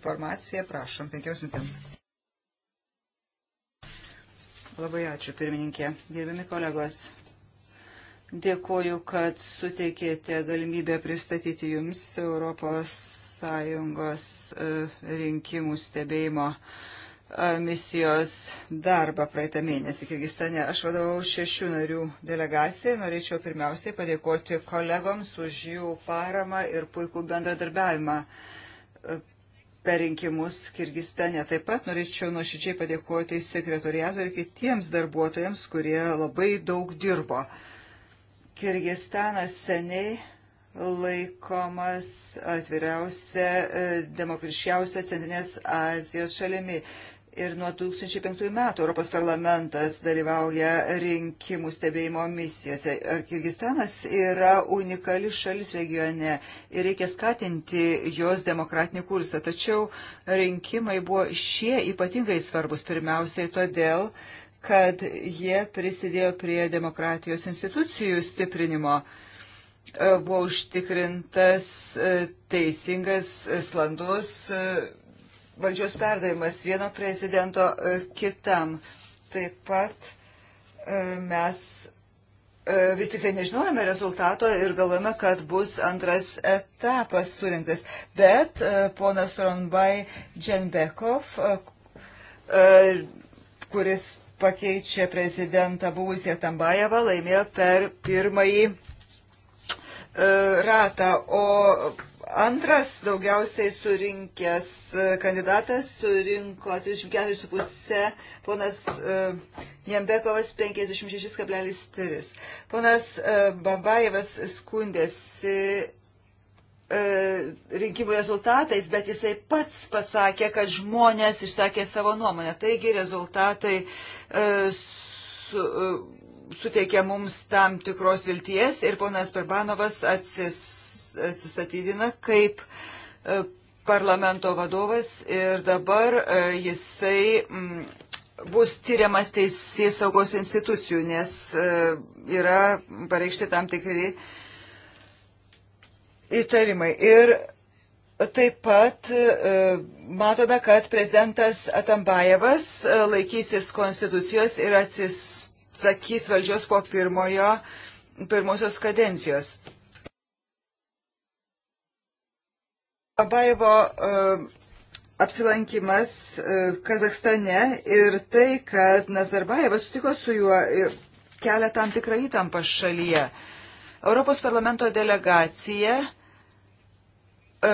informaciją. Prašom, penkios minutėms. Labai ačiū, pirmininkė. Gerbiami kolegos, dėkoju, kad suteikėte galimybę pristatyti Jums Europos Sąjungos e, rinkimų stebėjimo e, misijos darbą praeitą mėnesį Kirgistane. Aš vadovau šešių narių delegacijai. Norėčiau pirmiausiai padėkoti kolegoms už jų paramą ir puikų bendradarbiavimą e, per rinkimus Kirgistane. Taip pat norėčiau nuoširdžiai padėkoti sekretoriato ir kitiems darbuotojams, kurie labai daug dirbo. Kirgistanas seniai laikomas atviriausia, e, demokratiškiausia Centrinės Azijos šalimi. Ir nuo 2005 metų Europos parlamentas dalyvauja rinkimų stebėjimo misijose. Ar Kirgistanas yra unikali šalis regione ir reikia skatinti jos demokratinį kursą. Tačiau rinkimai buvo šie ypatingai svarbus pirmiausiai todėl, kad jie prisidėjo prie demokratijos institucijų stiprinimo. Buvo užtikrintas teisingas, slandus valdžios perdavimas vieno prezidento e, kitam. Taip pat e, mes e, vis tik tai nežinojame rezultato ir galvojame, kad bus antras etapas surinktas. Bet ponas Ronbai Dženbekov, kuris pakeičia prezidentą buvusią Tambajevą, laimėjo per pirmąjį ratą, o Antras daugiausiai surinkęs kandidatas surinko 34,5, ponas Jambekovas e, 56,3. Ponas e, Babajevas skundėsi e, rinkimų rezultatais, bet jisai pats pasakė, kad žmonės išsakė savo nuomonę. Taigi rezultatai su, suteikė mums tam tikros vilties ir ponas Barbanovas atsis atsistatydina kaip e, parlamento vadovas ir dabar e, jisai mm, bus tyriamas teisės saugos institucijų, nes e, yra pareikšti tam tikri įtarimai. Ir Taip pat matome, kad prezidentas Atambajevas laikysis konstitucijos ir atsisakys valdžios po pirmojo, pirmosios kadencijos. Abaivo e, apsilankimas e, Kazakstane ir tai, kad Nazarbajevas sutiko su juo, kelia tam tikrą įtampą šalyje. Europos parlamento delegacija e,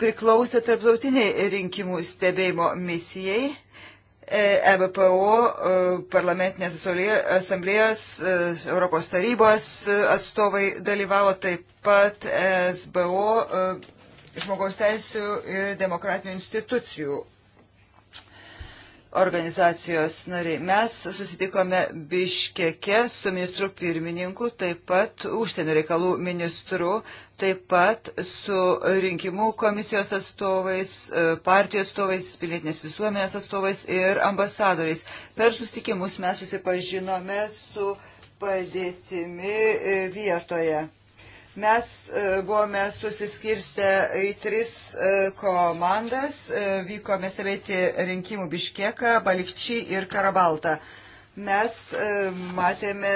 priklausė tarptautiniai rinkimų stebėjimo misijai. EBPO parlamentinės asamblėjos Europos tarybos atstovai dalyvavo taip pat SBO žmogaus teisų ir demokratinių institucijų organizacijos nariai. Mes susitikome Biškeke su ministru pirmininku, taip pat užsienio reikalų ministru, taip pat su rinkimų komisijos atstovais, e, partijų atstovais, pilietinės visuomenės atstovais ir ambasadoriais. Per susitikimus mes susipažinome su padėtimi e, vietoje. Mes e, buvome susiskirstę į tris e, komandas, e, vykome stebėti rinkimų Biškeką, Balikčį ir Karabaltą. Mes matėme,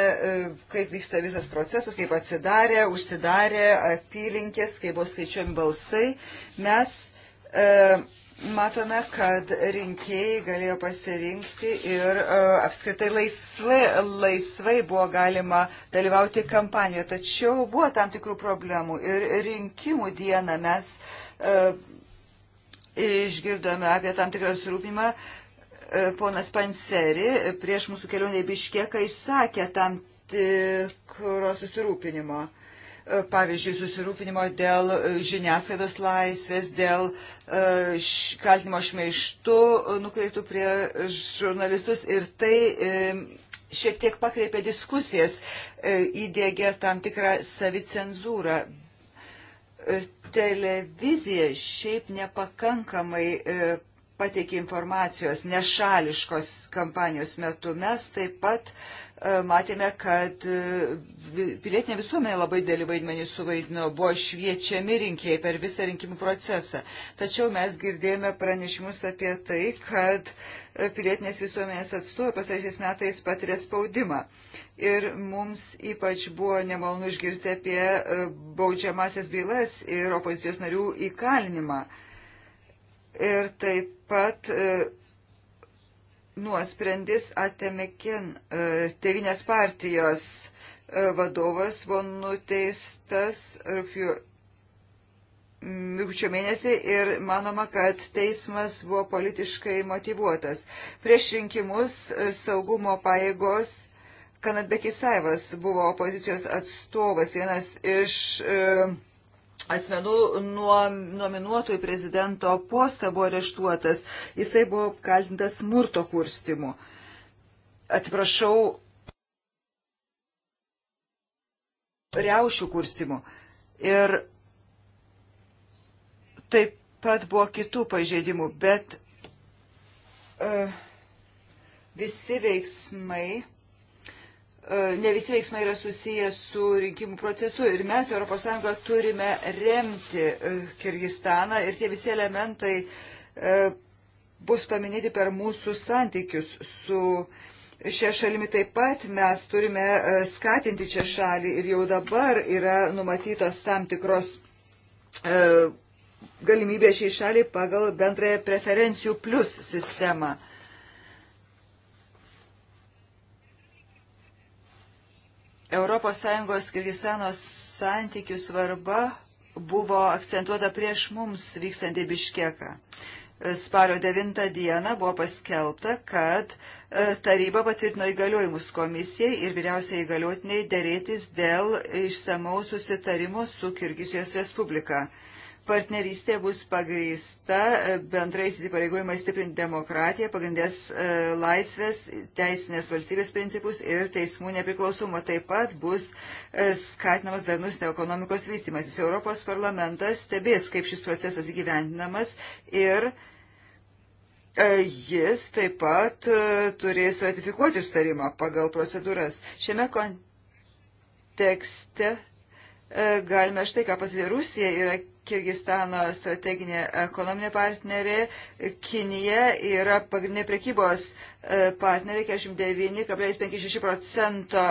kaip vyksta visas procesas, kaip atsidarė, užsidarė apylinkės, kaip buvo skaičiuojami balsai. Mes matome, kad rinkėjai galėjo pasirinkti ir uh, apskritai laisvai, laisvai buvo galima dalyvauti kampanijoje. Tačiau buvo tam tikrų problemų ir rinkimų dieną mes uh, išgirdome apie tam tikrą surūpimą. Uh, e, ponas Panseri prieš mūsų kelionę į Biškieką išsakė tam tikro susirūpinimo. Uh, E, pavyzdžiui, susirūpinimo dėl e, žiniasklaidos laisvės, dėl e, kaltinimo šmeištų nukreiptų prie žurnalistus ir tai šiek tiek pakreipė diskusijas, įdėgė tam tikrą savicenzūrą. Televizija šiaip nepakankamai pateikė informacijos nešališkos kampanijos metu. Mes taip pat uh, E, matėme, kad e, pilietinė visuomenė labai dėlį vaidmenį suvaidino, buvo šviečiami rinkėjai per visą rinkimų procesą. Tačiau mes girdėjome pranešimus apie tai, kad e, pilietinės visuomenės atstovai pasaisiais metais patiria spaudimą. Ir mums ypač buvo nemalonu išgirsti apie baudžiamasias bylas ir opozicijos narių įkalinimą. Ir taip pat nuosprendis Atemekin e, tevinės partijos e, vadovas buvo nuteistas rūpjų mėgčio mėnesį ir manoma, kad teismas buvo politiškai motivuotas. Prieš rinkimus e, saugumo paėgos Kanatbekisavas buvo opozicijos atstovas, vienas iš e, asmenų nominuotų į prezidento postą buvo areštuotas. Jisai buvo apkaltintas smurto kurstimu. Atsiprašau, reušių kurstimu. Ir taip pat buvo kitų pažeidimų, bet uh, visi veiksmai E, ne visi veiksmai yra susiję su rinkimų procesu ir mes ES turime remti e, Kirgistaną ir tie visi elementai e, bus paminėti per mūsų santykius su šia šalimi. Taip pat mes turime skatinti čia šalį ir jau dabar yra numatytos tam tikros galimybė šiai šaliai pagal bendrąją preferencijų plus sistemą. ES Kirgistano santykių svarba buvo akcentuota prieš mums vykstant į Biškeką. Spalio 9 dieną buvo paskelbta, kad e, taryba patvirtino įgaliojimus komisijai ir vyriausiai įgaliotiniai dėrėtis dėl išsamaus susitarimo su Kirgizijos Respublika partnerystė bus pagrįsta e, bendrais įsipareigojimais stiprinti demokratiją, pagrindės e, laisvės, teisinės valstybės principus ir teismų nepriklausomą. Taip pat bus e, skatinamas darnus ekonomikos vystimasis. Europos parlamentas stebės, kaip šis procesas įgyvendinamas ir jis taip pat turės ratifikuoti sustarimą pagal procedūras. Šiame kontekste E, galime štai ką pasakyti. Rusija yra Kirgistano strateginė ekonominė partnerė, Kinija yra pagrindinė prekybos e, partnerė, 49,56 procento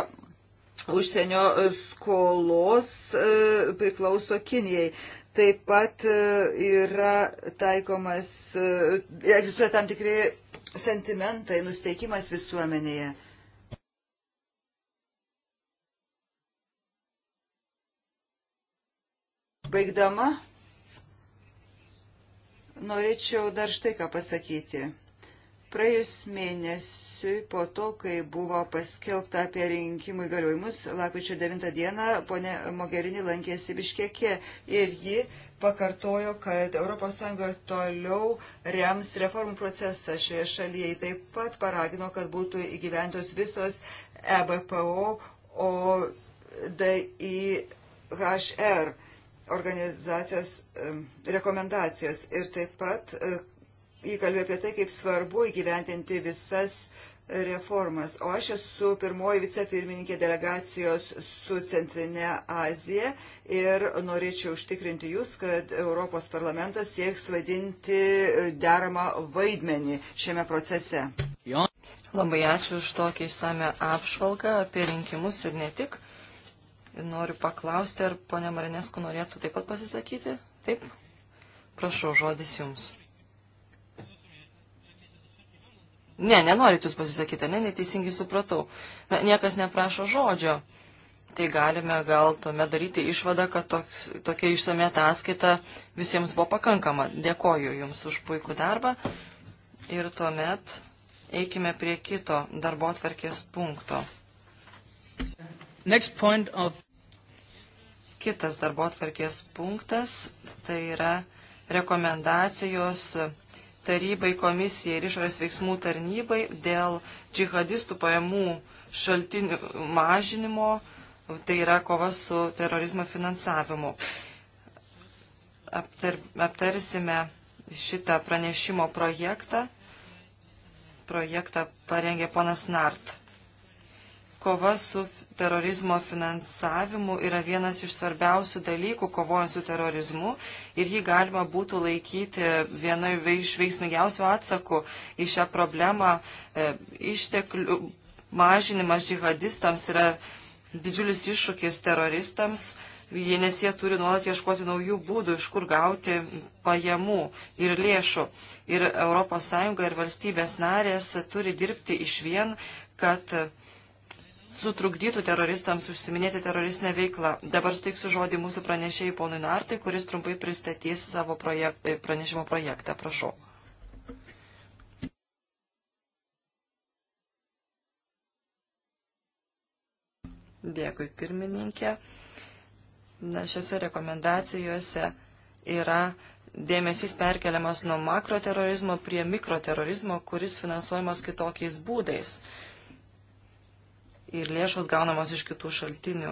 užsienio skolos e, priklauso Kinijai. Taip pat yra taikomas, egzistuoja tam tikri sentimentai, nusteikimas visuomenėje. Baigdama, norėčiau dar štai ką pasakyti. Praėjus mėnesiui po to, kai buvo paskelbta apie rinkimų įgaliojimus, lakvičio 9 dieną ponė Mogerini lankėsi Biškekė ir ji pakartojo, kad ES toliau rems reformų procesą šioje šalyje. Taip pat paragino, kad būtų įgyventos visos EBPO, ODIHR organizacijos rekomendacijos ir taip pat įkalbė e, apie tai, kaip svarbu įgyventinti visas reformas. O aš esu pirmoji vicepirmininkė delegacijos su Centrinė Azija ir norėčiau užtikrinti Jūs, kad Europos parlamentas sieks vadinti deramą vaidmenį šiame procese. Labai ačiū už tokį išsame apšvalgą apie rinkimus ir ne tik. Ir noriu paklausti, ar ponia Marinesku norėtų taip pat pasisakyti? Taip? Prašau, žodis jums. Ne, nenorit jūs pasisakyti, ne, neteisingai supratau. Na, niekas neprašo žodžio. Tai galime gal tuomet daryti išvadą, kad toks, tokia išsame ataskaita visiems buvo pakankama. Dėkoju Jums už puikų darbą. Ir tuomet eikime prie kito darbo atverkės punkto. Of kitas darbo atvarkės punktas, tai yra rekomendacijos tarybai, komisijai ir išorės veiksmų tarnybai dėl džihadistų pajamų šaltinių mažinimo, tai yra kova su terorizmo finansavimu. Aptar, aptarsime šitą pranešimo projektą. Projektą parengė ponas Nart. Kova su terorizmo finansavimu yra vienas iš svarbiausių dalykų kovojant su terorizmu ir jį galima būtų laikyti viena iš veiksmingiausių atsakų į šią problemą. E, išteklių mažinimas žihadistams yra didžiulis iššūkis teroristams, jie, nes jie turi nuolat ieškoti naujų būdų, iš kur gauti pajamų ir lėšų. Ir ES ir valstybės narės turi dirbti iš vien, kad uh, sutrukdytų teroristams užsiminėti teroristinę veiklą. Dabar steiksiu žodį mūsų pranešėjai ponui Nartui, kuris trumpai pristatys savo projek e, pranešimo projektą. Prašau. Dėkui, pirmininkė. Na, šiose rekomendacijose yra dėmesys perkeliamas nuo makroterorizmo prie mikroterorizmo, kuris finansuojamas kitokiais būdais. Uh, ir lėšos gaunamos iš kitų šaltinių.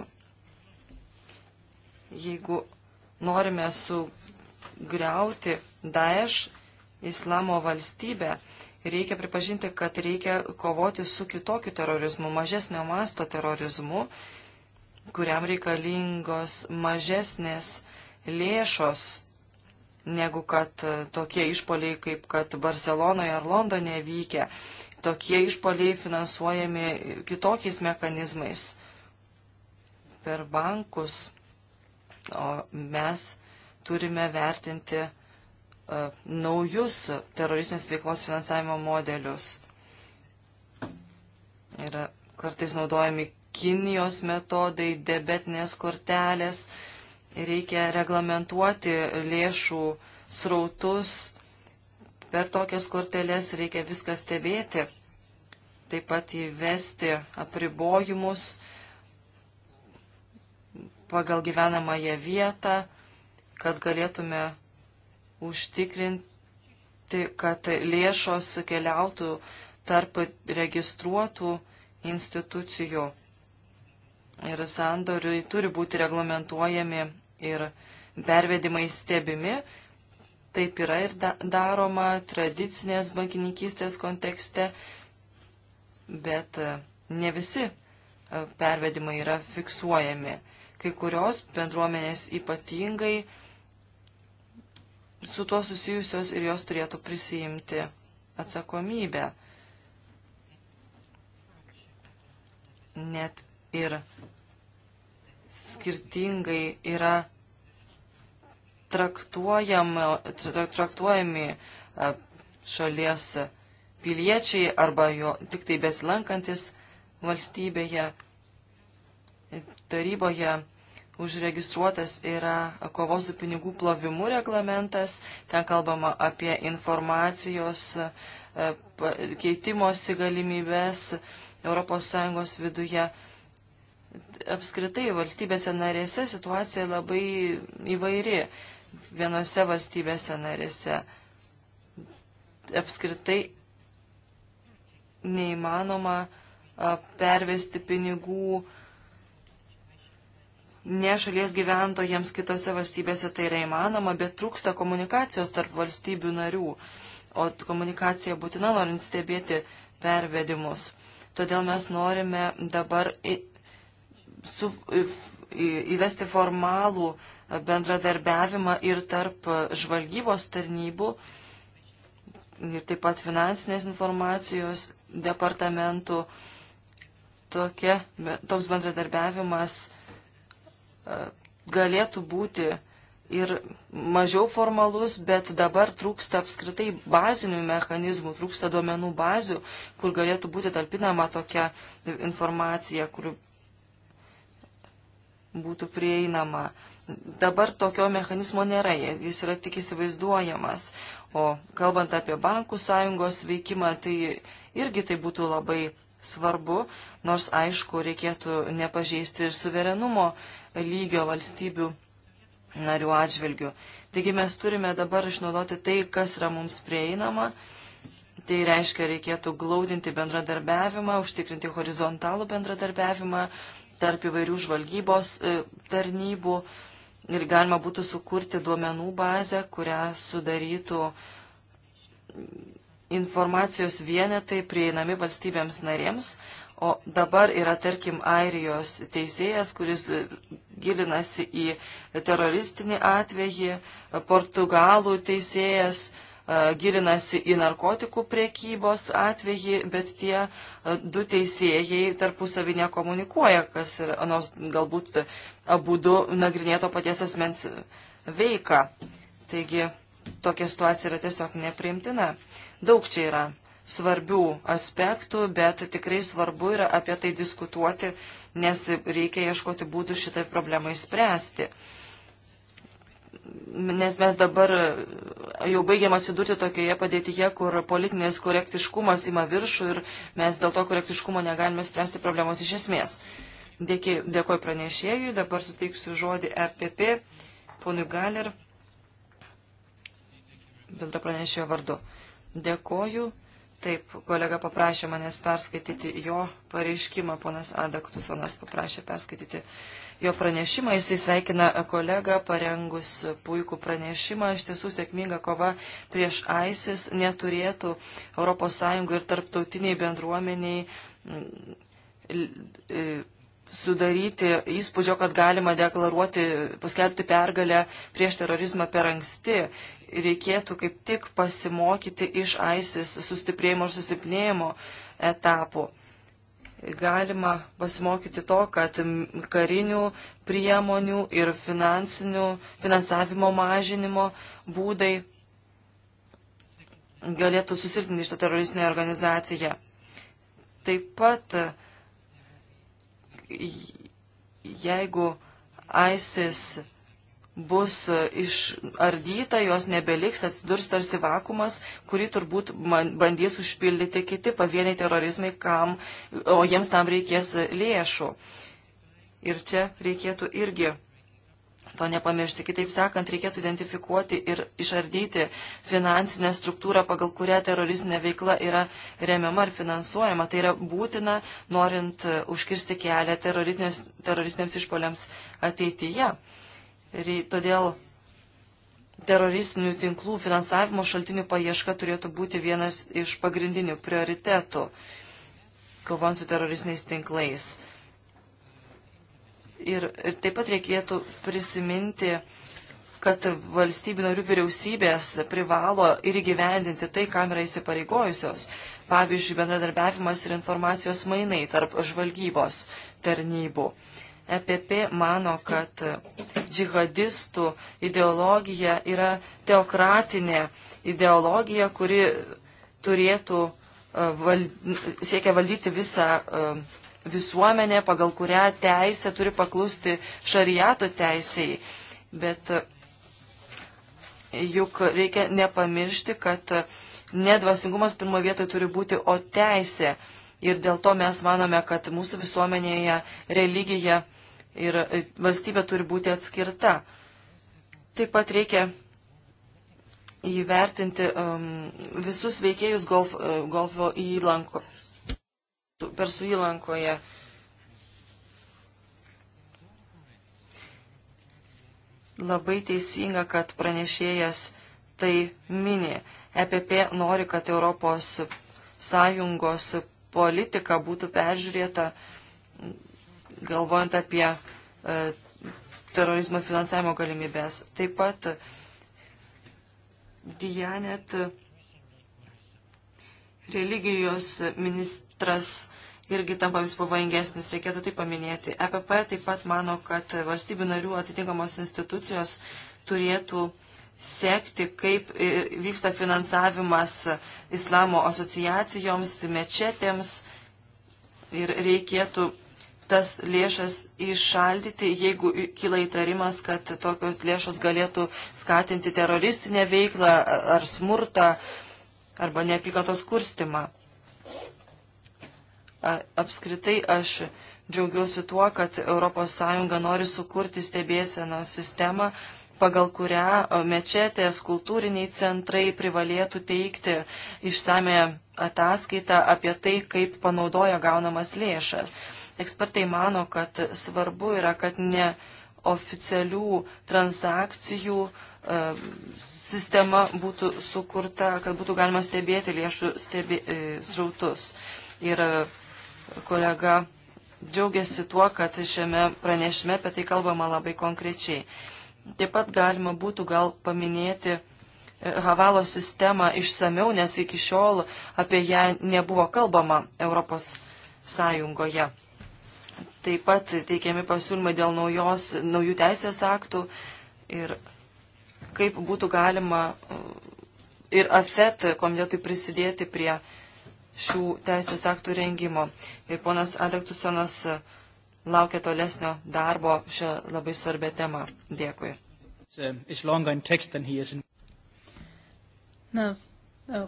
Jeigu norime sugriauti Daesh islamo valstybę, reikia pripažinti, kad reikia kovoti su kitokiu terorizmu, mažesnio masto terorizmu, kuriam reikalingos mažesnės lėšos negu kad tokie išpoliai, kaip kad Barcelonoje ar Londone vykę tokie išpoliai finansuojami kitokiais mechanizmais per bankus, o mes turime vertinti uh, naujus teroristinės veiklos finansavimo modelius. Yra kartais naudojami Kinijos metodai, debetinės kortelės, reikia reglamentuoti lėšų srautus Per tokias korteles reikia viską stebėti, taip pat įvesti apribojimus pagal gyvenamąją vietą, kad galėtume užtikrinti, kad lėšos keliautų tarp registruotų institucijų. Ir sandoriui turi būti reglamentuojami ir pervedimai stebimi Taip yra ir daroma tradicinės bankininkystės kontekste, bet e, ne visi e, pervedimai yra fiksuojami. Kai kurios bendruomenės ypatingai su tuo susijusios ir jos turėtų prisijimti atsakomybę. Net ir skirtingai yra traktuojami e, šalies piliečiai arba jo tik tai besilankantis valstybėje taryboje užregistruotas yra kovos su pinigų plovimu reglamentas, ten kalbama apie informacijos e, keitimosi galimybės ES viduje. Apskritai valstybėse narėse situacija labai įvairi vienose valstybėse narėse apskritai neįmanoma pervesti pinigų ne šalies gyventojams kitose valstybėse tai yra įmanoma, bet trūksta komunikacijos tarp valstybių narių, o komunikacija būtina norint stebėti pervedimus. Todėl mes norime dabar į, su, į, įvesti formalų uh, bendradarbiavimą ir tarp žvalgybos tarnybų, ir taip pat finansinės informacijos departamentų. Tokia, toks bendradarbiavimas e, galėtų būti ir mažiau formalus, bet dabar trūksta apskritai bazinių mechanizmų, trūksta duomenų bazių, kur galėtų būti talpinama tokia informacija, kuri būtų prieinama. Dabar tokio mechanizmo nėra, jis yra tik įsivaizduojamas. O kalbant apie bankų sąjungos veikimą, tai irgi tai būtų labai svarbu, nors aišku, reikėtų nepažeisti ir suverenumo lygio valstybių narių atžvilgių. Taigi mes turime dabar išnaudoti tai, kas yra mums prieinama. Tai reiškia, reikėtų glaudinti bendradarbiavimą, užtikrinti horizontalų bendradarbiavimą tarp įvairių žvalgybos e, tarnybų, ir galima būtų sukurti duomenų bazę, kurią sudarytų informacijos vienetai prieinami valstybėms narėms, o dabar yra, tarkim, Airijos teisėjas, kuris gilinasi į teroristinį atvejį, Portugalų teisėjas e, gilinasi į narkotikų priekybos atvejį, bet tie e, du teisėjai tarpusavį nekomunikuoja, kas yra, nors galbūt abu du nagrinėto paties asmens veiką. Taigi tokia situacija yra tiesiog nepriimtina. Daug čia yra svarbių aspektų, bet tikrai svarbu yra apie tai diskutuoti, nes reikia ieškoti būdų šitai problemai spręsti. Nes mes dabar jau baigiam atsidurti tokioje padėtyje, kur politinės korektiškumas ima viršų ir mes dėl to korektiškumo negalime spręsti problemos iš esmės. Uh, Dėkoju pranešėjui, dabar suteiksiu žodį EPP, ponui Galer, bendra pranešėjo vardu. Dėkoju. Taip, kolega paprašė manęs perskaityti jo pareiškimą, ponas Adaktusonas paprašė perskaityti jo pranešimą. Jisai sveikina kolegą parengus puikų pranešimą. Iš tiesų sėkminga kova prieš ISIS neturėtų ES ir tarptautiniai bendruomeniai mm, e, sudaryti įspūdžio, kad galima deklaruoti, paskelbti pergalę prieš terorizmą per anksti. Reikėtų kaip tik pasimokyti iš ISIS sustiprėjimo ir susilpnėjimo etapų. Galima pasimokyti to, kad karinių priemonių ir finansavimo mažinimo būdai galėtų susilpninti šitą teroristinę organizaciją. Taip pat jeigu ISIS bus išardyta, jos nebeliks, atsidurs tarsi vakumas, kurį turbūt man, bandys užpildyti kiti pavieniai terorizmai, kam, o jiems tam reikės lėšų. Ir čia reikėtų irgi To nepamiršti. Kitaip sakant, reikėtų identifikuoti ir išardyti finansinę struktūrą, pagal kurią teroristinė veikla yra remiama ar finansuojama. Tai yra būtina, norint užkirsti kelią teroristiniams išpoliams ateityje. Ir todėl teroristinių tinklų finansavimo šaltinių paieška turėtų būti vienas iš pagrindinių prioritetų kovant su teroristiniais tinklais. Ir taip pat reikėtų prisiminti, kad valstybių narių vyriausybės privalo ir įgyvendinti tai, kam yra įsipareigojusios. Pavyzdžiui, bendradarbiavimas ir informacijos mainai tarp žvalgybos tarnybų. EPP mano, kad džihadistų ideologija yra teokratinė ideologija, kuri turėtų e, val, siekia valdyti visą uh, visuomenė, pagal kurią teisė turi paklusti šariato teisėjai. Bet juk reikia nepamiršti, kad nedvasingumas pirmo vietoje turi būti, o teisė. Ir dėl to mes manome, kad mūsų visuomenėje religija ir valstybė turi būti atskirta. Taip pat reikia įvertinti um, visus veikėjus golf, uh, golfo įlanko, Persų įlankoje. Labai teisinga, kad pranešėjas tai mini. EPP nori, kad Europos Sąjungos politika būtų peržiūrėta, galvojant apie e, terorizmo finansavimo galimybės. Taip pat Dianet religijos ministerijoje spektras irgi tampa vis pavojingesnis, reikėtų tai paminėti. EPP taip pat mano, kad valstybių narių atitinkamos institucijos turėtų sekti, kaip vyksta finansavimas islamo asociacijoms, mečetėms ir reikėtų tas lėšas išaldyti, jeigu kyla įtarimas, kad tokios lėšos galėtų skatinti teroristinę veiklą ar smurtą arba neapykantos kurstimą. Apskritai aš džiaugiuosi tuo, kad ES nori sukurti stebėsenos sistemą, pagal kurią mečetės kultūriniai centrai privalėtų teikti išsame ataskaitą apie tai, kaip panaudoja gaunamas lėšas. Ekspertai mano, kad svarbu yra, kad ne oficialių transakcijų sistema būtų sukurta, kad būtų galima stebėti lėšų stebė, e, srautus. Ir kolega džiaugiasi tuo, kad šiame pranešime apie tai kalbama labai konkrečiai. Taip pat galima būtų gal paminėti e, Havalo sistemą išsameu, nes iki šiol apie ją nebuvo kalbama Europos Sąjungoje. Taip pat teikiami pasiūlymai dėl naujos, naujų teisės aktų ir kaip būtų galima e, ir AFET komitetui prisidėti prie uh, šių teisės aktų rengimo. Ir ponas Adaktusenas e, laukia tolesnio darbo šią labai svarbę temą. Dėkui. Um, Na, e,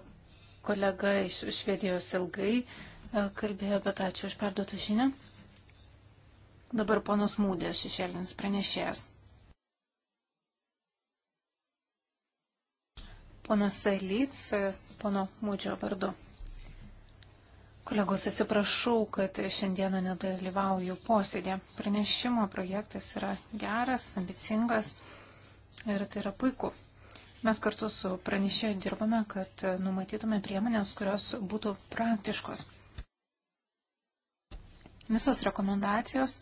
kolega iš Švedijos ilgai e, kalbėjo, bet ačiū už perduotą žinią. Dabar ponas Mūdės šešėlinis pranešėjas. Ponas Lyts, pono Mūdžio vardu. Kolegos, atsiprašau, kad šiandieną nedalyvauju posėdė. Pranešimo projektas yra geras, ambicingas ir tai yra puiku. Mes kartu su pranešėju dirbame, kad numatytume priemonės, kurios būtų praktiškos. Visos rekomendacijos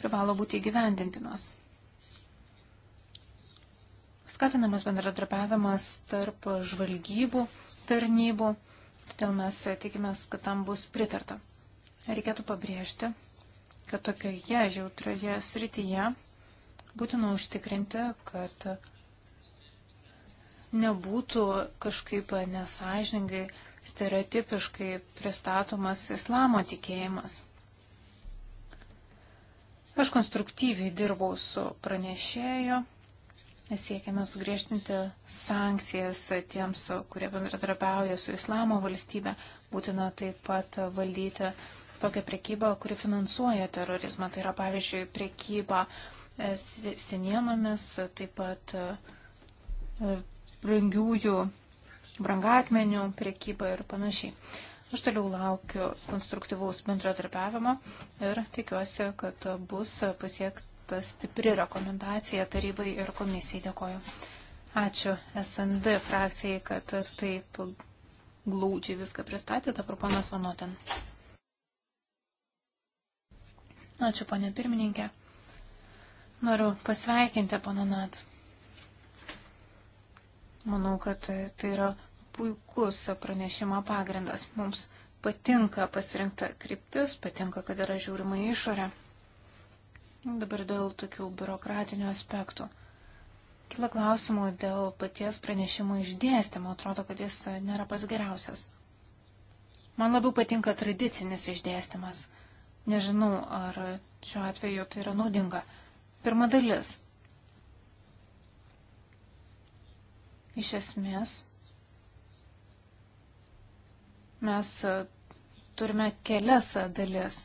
privalo būti įgyvendintinos. Skatinamas bendradarbiavimas tarp žvalgybų tarnybų Todėl mes tikimės, kad tam bus pritarta. Reikėtų pabrėžti, kad tokioje jautrioje srityje būtina užtikrinti, kad nebūtų kažkaip nesažingai, stereotipiškai pristatomas islamo tikėjimas. Aš konstruktyviai dirbau su pranešėjo siekiame sugriežtinti sankcijas tiems, kurie bendradarbiauja su Islamo valstybė. Būtina taip pat valdyti tokią prekybą, kuri finansuoja terorizmą. Tai yra, pavyzdžiui, prekyba e, senienomis, taip pat e, brangiųjų brangakmenių prekyba ir panašiai. Aš toliau laukiu konstruktyvaus bendradarbiavimo ir tikiuosi, kad bus pasiekta ta stipri rekomendacija tarybai ir komisijai. Dėkoju. Ačiū SND frakcijai, kad taip glaudžiai viską pristatė. Dabar ponas Vanotin. Ačiū, ponė pirmininkė. Noriu pasveikinti pana Nat. Manau, kad tai yra puikus pranešimo pagrindas. Mums patinka pasirinkta kryptis, patinka, kad yra žiūrima išorė. Nu, dabar dėl tokių biurokratinių aspektų. Kila klausimų dėl paties pranešimo išdėstymo. Atrodo, kad jis e, nėra pas geriausias. Man labiau patinka tradicinis išdėstymas. Nežinau, ar šiuo atveju tai yra naudinga. Pirma dalis. Iš esmės, mes e, turime kelias dalis.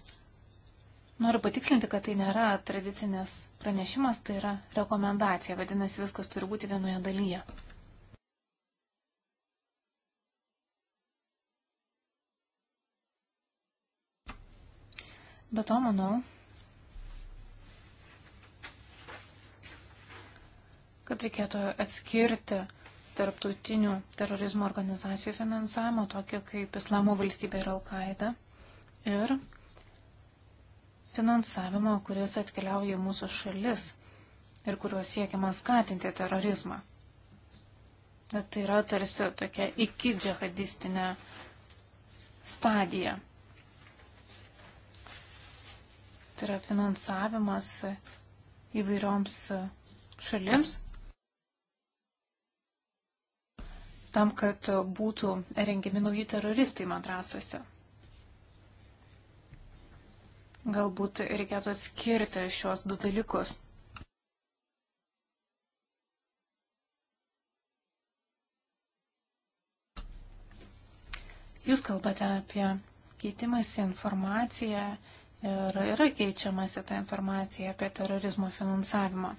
Noriu patikslinti, kad tai nėra tradicinės pranešimas, tai yra rekomendacija, vadinasi, viskas turi būti vienoje dalyje. Be to, manau, kad reikėtų atskirti tarptautinių terorizmo organizacijų finansavimo, tokio kaip Islamo valstybė ir Al-Qaeda, ir finansavimo, kuris atkeliauja į mūsų šalis ir kuriuo siekiama skatinti terorizmą. Bet tai yra tarsi tokia iki džihadistinė stadija. Tai yra finansavimas įvairioms šalims, tam, kad būtų rengiami nauji teroristai madrasuose. Galbūt reikėtų atskirti šios du dalykus. Jūs kalbate apie keitimąsi informaciją ir yra keičiamasi ta informacija apie terorizmo finansavimą.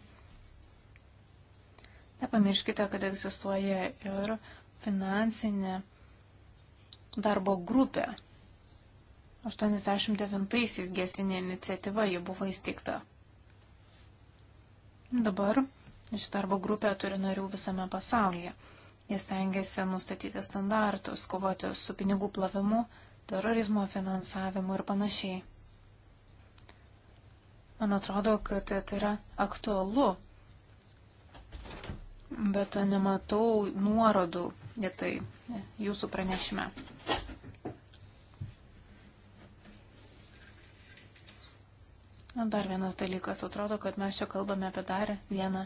Nepamirškite, kad egzistuoja ir finansinė darbo grupė 89-aisiais geslinė iniciatyva ji buvo įsteigta. Dabar ši darbo grupė turi narių visame pasaulyje. Jie stengiasi nustatyti standartus, kovoti su pinigų plavimu, terorizmo finansavimu ir panašiai. Man atrodo, kad tai yra aktualu, bet nematau nuorodų į tai jūsų pranešime. Dar vienas dalykas, atrodo, kad mes čia kalbame apie dar vieną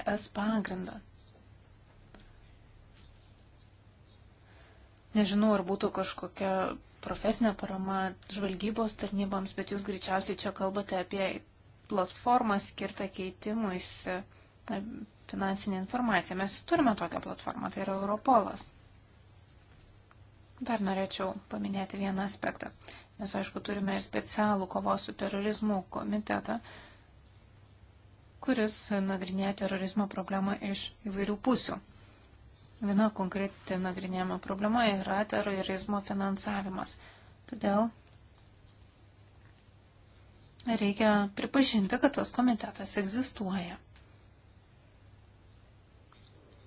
ES pagrindą. Nežinau, ar būtų kažkokia profesinė parama žvalgybos tarnyboms, bet jūs greičiausiai čia kalbate apie platformą skirtą keitimuis finansinė informacija. Mes turime tokią platformą, tai yra Europolas. Dar norėčiau paminėti vieną aspektą. Mes, aišku, turime ir specialų kovos su terorizmu komitetą, kuris nagrinėja terorizmo problemą iš įvairių pusių. Viena konkreti nagrinėjama problema yra terorizmo finansavimas. Todėl reikia pripažinti, kad tas komitetas egzistuoja.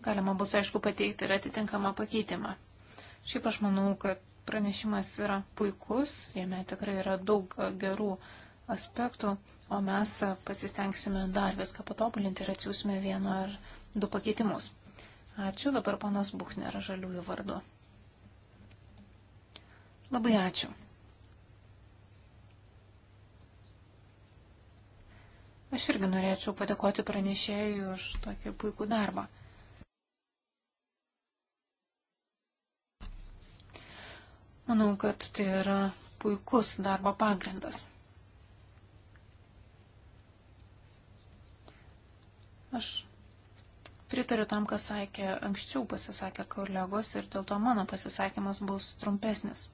Galima bus, aišku, pateikti ir atitinkamą pakeitimą. Šiaip aš manau, kad pranešimas yra puikus, jame tikrai yra daug gerų aspektų, o mes pasistengsime dar viską patobulinti ir atsiūsime vieną ar du pakeitimus. Ačiū dabar panas Buchner žaliųjų vardu. Labai ačiū. Aš irgi norėčiau padėkoti pranešėjui už tokį puikų darbą. Manau, kad tai yra puikus darbo pagrindas. Aš pritariu tam, kas sakė anksčiau pasisakė kolegos ir dėl to mano pasisakymas bus trumpesnis.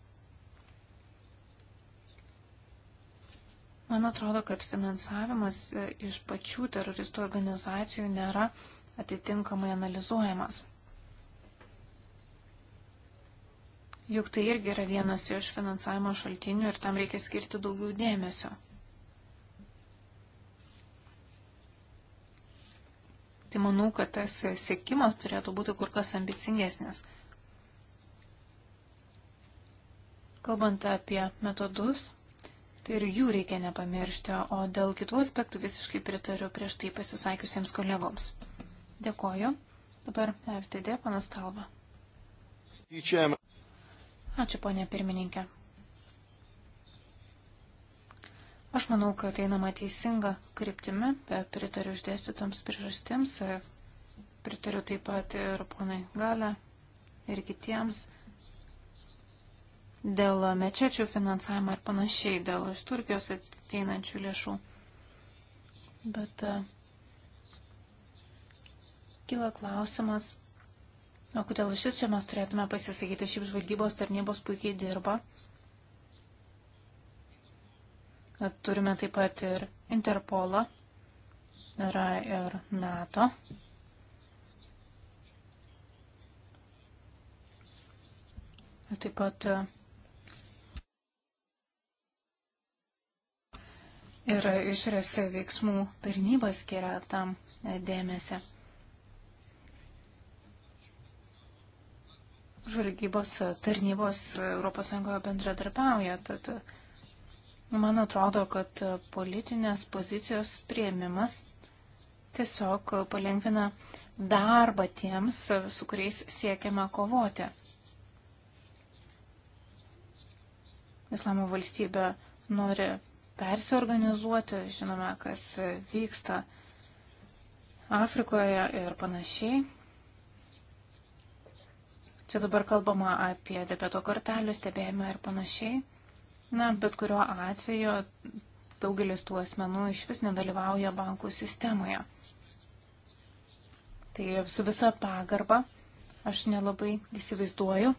Man atrodo, kad finansavimas e, iš pačių teroristų organizacijų nėra atitinkamai analizuojamas. Juk tai irgi yra vienas iš finansavimo šaltinių ir tam reikia skirti daugiau dėmesio. Tai manau, kad tas sėkimas turėtų būti kur kas ambicingesnis. Kalbant apie metodus, tai ir jų reikia nepamiršti, o dėl kitų aspektų visiškai pritariu prieš tai pasisakiusiems kolegoms. Dėkoju. Dabar FTD panas Talba. Ačiū, ponė pirmininkė. Aš manau, kad einama teisinga kryptimi, pritariu išdėstytoms priežastims, pritariu taip pat ir ponai Galę ir kitiems dėl mečečių finansavimo ir panašiai, dėl iš Turkijos ateinančių lėšų. Bet e, kyla klausimas, O kodėl iš vis čia mes turėtume pasisakyti, šiaip žvalgybos tarnybos puikiai dirba. Turime taip pat ir Interpolą, yra ir NATO. Taip pat e, ir išrėse veiksmų tarnybas skiria tam e, dėmesį. žvalgybos tarnybos ES bendradarbiauja. Tad man atrodo, kad politinės pozicijos prieimimas tiesiog palengvina darbą tiems, su kuriais siekiama kovoti. Islamo valstybė nori persiorganizuoti, žinome, kas vyksta Afrikoje ir panašiai. Čia dabar kalbama apie debeto kortelių stebėjimą ir panašiai. Na, bet kuriuo atveju daugelis tų asmenų iš vis nedalyvauja bankų sistemoje. Tai su visa pagarba aš nelabai įsivaizduoju,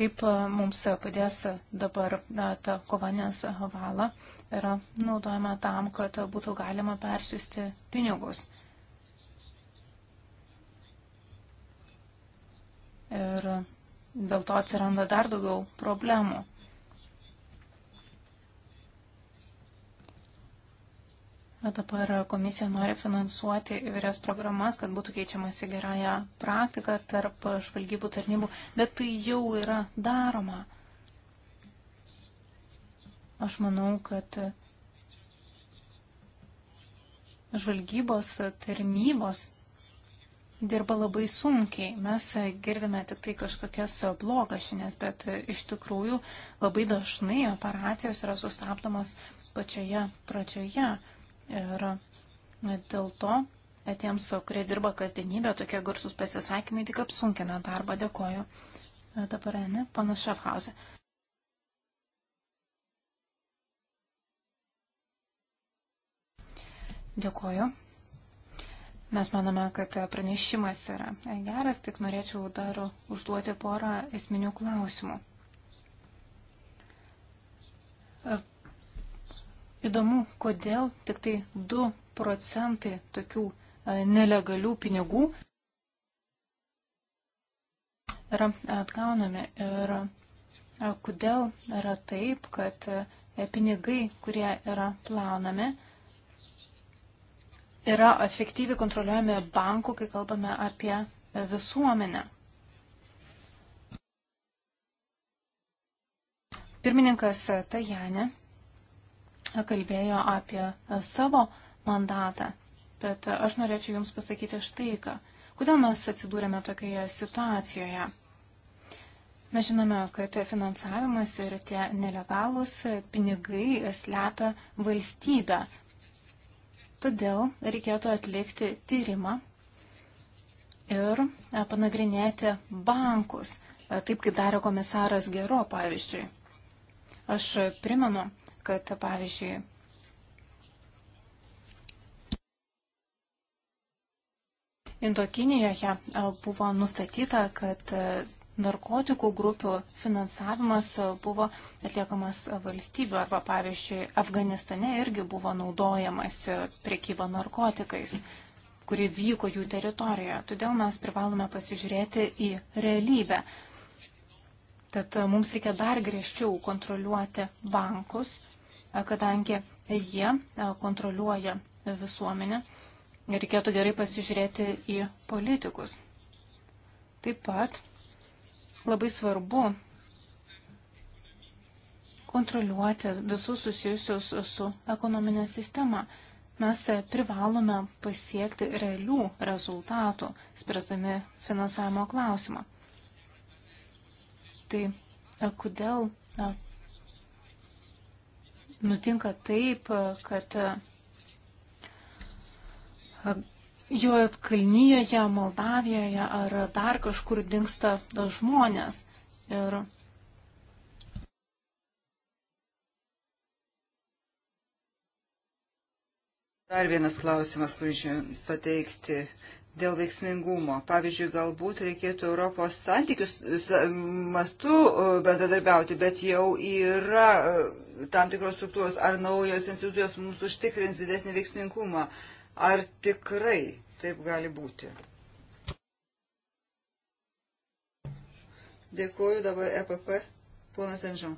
kaip mums padės dabar na, ta kovanės vala yra naudojama tam, kad būtų galima persiųsti pinigus. ir dėl to atsiranda dar daugiau problemų. Bet dabar komisija nori finansuoti įvairias programas, kad būtų keičiamasi gerąją praktiką tarp žvalgybų tarnybų, bet tai jau yra daroma. Aš manau, kad žvalgybos tarnybos dirba labai sunkiai. Mes girdime tik tai kažkokias blogas žinias, bet iš tikrųjų labai dažnai operacijos yra sustabdomas pačioje pradžioje. Ir dėl to tiems, kurie dirba kasdienybę, tokie garsus pasisakymai tik apsunkina darbą. Dėkoju. Dabar, ne, pana Šafhauze. Dėkoju. Mes manome, kad pranešimas yra geras, tik norėčiau dar užduoti porą esminių klausimų. Įdomu, kodėl tik tai 2 procentai tokių e, nelegalių pinigų yra atgaunami ir e, kodėl yra taip, kad e, pinigai, kurie yra plaunami, yra efektyviai kontroliuojami bankų, kai kalbame apie visuomenę. Pirmininkas Tajanė kalbėjo apie savo mandatą, bet aš norėčiau Jums pasakyti štai ką. Kodėl mes atsidūrėme tokioje situacijoje? Mes žinome, kad finansavimas ir tie nelegalūs pinigai slepia valstybę. Todėl reikėtų atlikti tyrimą ir e, panagrinėti bankus, e, taip kaip darė komisaras Gero, pavyzdžiui. Aš primenu, kad, pavyzdžiui, Indokinijoje e, buvo nustatyta, kad narkotikų grupių finansavimas buvo atliekamas valstybių arba, pavyzdžiui, Afganistane irgi buvo naudojamas priekyba narkotikais kuri vyko jų teritorijoje. Todėl mes privalome pasižiūrėti į realybę. Tad e, mums reikia dar griežčiau kontroliuoti bankus, e, kadangi jie e, kontroliuoja visuomenę. Reikėtų gerai pasižiūrėti į politikus. Taip pat Labai svarbu kontroliuoti visus susijusius su ekonominė sistema. Mes privalome pasiekti realių rezultatų, spręsdami finansavimo klausimą. Tai kodėl nutinka taip, kad Juotkalnyjoje, Moldavijoje ar dar kažkur dinksta žmonės. Ir Dar vienas klausimas, kurį pateikti dėl veiksmingumo. Pavyzdžiui, galbūt reikėtų Europos santykius mastu bendradarbiauti, bet jau yra tam tikros struktūros ar naujos institucijos mums užtikrins didesnį veiksmingumą. Uh, Ar tikrai taip gali būti? Dėkuoju dabar EPP, ponas Enžan.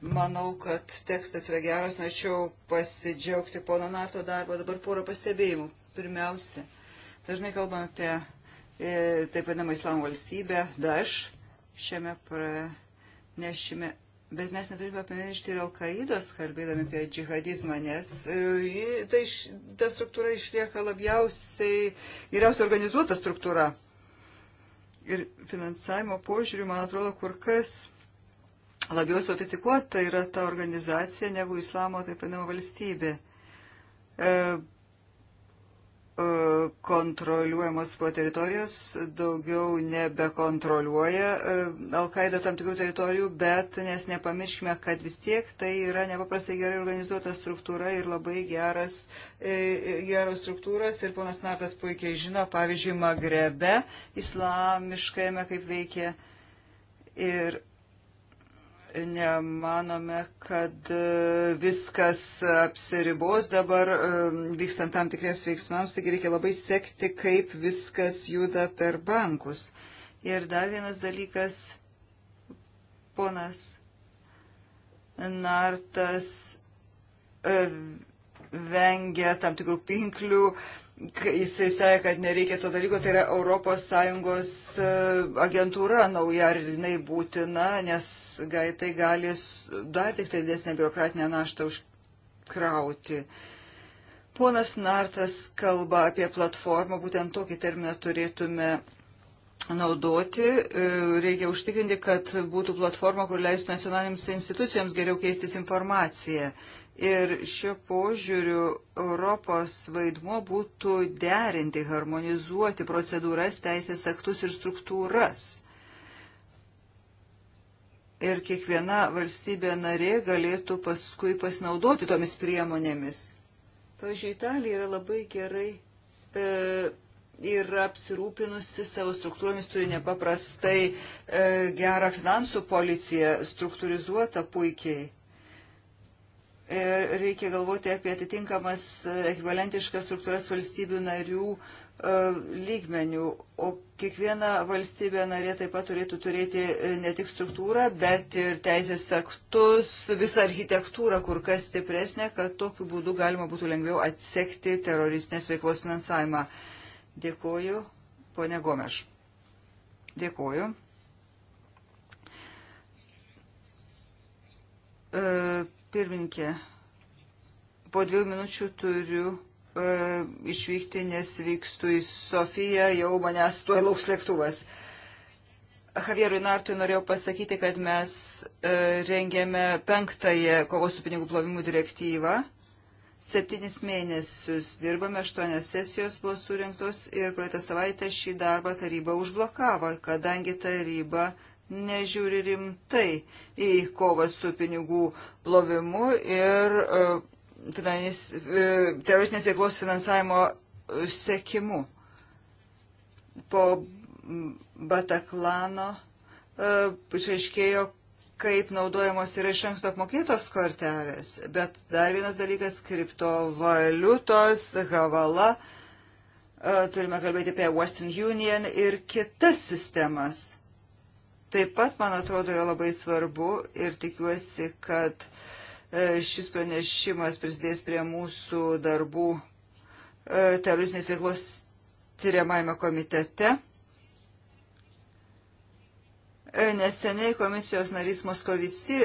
Manau, kad tekstas yra geras, norėčiau pasidžiaugti pono Narto darbą. Dabar porą pastebėjimų. Pirmiausia, dažnai kalbame apie e, taip vadinamą islamo valstybę, daž šiame pra, nešime. Bet mes neturime pamiršti ir Alkaidos, kalbėdami apie džihadizmą, nes tai, ta struktūra išlieka labiausiai geriausiai organizuota struktūra. Ir finansavimo požiūriu, man atrodo, kur kas labiau sofistikuota yra ta organizacija negu islamo taip vadinama valstybė. E, E, kontroliuojamos po teritorijos, daugiau nebekontroliuoja e, Al-Qaeda tam tikrų teritorijų, bet nes nepamirškime, kad vis tiek tai yra nepaprastai gerai organizuota struktūra ir labai geras, e, geros struktūros. Ir ponas Nartas puikiai žino, pavyzdžiui, Magrebe, islamiškajame, kaip veikia. Ir nemanome, kad e, viskas apsiribos dabar e, vykstant tam tikriems veiksmams, taigi reikia labai sekti, kaip viskas juda per bankus. Ir dar vienas dalykas, ponas Nartas e, vengia tam tikrų pinklių, Jisai sąja, kad nereikia to dalyko, tai yra ES e, agentūra nauja, ar jinai būtina, nes tai gali dar tik tai didesnę biurokratinę naštą užkrauti. Ponas Nartas kalba apie platformą, būtent tokį terminą turėtume naudoti, e, reikia užtikrinti, kad būtų platforma, kur leistų nacionalinėms institucijoms geriau keistis informaciją. Ir šio požiūriu Europos vaidmuo būtų derinti, harmonizuoti procedūras, teisės aktus ir struktūras. Ir kiekviena valstybė narė galėtų paskui pasinaudoti tomis priemonėmis. Pavyzdžiui, Italija yra labai gerai e, yra apsirūpinusi savo struktūromis, turi nepaprastai e, gerą finansų policiją, struktūrizuotą puikiai Ir reikia galvoti apie atitinkamas e, ekvivalentiškas struktūras valstybių narių e, lygmenių, o kiekviena valstybė narė taip pat turėtų turėti e, ne tik struktūrą, bet ir teisės aktus, visą architektūrą kur kas stipresnė, kad tokiu būdu galima būtų lengviau atsekti teroristinės veiklos finansavimą. Dėkuoju, ponė Gomeš. Dėkuoju. E, Pirminkė, po dviejų minučių turiu e, išvykti, nes vykstu į Sofiją, jau manęs tuoj lauks lėktuvas. Javierui Nartui norėjau pasakyti, kad mes e, rengėme penktąją kovos su pinigų plovimų direktyvą. Septynis mėnesius dirbame, aštuonios sesijos buvo surinktos ir praeitą savaitę šį darbą taryba užblokavo, kadangi taryba e, nežiūri rimtai į kovą su pinigų plovimu ir e, finanis, e, teroristinės veiklos finansavimo e, sekimu. Po Bataklano išaiškėjo, kaip naudojamos yra iš anksto apmokėtos kortelės, bet dar vienas dalykas - kriptovaliutos, havala, turime kalbėti apie Western Union ir kitas sistemas Taip pat, man atrodo, yra labai svarbu ir tikiuosi, kad e, šis pranešimas prisidės prie mūsų darbų e, teroristinės veiklos tyriamajame komitete. E, neseniai komisijos narys Moskovisi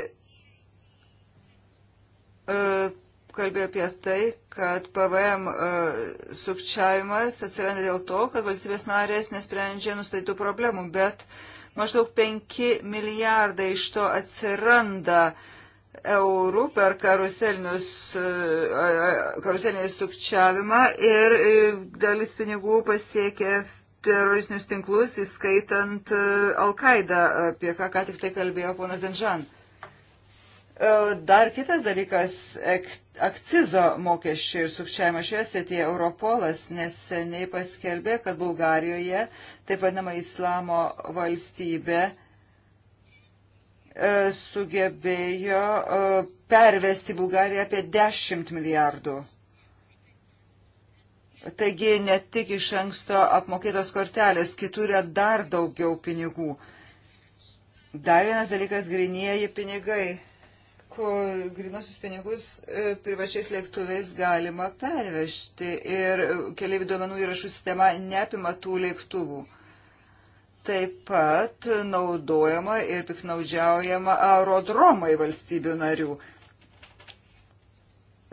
kalbėjo apie tai, kad PVM sukčiavimas atsiranda dėl to, kad valstybės narės nesprendžia nustatytų problemų, bet uh, Maždaug 5 milijardai iš to atsiranda eurų per e, karuselinį sukčiavimą ir e, dalis pinigų pasiekia teroristinius tinklus, įskaitant e, Al-Qaidą, apie ką ką tik tai kalbėjo ponas Zenžan. Dar kitas dalykas - akcizo mokesčiai ir sukčiavimas šioje srityje. Europolas neseniai paskelbė, kad Bulgarijoje taip vadinama islamo valstybė, e, sugebėjo e, pervesti Bulgariją apie 10 milijardų. Taigi ne tik iš anksto apmokėtos kortelės, kitur yra dar daugiau pinigų. Dar vienas dalykas - grinieji pinigai. Kur grinuosius pinigus e, privačiais lėktuvais galima pervežti ir keliaivių duomenų įrašų sistema neapima tų lėktuvų taip pat naudojama ir piknaudžiaujama aerodromai valstybių narių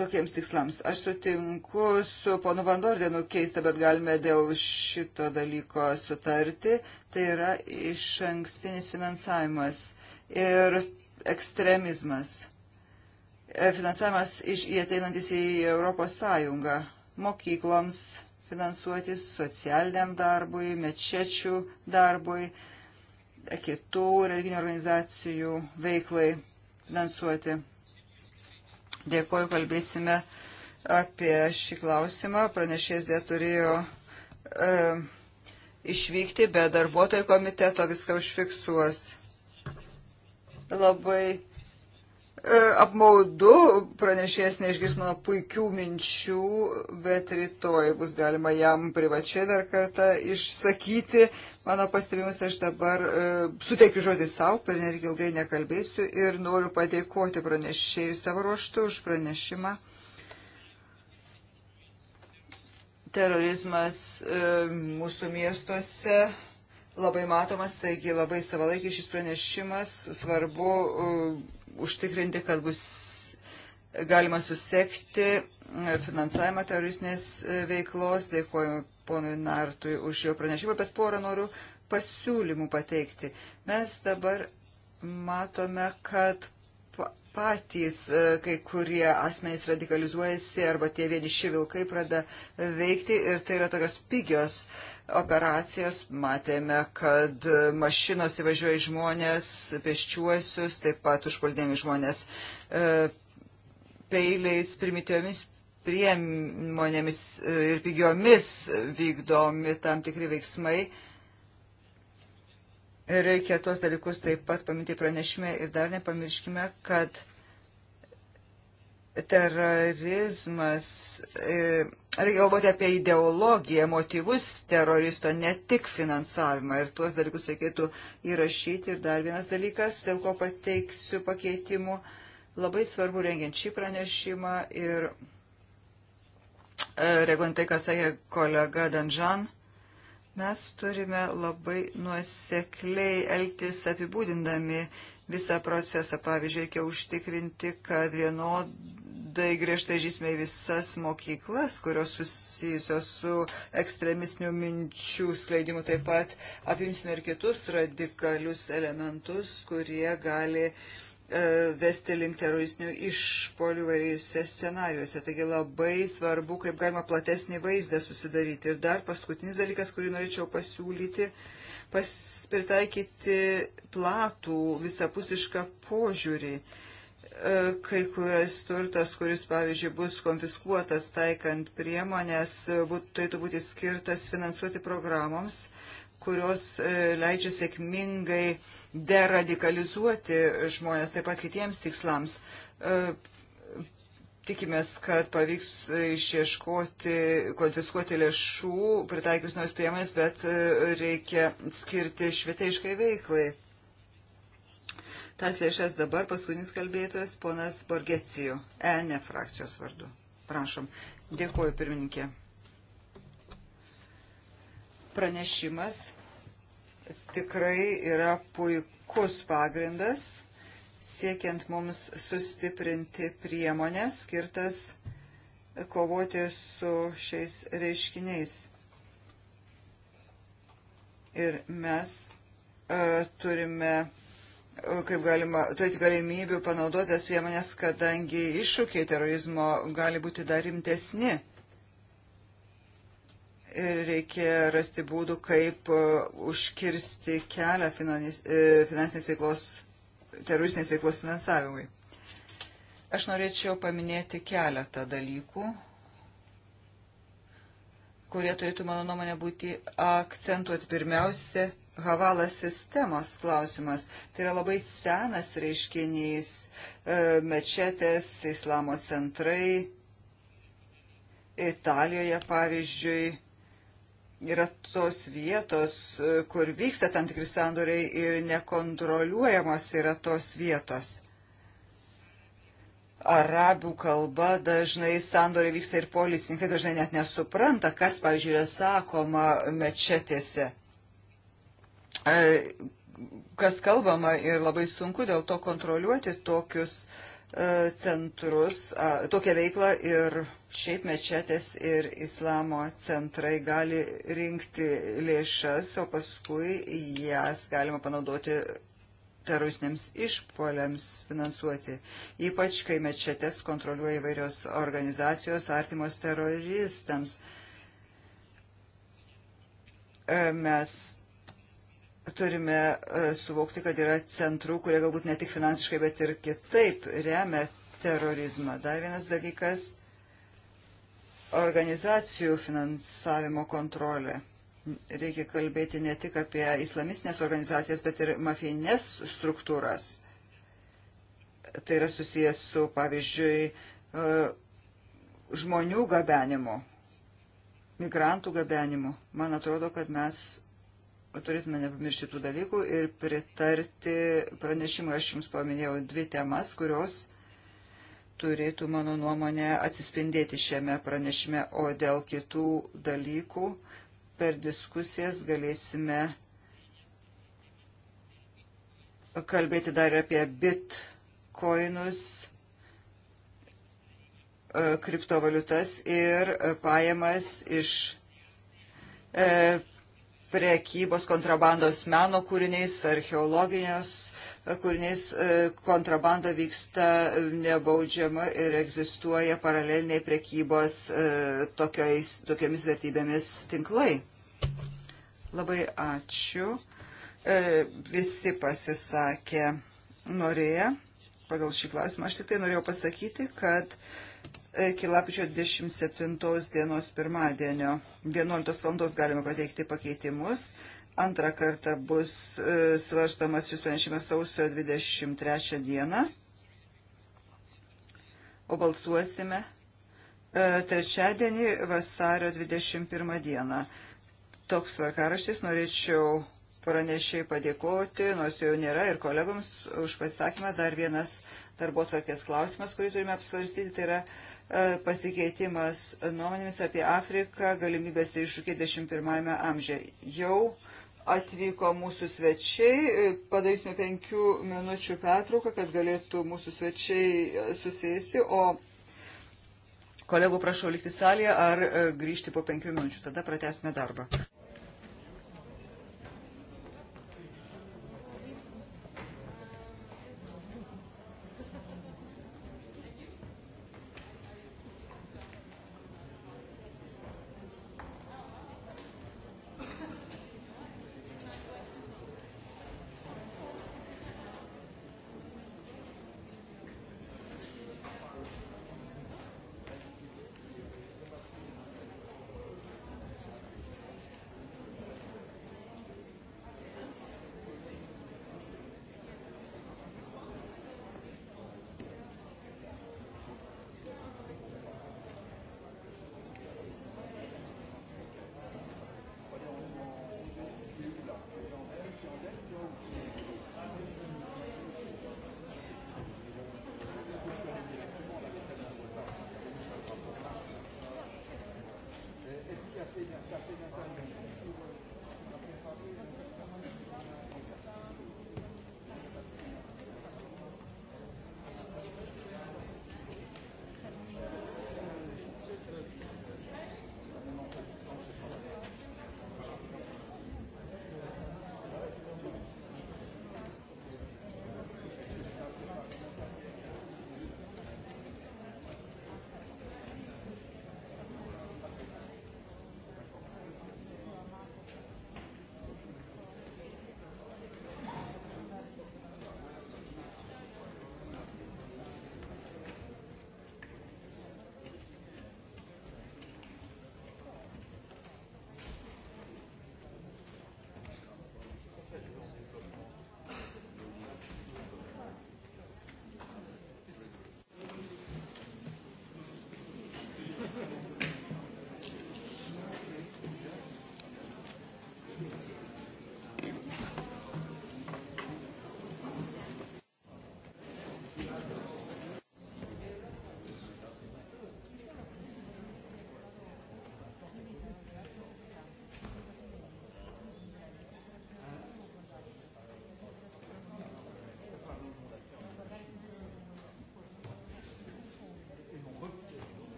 tokiems tikslams. Aš sutinku su ponu Vandordenu keista, bet galime dėl šito dalyko sutarti. Tai yra iš ankstinis finansavimas ir ekstremizmas. E, finansavimas iš įateinantis į Europos Sąjungą mokykloms finansuoti socialiniam darbui, mečečių darbui, kitų religinių organizacijų veiklai finansuoti. Dėkoju, kalbėsime apie šį klausimą. Pranešės dė turėjo e, išvykti, bet darbuotojų komiteto viską užfiksuos. Labai E, apmaudu pranešėjas neišgis mano puikių minčių, bet rytoj bus galima jam privačiai dar kartą išsakyti. Mano pastebimus aš dabar e, suteikiu žodį savo, per nergi ilgai nekalbėsiu ir noriu padėkoti pranešėjų savo ruoštų už pranešimą. Terorizmas e, mūsų miestuose labai matomas, taigi labai savalaikiai šis pranešimas svarbu. E, užtikrinti, kad bus galima susekti finansavimą teroristinės e, veiklos. Dėkuoju ponui Nartui už jo pranešimą, bet porą noriu pasiūlymų pateikti. Mes dabar matome, kad patys e, kai kurie asmenys radikalizuojasi arba tie vieniši vilkai pradeda veikti ir tai yra tokios pigios uh, operacijos, matėme, kad mašinos įvažiuoja žmonės, pėsčiuosius, taip pat užpuldėmi žmonės e, peiliais, primityviomis priemonėmis e, ir pigiomis vykdomi tam tikri veiksmai. Reikia tuos dalykus taip pat paminti pranešime ir dar nepamirškime, kad terorizmas, e, reikia galvoti apie ideologiją, motyvus teroristo, ne tik finansavimą. Ir tuos dalykus reikėtų įrašyti. Ir dar vienas dalykas, dėl ko pateiksiu pakeitimų, labai svarbu rengiant šį pranešimą ir e, reaguojant tai, ką sakė kolega Danžan. Mes turime labai nuosekliai elgtis apibūdindami visą procesą. Pavyzdžiui, reikia užtikrinti, kad vienodai labai griežtai žysime visas mokyklas, kurios susijusios su ekstremistinių minčių skleidimu, taip pat apimsime ir kitus radikalius elementus, kurie gali e, vesti link teroristinių išpolių variuose scenarijuose. Taigi labai svarbu, kaip galima platesnį vaizdą susidaryti. Ir dar paskutinis dalykas, kurį norėčiau pasiūlyti, pas, pritaikyti platų visapusišką požiūrį. Uh, E, kai kuris turtas, kuris, pavyzdžiui, bus konfiskuotas taikant priemonės, e, būt, turėtų būti skirtas finansuoti programoms, kurios e, leidžia sėkmingai deradikalizuoti žmonės, taip pat kitiems tikslams. Tikimės, kad pavyks išieškoti, konfiskuoti lėšų, pritaikius naujus priemonės, bet reikia skirti švietaiškai veiklai tas lėšas dabar. Paskutinis kalbėtojas, ponas Borgecijo, ENE e frakcijos vardu. Prašom. Dėkuoju, pirmininkė. Pranešimas tikrai yra puikus pagrindas siekiant mums sustiprinti priemonės skirtas kovoti su šiais reiškiniais ir mes e, turime E, kaip galima turėti galimybių panaudoti tas priemonės, kadangi iššūkiai terorizmo gali būti dar rimtesni. Ir reikia rasti būdų, kaip e, užkirsti kelią e, finansinės veiklos, teroristinės veiklos finansavimui. Aš norėčiau paminėti keletą dalykų, kurie turėtų, mano nuomonė, būti akcentuoti pirmiausia Havalas sistemos klausimas. Tai yra labai senas reiškinys, e, mečetės, islamo centrai, Italijoje pavyzdžiui. Yra tos vietos, e, kur vyksta tam tikri sandoriai ir nekontroliuojamos yra tos vietos arabų kalba dažnai sandoriai vyksta ir policininkai dažnai net nesupranta, kas, pavyzdžiui, yra sakoma mečetėse kas kalbama ir labai sunku dėl to kontroliuoti tokius e, centrus, tokią veiklą ir šiaip mečetės ir islamo centrai gali rinkti lėšas, o paskui jas galima panaudoti teroristiniams išpoliams finansuoti, ypač kai mečetės kontroliuoja įvairios organizacijos artimos teroristams. E, mes turime e, suvokti, kad yra centrų, kurie galbūt ne tik finansiškai, bet ir kitaip remia terorizmą. Dar vienas dalykas - organizacijų finansavimo kontrolė. Reikia kalbėti ne tik apie islamistinės organizacijas, bet ir mafijinės struktūras. Tai yra susijęs su, pavyzdžiui, e, žmonių gabenimu, migrantų gabenimu. Man atrodo, kad mes turėtume nepamiršti tų dalykų ir pritarti pranešimui. Aš Jums paminėjau dvi temas, kurios turėtų, mano nuomonė, atsispindėti šiame pranešime, o dėl kitų dalykų per diskusijas galėsime kalbėti dar apie bitkoinus e, kriptovaliutas ir pajamas iš e, prekybos kontrabandos meno kūriniais, archeologijos e, kūriniais e, kontrabanda vyksta nebaudžiama ir egzistuoja paraleliniai prekybos e, tokiais, tokiamis vertybėmis tinklai. Labai ačiū. Visi pasisakė norėję pagal šį klausimą. Aš tik tai norėjau pasakyti, kad iki lapčio 27 dienos pirmadienio 11 valandos galima pateikti pakeitimus. Antrą kartą bus e, svarstamas šis pranešimas sausio 23 dieną, o balsuosime e, trečiadienį vasario 21 dieną. Toks tvarkaraštis norėčiau pranešiai padėkoti, nors jau nėra ir kolegoms už pasisakymą dar vienas darbo tvarkės klausimas, kurį turime apsvarstyti, tai yra uh, E, pasikeitimas nuomonėmis apie Afriką, galimybės ir iššūkiai 21 amžiuje. Jau atvyko mūsų svečiai, e, padarysime penkių minučių pertrauką, kad galėtų mūsų svečiai e, susėsti, o kolegų prašau likti salėje ar grįžti po penkių minučių, tada pratesime darbą.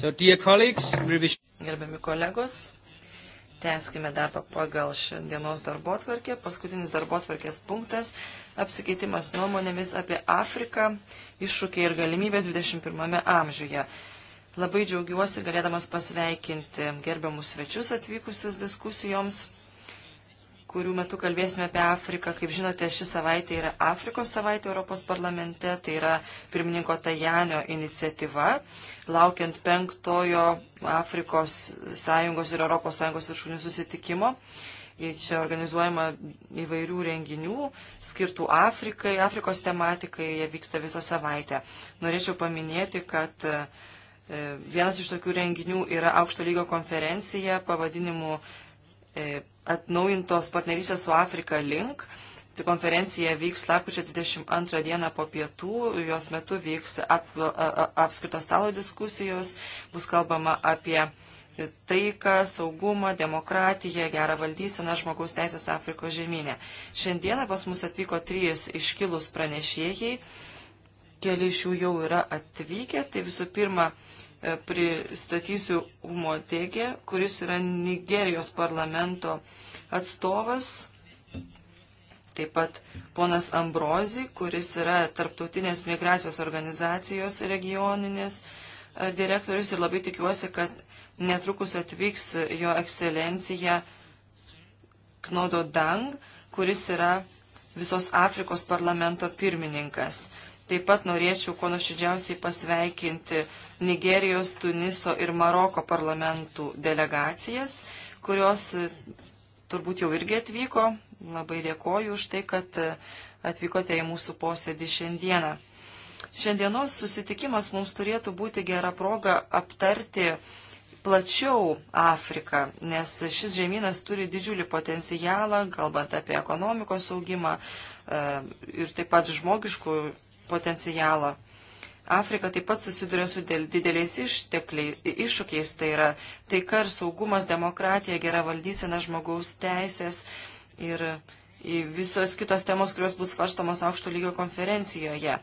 So, Gerbiami kolegos, tęskime darbą pagal šiandienos darbo atvarkę. Paskutinis darbo atvarkės punktas - apsikeitimas nuomonėmis apie Afriką, iššūkiai ir galimybės 21 amžiuje. Labai džiaugiuosi galėdamas pasveikinti gerbiamus svečius atvykusius diskusijoms kurių metu kalbėsime apie Afriką. Kaip žinote, ši savaitė yra Afrikos savaitė Europos parlamente, tai yra pirmininko Tajanio iniciatyva, laukiant penktojo Afrikos sąjungos ir Europos sąjungos viršūnių susitikimo. Ir čia organizuojama įvairių renginių skirtų Afrikai, Afrikos tematikai, jie vyksta visą savaitę. Norėčiau paminėti, kad e, Vienas iš tokių renginių yra aukšto lygio konferencija pavadinimu E, atnaujintos partnerystės su Afrika link. Tai konferencija vyks lapkričio 22 dieną po pietų, jos metu vyks ap, apskrito stalo diskusijos, bus kalbama apie taiką, saugumą, demokratiją, gerą valdyseną, žmogaus teisės Afrikos žemynė. Šiandieną pas mus atvyko trys iškilus pranešėjai, keli iš jų jau yra atvykę. Tai visų pirma, E, pristatysiu Umo Tege, kuris yra Nigerijos parlamento atstovas. Taip pat ponas Ambrozi, kuris yra tarptautinės migracijos organizacijos regioninės e, direktorius ir labai tikiuosi, kad netrukus atvyks jo ekscelencija Knodo Dang, kuris yra visos Afrikos parlamento pirmininkas. Taip pat norėčiau kuo nuoširdžiausiai pasveikinti Nigerijos, Tuniso ir Maroko parlamentų delegacijas, kurios e, turbūt jau irgi atvyko. Labai dėkoju už tai, kad e, atvykote į mūsų posėdį šiandieną. Šiandienos susitikimas mums turėtų būti gera proga aptarti plačiau Afriką, nes šis žemynas turi didžiulį potencialą, kalbant apie ekonomikos augimą e, ir taip pat žmogiškų potencialą. Afrika taip pat susiduria su dideliais iššūkiais, tai yra taika ir saugumas, demokratija, gera valdysena, žmogaus teisės ir visos kitos temos, kurios bus svarstamos aukšto lygio konferencijoje.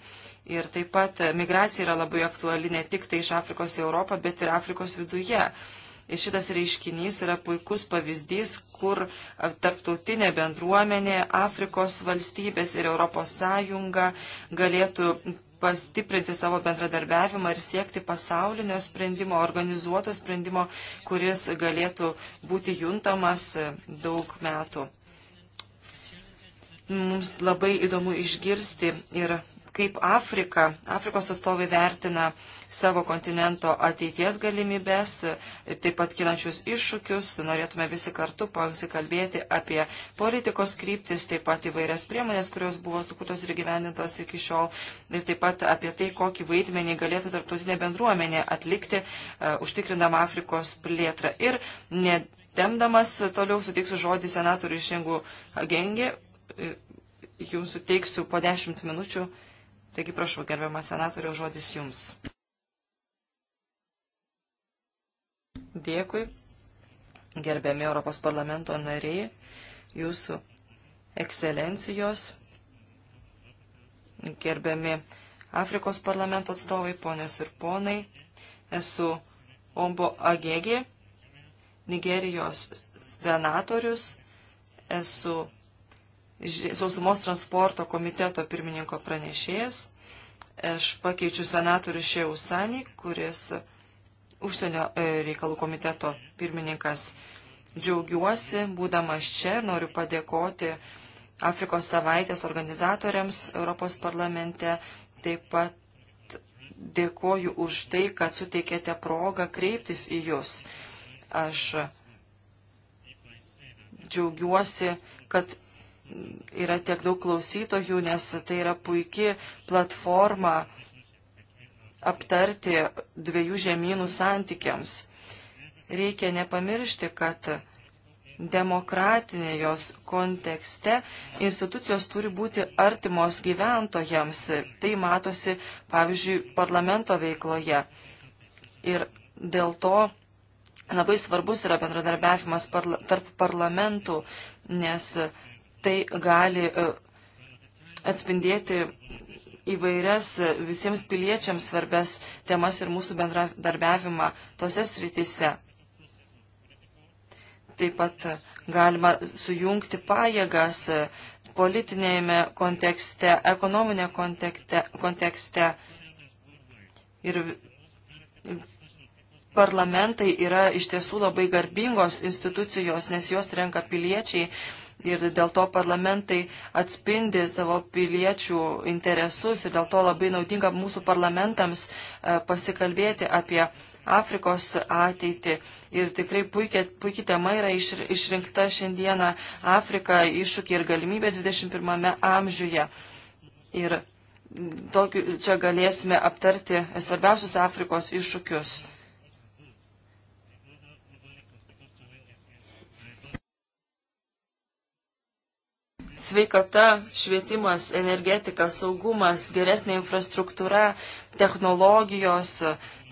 Ir taip pat migracija yra labai aktuali ne tik tai iš Afrikos į Europą, bet ir Afrikos viduje. Ir šitas reiškinys yra puikus pavyzdys, kur e, tarptautinė bendruomenė, Afrikos valstybės ir Europos Sąjunga galėtų pastiprinti savo bendradarbiavimą ir siekti pasaulinio sprendimo, organizuoto sprendimo, kuris galėtų būti juntamas e, daug metų. Mums labai įdomu išgirsti ir kaip Afrika, Afrikos atstovai vertina savo kontinento ateities galimybės ir taip pat kilančius iššūkius. Norėtume visi kartu pasikalbėti apie politikos kryptis, taip pat įvairias priemonės, kurios buvo sukurtos ir gyvenintos iki šiol, ir taip pat apie tai, kokį vaidmenį galėtų tarptautinė bendruomenė atlikti, uh, užtikrindama Afrikos plėtrą. Ir ne, Temdamas toliau suteiksiu žodį senatoriui Šengų Gengė, e, jums suteiksiu po 10 minučių Taigi prašau, gerbiamas senatoriau, žodis jums. Dėkui, gerbiami Europos parlamento nariai, jūsų ekscelencijos, gerbiami Afrikos parlamento atstovai, ponios ir ponai, esu Ombo Agegi, Nigerijos senatorius, esu sausumos transporto komiteto pirmininko pranešėjas. Aš pakeičiu senatorių Šeusanį, kuris užsienio e, reikalų komiteto pirmininkas. Džiaugiuosi, būdamas čia, noriu padėkoti Afrikos savaitės organizatoriams Europos parlamente. Taip pat dėkoju už tai, kad suteikėte progą kreiptis į Jūs. Aš džiaugiuosi, kad yra tiek daug klausytojų, nes tai yra puikia platforma aptarti dviejų žemynų santykiams. Reikia nepamiršti, kad demokratinės kontekste institucijos turi būti artimos gyventojams. Tai matosi, pavyzdžiui, parlamento veikloje. Ir dėl to labai svarbus yra bendradarbiavimas parla tarp parlamentų, nes tai gali e, atspindėti įvairias visiems piliečiams svarbes temas ir mūsų bendradarbiavimą tose sritise. Taip pat galima sujungti pajėgas e, politinėme kontekste, ekonominė kontekste, kontekste. Ir parlamentai yra iš tiesų labai garbingos institucijos, nes juos renka piliečiai ir dėl to parlamentai atspindi savo piliečių interesus ir dėl to labai naudinga mūsų parlamentams e, pasikalbėti apie Afrikos ateitį. Ir tikrai puikia, puikia tema yra iš, išrinkta šiandieną Afrika iššūkiai ir galimybės 21 amžiuje. Ir tokiu, čia galėsime aptarti svarbiausius Afrikos iššūkius. sveikata, švietimas, energetika, saugumas, geresnė infrastruktūra, technologijos,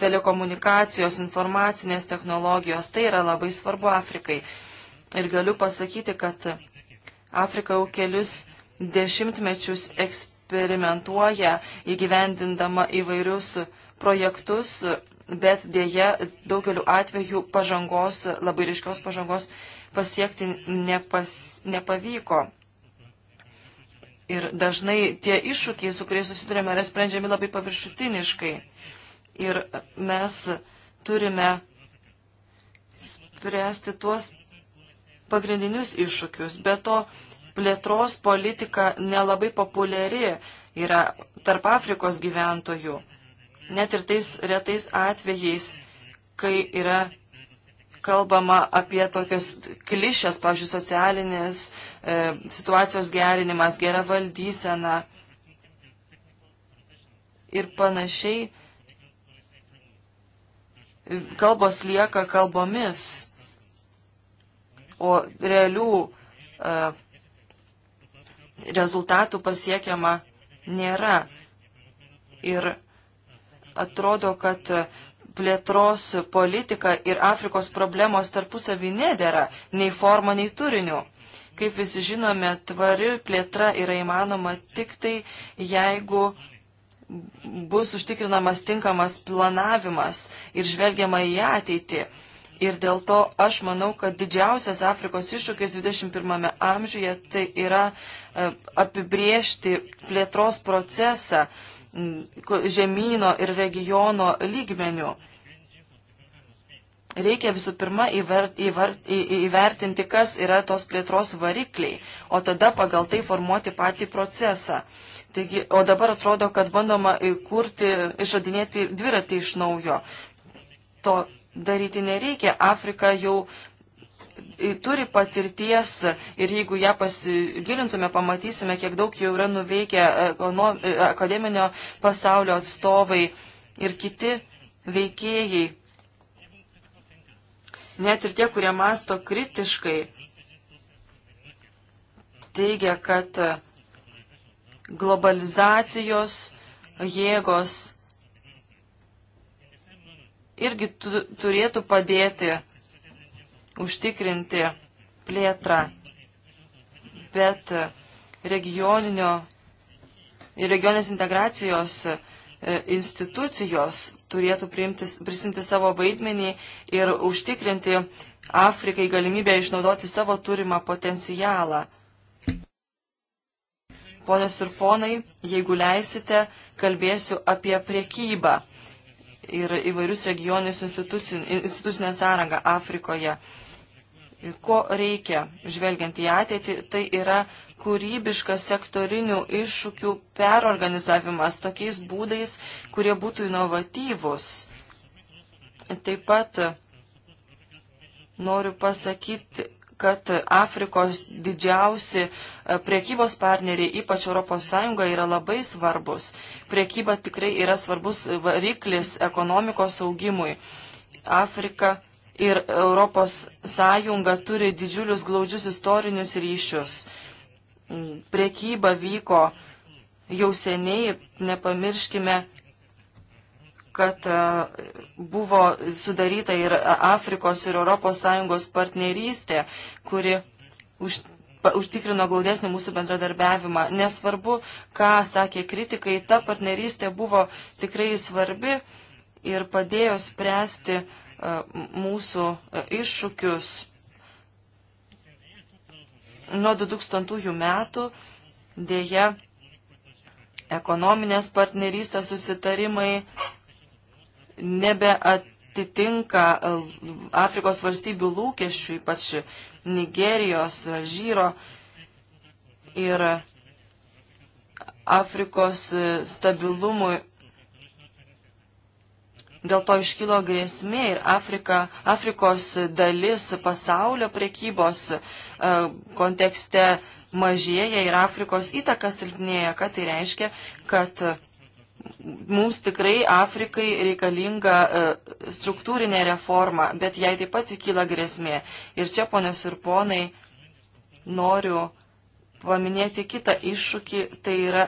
telekomunikacijos, informacinės technologijos. Tai yra labai svarbu Afrikai. Ir galiu pasakyti, kad Afrika jau kelius dešimtmečius eksperimentuoja įgyvendindama įvairius projektus, bet dėja daugeliu atveju pažangos, labai ryškios pažangos pasiekti nepas, nepavyko. Ir dažnai tie iššūkiai, su kuriais susidurėme, yra sprendžiami labai paviršutiniškai. Ir mes turime spręsti tuos pagrindinius iššūkius. Be to, plėtros politika nelabai populiari yra tarp Afrikos gyventojų. Net ir tais retais atvejais, kai yra kalbama apie tokias klišės, pavyzdžiui, socialinės e, situacijos gerinimas, gera valdysena ir panašiai. Kalbos lieka kalbomis, o realių e, rezultatų pasiekiama nėra. Ir atrodo, kad plėtros politika ir Afrikos problemos tarpusavį nedėra nei forma, nei turiniu. Kaip visi žinome, tvari plėtra yra įmanoma tik tai, jeigu bus užtikrinamas tinkamas planavimas ir žvelgiama į ateitį. Ir dėl to aš manau, kad didžiausias Afrikos iššūkis 21 amžiuje tai yra e, apibriežti plėtros procesą žemynų ir regiono lygmenių. Reikia visų pirma įvert, įvert, į, įvertinti, kas yra tos plėtros varikliai, o tada pagal tai formuoti patį procesą. Taigi, o dabar atrodo, kad bandoma įkurti, išradinėti dviratį iš naujo. To daryti nereikia. Afrika jau turi patirties ir jeigu ją pasigilintume, pamatysime, kiek daug jau yra nuveikę e, e, akademinio pasaulio atstovai ir kiti veikėjai. Net ir tie, kurie masto kritiškai, teigia, kad globalizacijos jėgos irgi turėtų padėti užtikrinti plėtrą, bet regioninio ir regionės integracijos e, institucijos turėtų priimti, prisimti savo vaidmenį ir užtikrinti Afrikai galimybę išnaudoti savo turimą potencialą. Ponios ir ponai, jeigu leisite, kalbėsiu apie priekybą ir įvairius regionius institucinę sąrangą Afrikoje ko reikia žvelgiant į ateitį, tai yra kūrybiškas sektorinių iššūkių perorganizavimas tokiais būdais, kurie būtų inovatyvus. Taip pat noriu pasakyti, kad Afrikos didžiausi e, priekybos partneriai, ypač ES, yra labai svarbus. Priekyba tikrai yra svarbus variklis ekonomikos augimui. Afrika ir Europos Sąjunga turi didžiulius glaudžius istorinius ryšius. Prekyba vyko jau seniai, nepamirškime, kad e, buvo sudaryta ir Afrikos ir ES partnerystė, kuri už, pa, užtikrino glaudesnį mūsų bendradarbiavimą. Nesvarbu, ką sakė kritikai, ta partnerystė buvo tikrai svarbi ir padėjo spręsti uh, mūsų e, iššūkius. Nuo 2000 metų dėja ekonominės partnerystės susitarimai nebeatitinka Afrikos valstybių lūkesčių, ypač Nigerijos, Alžyro ir Afrikos stabilumui Dėl to iškilo grėsmė ir Afrika, Afrikos dalis pasaulio prekybos e, kontekste mažėja ir Afrikos įtaka silpnėja, kad tai reiškia, kad mums tikrai Afrikai reikalinga e, struktūrinė reforma, bet jai taip pat kyla grėsmė. Ir čia, ponios ir ponai, noriu paminėti kitą iššūkį, tai yra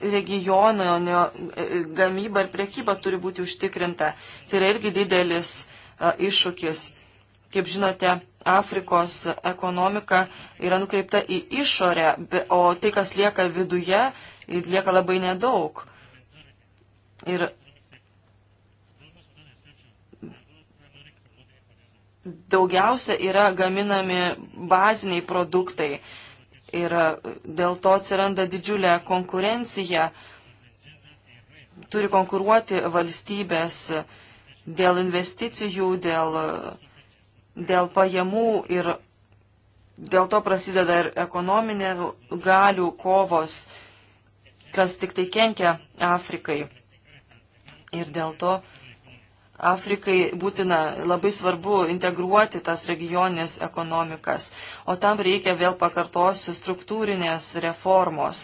regioninio e, e, gamyba ir priekyba turi būti užtikrinta. Tai yra irgi didelis e, iššūkis. Kaip žinote, Afrikos ekonomika yra nukreipta į išorę, o tai, kas lieka viduje, lieka labai nedaug. Ir daugiausia yra gaminami baziniai produktai yra, dėl to atsiranda didžiulė konkurencija, turi konkuruoti valstybės dėl investicijų, dėl, dėl pajamų ir dėl to prasideda ir ekonominė galių kovos, kas tik tai kenkia Afrikai. Ir dėl to uh, Afrikai būtina labai svarbu integruoti tas regioninės ekonomikas, o tam reikia vėl pakartosiu struktūrinės reformos.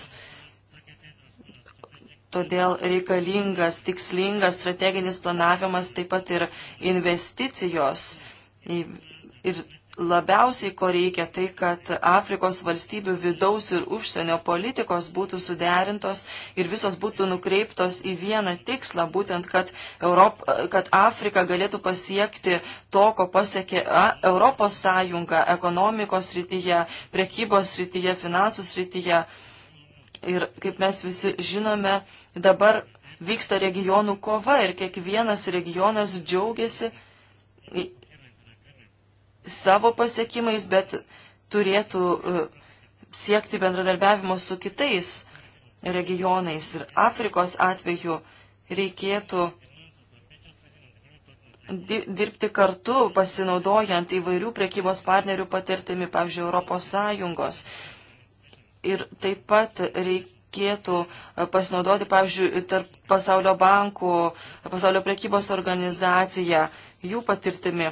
Todėl reikalingas tikslingas strateginis planavimas, taip pat ir investicijos. Ir labiausiai ko reikia, tai kad Afrikos valstybių vidaus ir užsienio politikos būtų suderintos ir visos būtų nukreiptos į vieną tikslą, būtent, kad, Europ, kad Afrika galėtų pasiekti to, ko pasiekė Europos Sąjunga ekonomikos srityje, prekybos srityje, finansų srityje. Ir kaip mes visi žinome, dabar vyksta regionų kova ir kiekvienas regionas džiaugiasi savo pasiekimais, bet turėtų e, siekti bendradarbiavimo su kitais regionais. Ir Afrikos atveju reikėtų dirbti kartu, pasinaudojant įvairių priekybos partnerių patirtimi, pavyzdžiui, Europos Sąjungos. Ir taip pat reikėtų e, pasinaudoti, pavyzdžiui, tarp pasaulio bankų, pasaulio priekybos organizaciją, jų patirtimi.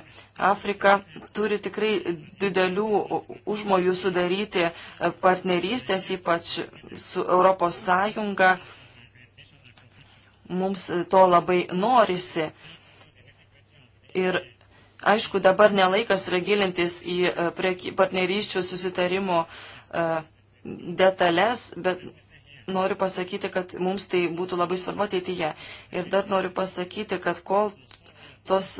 Afrika turi tikrai didelių užmojų sudaryti e, partnerystės, ypač su Europos Sąjunga. Mums to labai norisi. Ir aišku, dabar nelaikas yra gilintis į e, partnerysčių susitarimo e, detalės, bet noriu pasakyti, kad mums tai būtų labai svarbu ateityje. Ir dar noriu pasakyti, kad kol tos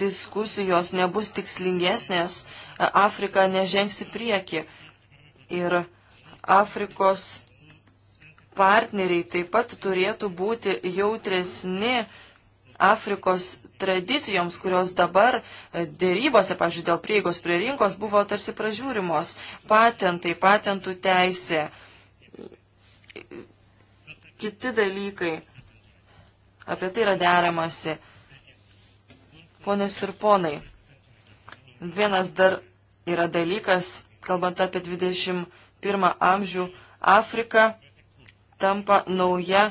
diskusijos nebus tikslingesnės, e, Afrika nežengs į priekį. Ir Afrikos partneriai taip pat turėtų būti jautresni Afrikos tradicijoms, kurios dabar e, dėrybose, pažiūrėjau, dėl prieigos prie rinkos buvo tarsi pražiūrimos patentai, patentų teisė, kiti dalykai. Apie tai yra deramasi. Ponios ir ponai, vienas dar yra dalykas, kalbant apie 21 amžių, Afrika tampa nauja,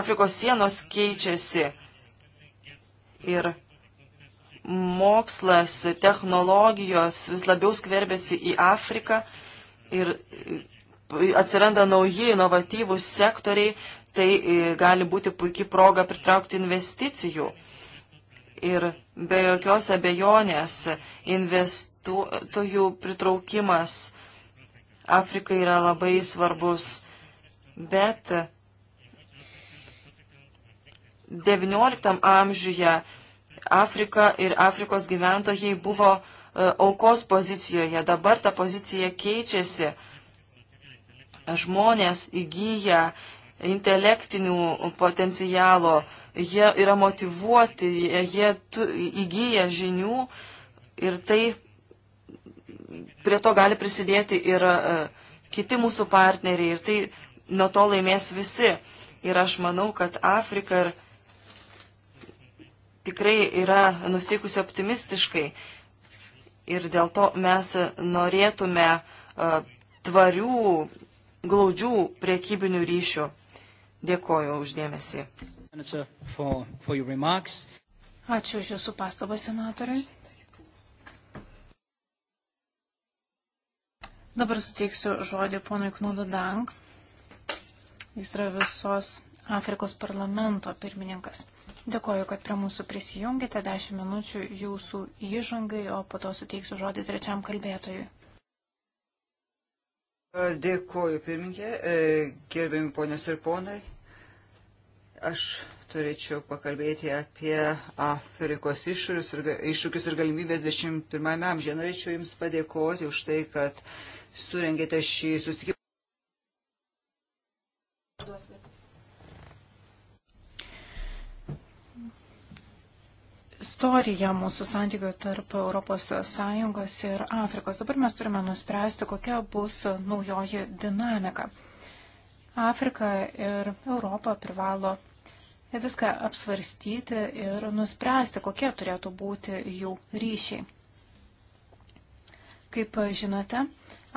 Afrikos sienos keičiasi ir mokslas, technologijos vis labiau skverbėsi į Afriką ir atsiranda nauji inovatyvūs sektoriai, tai e, gali būti puikiai proga pritraukti investicijų. Ir be jokios abejonės investuotojų pritraukimas Afrikai yra labai svarbus, bet XIX amžiuje Afrika ir Afrikos gyventojai buvo e, aukos pozicijoje. Dabar ta pozicija keičiasi. Žmonės įgyja intelektinių potencialo, jie yra motivuoti, jie tu, įgyja žinių ir tai prie to gali prisidėti ir e, kiti mūsų partneriai ir tai nuo to laimės visi. Ir aš manau, kad Afrika tikrai yra nusteikusi optimistiškai ir dėl to mes norėtume e, tvarių, glaudžių priekybinių ryšių. Dėkoju uždėmesi. Ačiū už Jūsų pastabą, senatoriai. Dabar suteiksiu žodį ponui Knudu Dank. Jis yra visos Afrikos parlamento pirmininkas. Dėkoju, kad prie mūsų prisijungėte 10 minučių jūsų įžangai, o po to suteiksiu žodį trečiam kalbėtojui. Dėkoju, pirmininkė, gerbiami ponios ir ponai. Aš turėčiau pakalbėti apie Afrikos iššūkius ir, iššūkius ir galimybės 21 amžiuje. Norėčiau Jums padėkoti už tai, kad surengėte šį susitikimą. istorija mūsų santykių tarp ES ir Afrikos. Dabar mes turime nuspręsti, kokia bus naujoji dinamika. Afrika ir Europa privalo viską apsvarstyti ir nuspręsti, kokie turėtų būti jų ryšiai. Kaip žinote,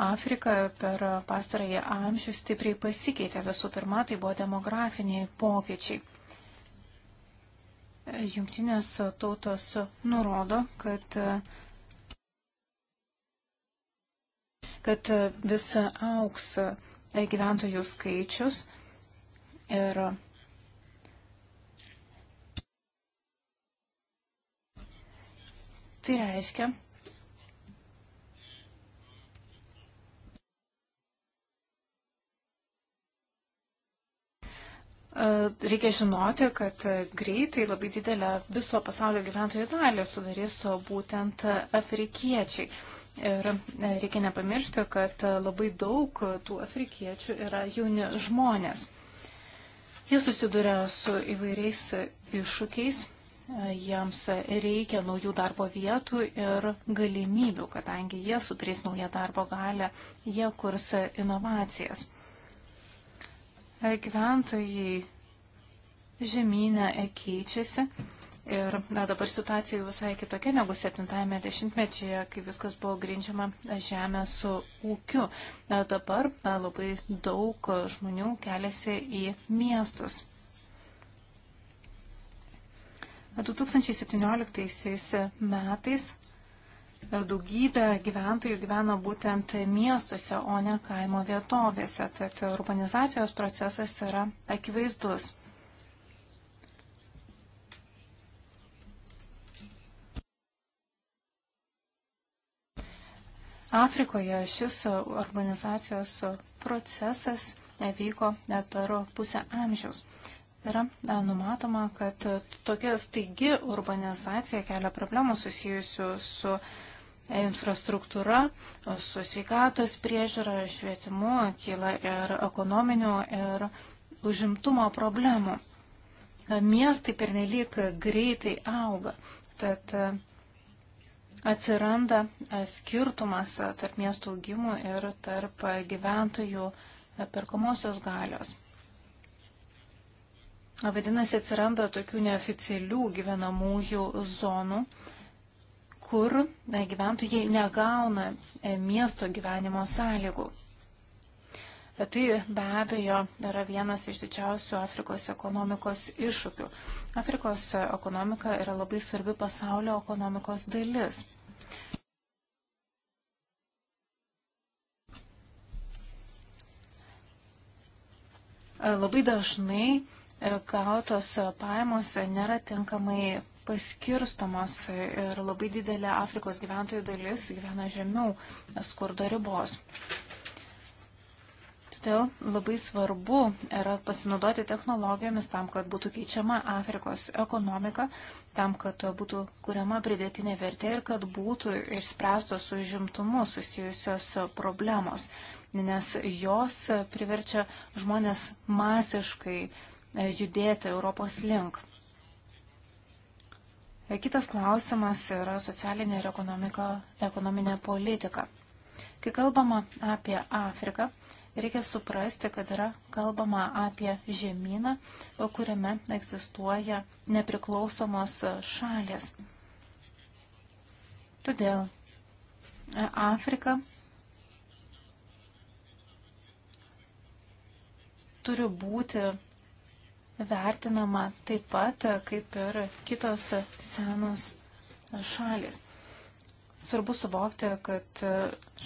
Afrika per pastarąjį amžių stipriai pasikeitė. Visų pirma, tai buvo demografiniai pokyčiai. Jungtinės tautos nurodo, kad kad vis auks gyventojų skaičius ir Tai reiškia, e, Reikia žinoti, kad greitai labai didelę viso pasaulio gyventojų dalį sudarys būtent afrikiečiai. Ir e, reikia nepamiršti, kad labai daug tų afrikiečių yra jauni žmonės. Jie susiduria su įvairiais iššūkiais Jiems reikia naujų darbo vietų ir galimybių, kadangi jie sutrys naują darbo galę, jie kurs inovacijas. Gyventojai žemynę keičiasi ir na, dabar situacija visai kitokia negu 70-ame dešimtmečyje, kai viskas buvo grindžiama žemė su ūkiu. Na, dabar na, labai daug žmonių keliasi į miestus. 2017 metais daugybė gyventojų gyvena būtent miestuose, o ne kaimo vietovėse, tad urbanizacijos procesas yra akivaizdus. Afrikoje šis urbanizacijos procesas vyko per pusę amžiaus yra e, numatoma, kad e, tokia staigi urbanizacija kelia problemų susijusių su e, infrastruktūra, su sveikatos priežiūra, švietimu, kyla ir ekonominių, ir užimtumo problemų. Miestai pernelyg greitai auga, tad atsiranda skirtumas tarp miestų augimų ir tarp gyventojų perkomosios galios. Vadinasi, atsiranda tokių neoficialių gyvenamųjų zonų, kur gyventojai negauna e, miesto gyvenimo sąlygų. E, tai be abejo yra vienas iš didžiausių Afrikos ekonomikos iššūkių. Afrikos ekonomika yra labai svarbi pasaulio ekonomikos dalis. E, labai dažnai E, gautos pajamos nėra tinkamai paskirstomos ir labai didelė Afrikos gyventojų dalis gyvena žemiau skurdo ribos. Todėl labai svarbu yra pasinaudoti technologijomis tam, kad būtų keičiama Afrikos ekonomika, tam, kad būtų kuriama pridėtinė vertė ir kad būtų išspręstos su žimtumu susijusios problemos, nes jos priverčia žmonės masiškai E, judėti Europos link. E, kitas klausimas yra socialinė ir ekonominė politika. Kai kalbama apie Afriką, reikia suprasti, kad yra kalbama apie žemyną, e, kuriame egzistuoja nepriklausomos šalės. Todėl Afrika turi būti vertinama taip pat e, kaip ir kitos senos šalis. Svarbu suvokti, kad e,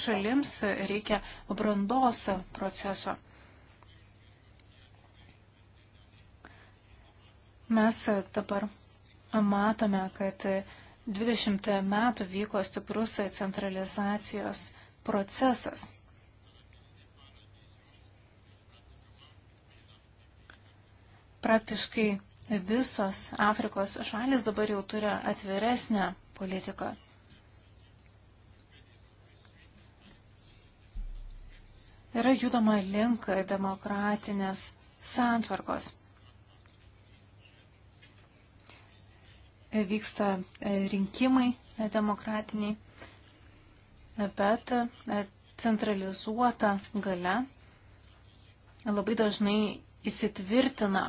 šalims reikia brandos proceso. Mes dabar matome, kad 20 metų vyko stiprus centralizacijos procesas. Praktiškai visos Afrikos šalis dabar jau turi atviresnę politiką. Yra judama link demokratinės santvarkos. Vyksta rinkimai demokratiniai, bet centralizuota gale labai dažnai įsitvirtina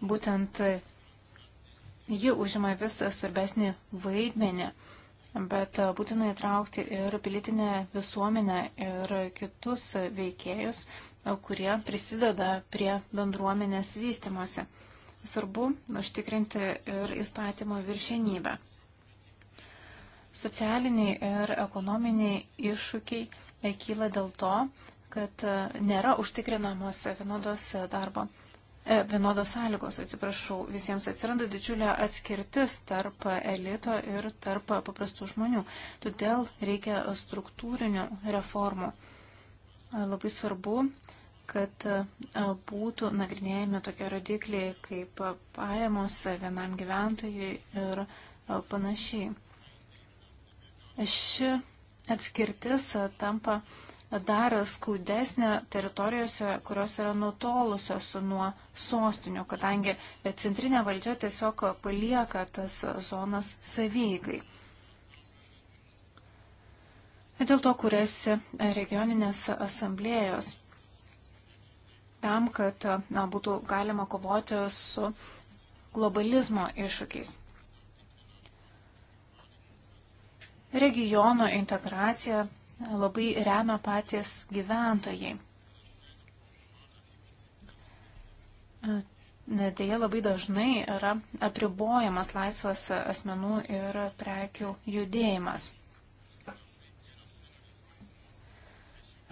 Būtent ji užima vis svarbesnį vaidmenį, bet e, būtina įtraukti ir pilietinę visuomenę ir kitus veikėjus, e, kurie prisideda prie bendruomenės vystimosi. Svarbu užtikrinti ir įstatymo viršenybę. Socialiniai ir ekonominiai iššūkiai e, kyla dėl to, kad nėra užtikrinamos vienodos darbo E, vienodos sąlygos, atsiprašau, visiems atsiranda didžiulė atskirtis tarp elito ir tarp paprastų žmonių. Todėl reikia struktūrinių reformų. E, labai svarbu, kad e, būtų nagrinėjami tokie rodikliai kaip pajamos vienam gyventojui ir panašiai. Ši atskirtis tampa dar skaudesnė teritorijose, kurios yra nutolusios nuo sostinių, kadangi centrinė valdžia tiesiog palieka tas zonas savygai. Dėl to kuriasi regioninės asamblėjos tam, kad na, būtų galima kovoti su globalizmo iššūkiais. Regiono integracija labai remia patys gyventojai. E, Deja, labai dažnai yra apribojamas laisvas asmenų ir prekių judėjimas.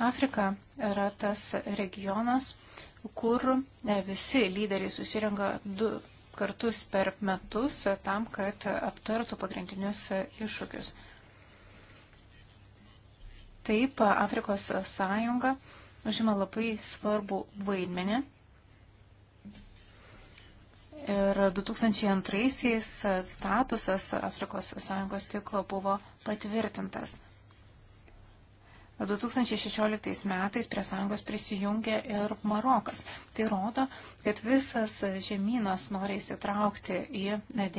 Afrika yra tas regionas, kur visi lyderiai susirenka du kartus per metus tam, kad aptartų pagrindinius iššūkius. Taip, Afrikos sąjunga užima labai svarbu vaidmenį. Ir 2002-aisiais statusas Afrikos sąjungos tik buvo patvirtintas. 2016 metais prie sąjungos prisijungė ir Marokas. Tai rodo, kad visas žemynas nori įsitraukti į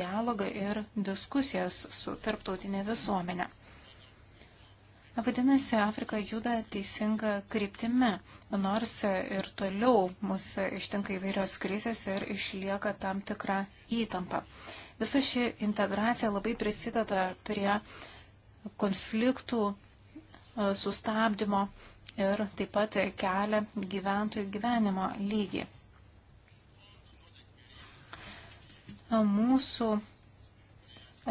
dialogą ir diskusijas su tarptautinė visuomenė. Vadinasi, Afrika juda teisinga kryptime, nors ir toliau mūsų ištinka įvairios krizės ir išlieka tam tikra įtampa. Visa ši integracija labai prisideda prie konfliktų e, sustabdymo ir taip pat kelia gyventojų gyvenimo lygį. Mūsų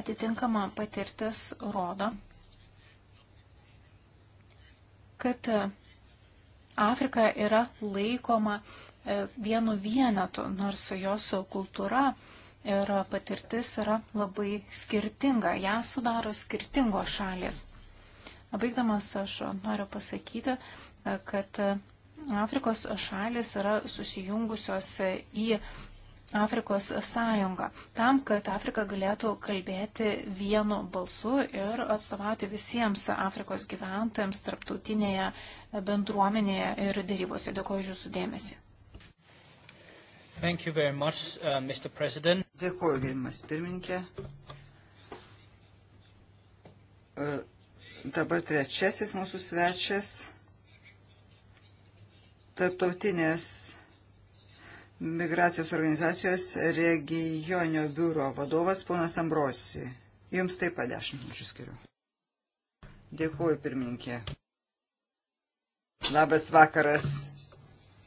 atitinkama patirtis rodo, kad e, Afrika yra laikoma e, vienu vienetu, nors jos kultūra ir patirtis yra labai skirtinga. Ja sudaro skirtingos šalis. Baigdamas aš noriu pasakyti, e, kad Afrikos šalis yra susijungusios į Afrikos sąjungą, tam, kad Afrika galėtų kalbėti vienu balsu ir atstovauti visiems Afrikos gyventojams tarptautinėje bendruomenėje ir dėrybose. Dėkuoju už jūsų dėmesį. Much, uh, Dėkuoju, gerimas pirmininkė. Uh, dabar trečiasis mūsų svečias tarptautinės migracijos organizacijos regioninio biuro vadovas ponas Ambrosi. Jums taip pat 10 minučių skiriu. Dėkuoju, pirmininkė. Labas vakaras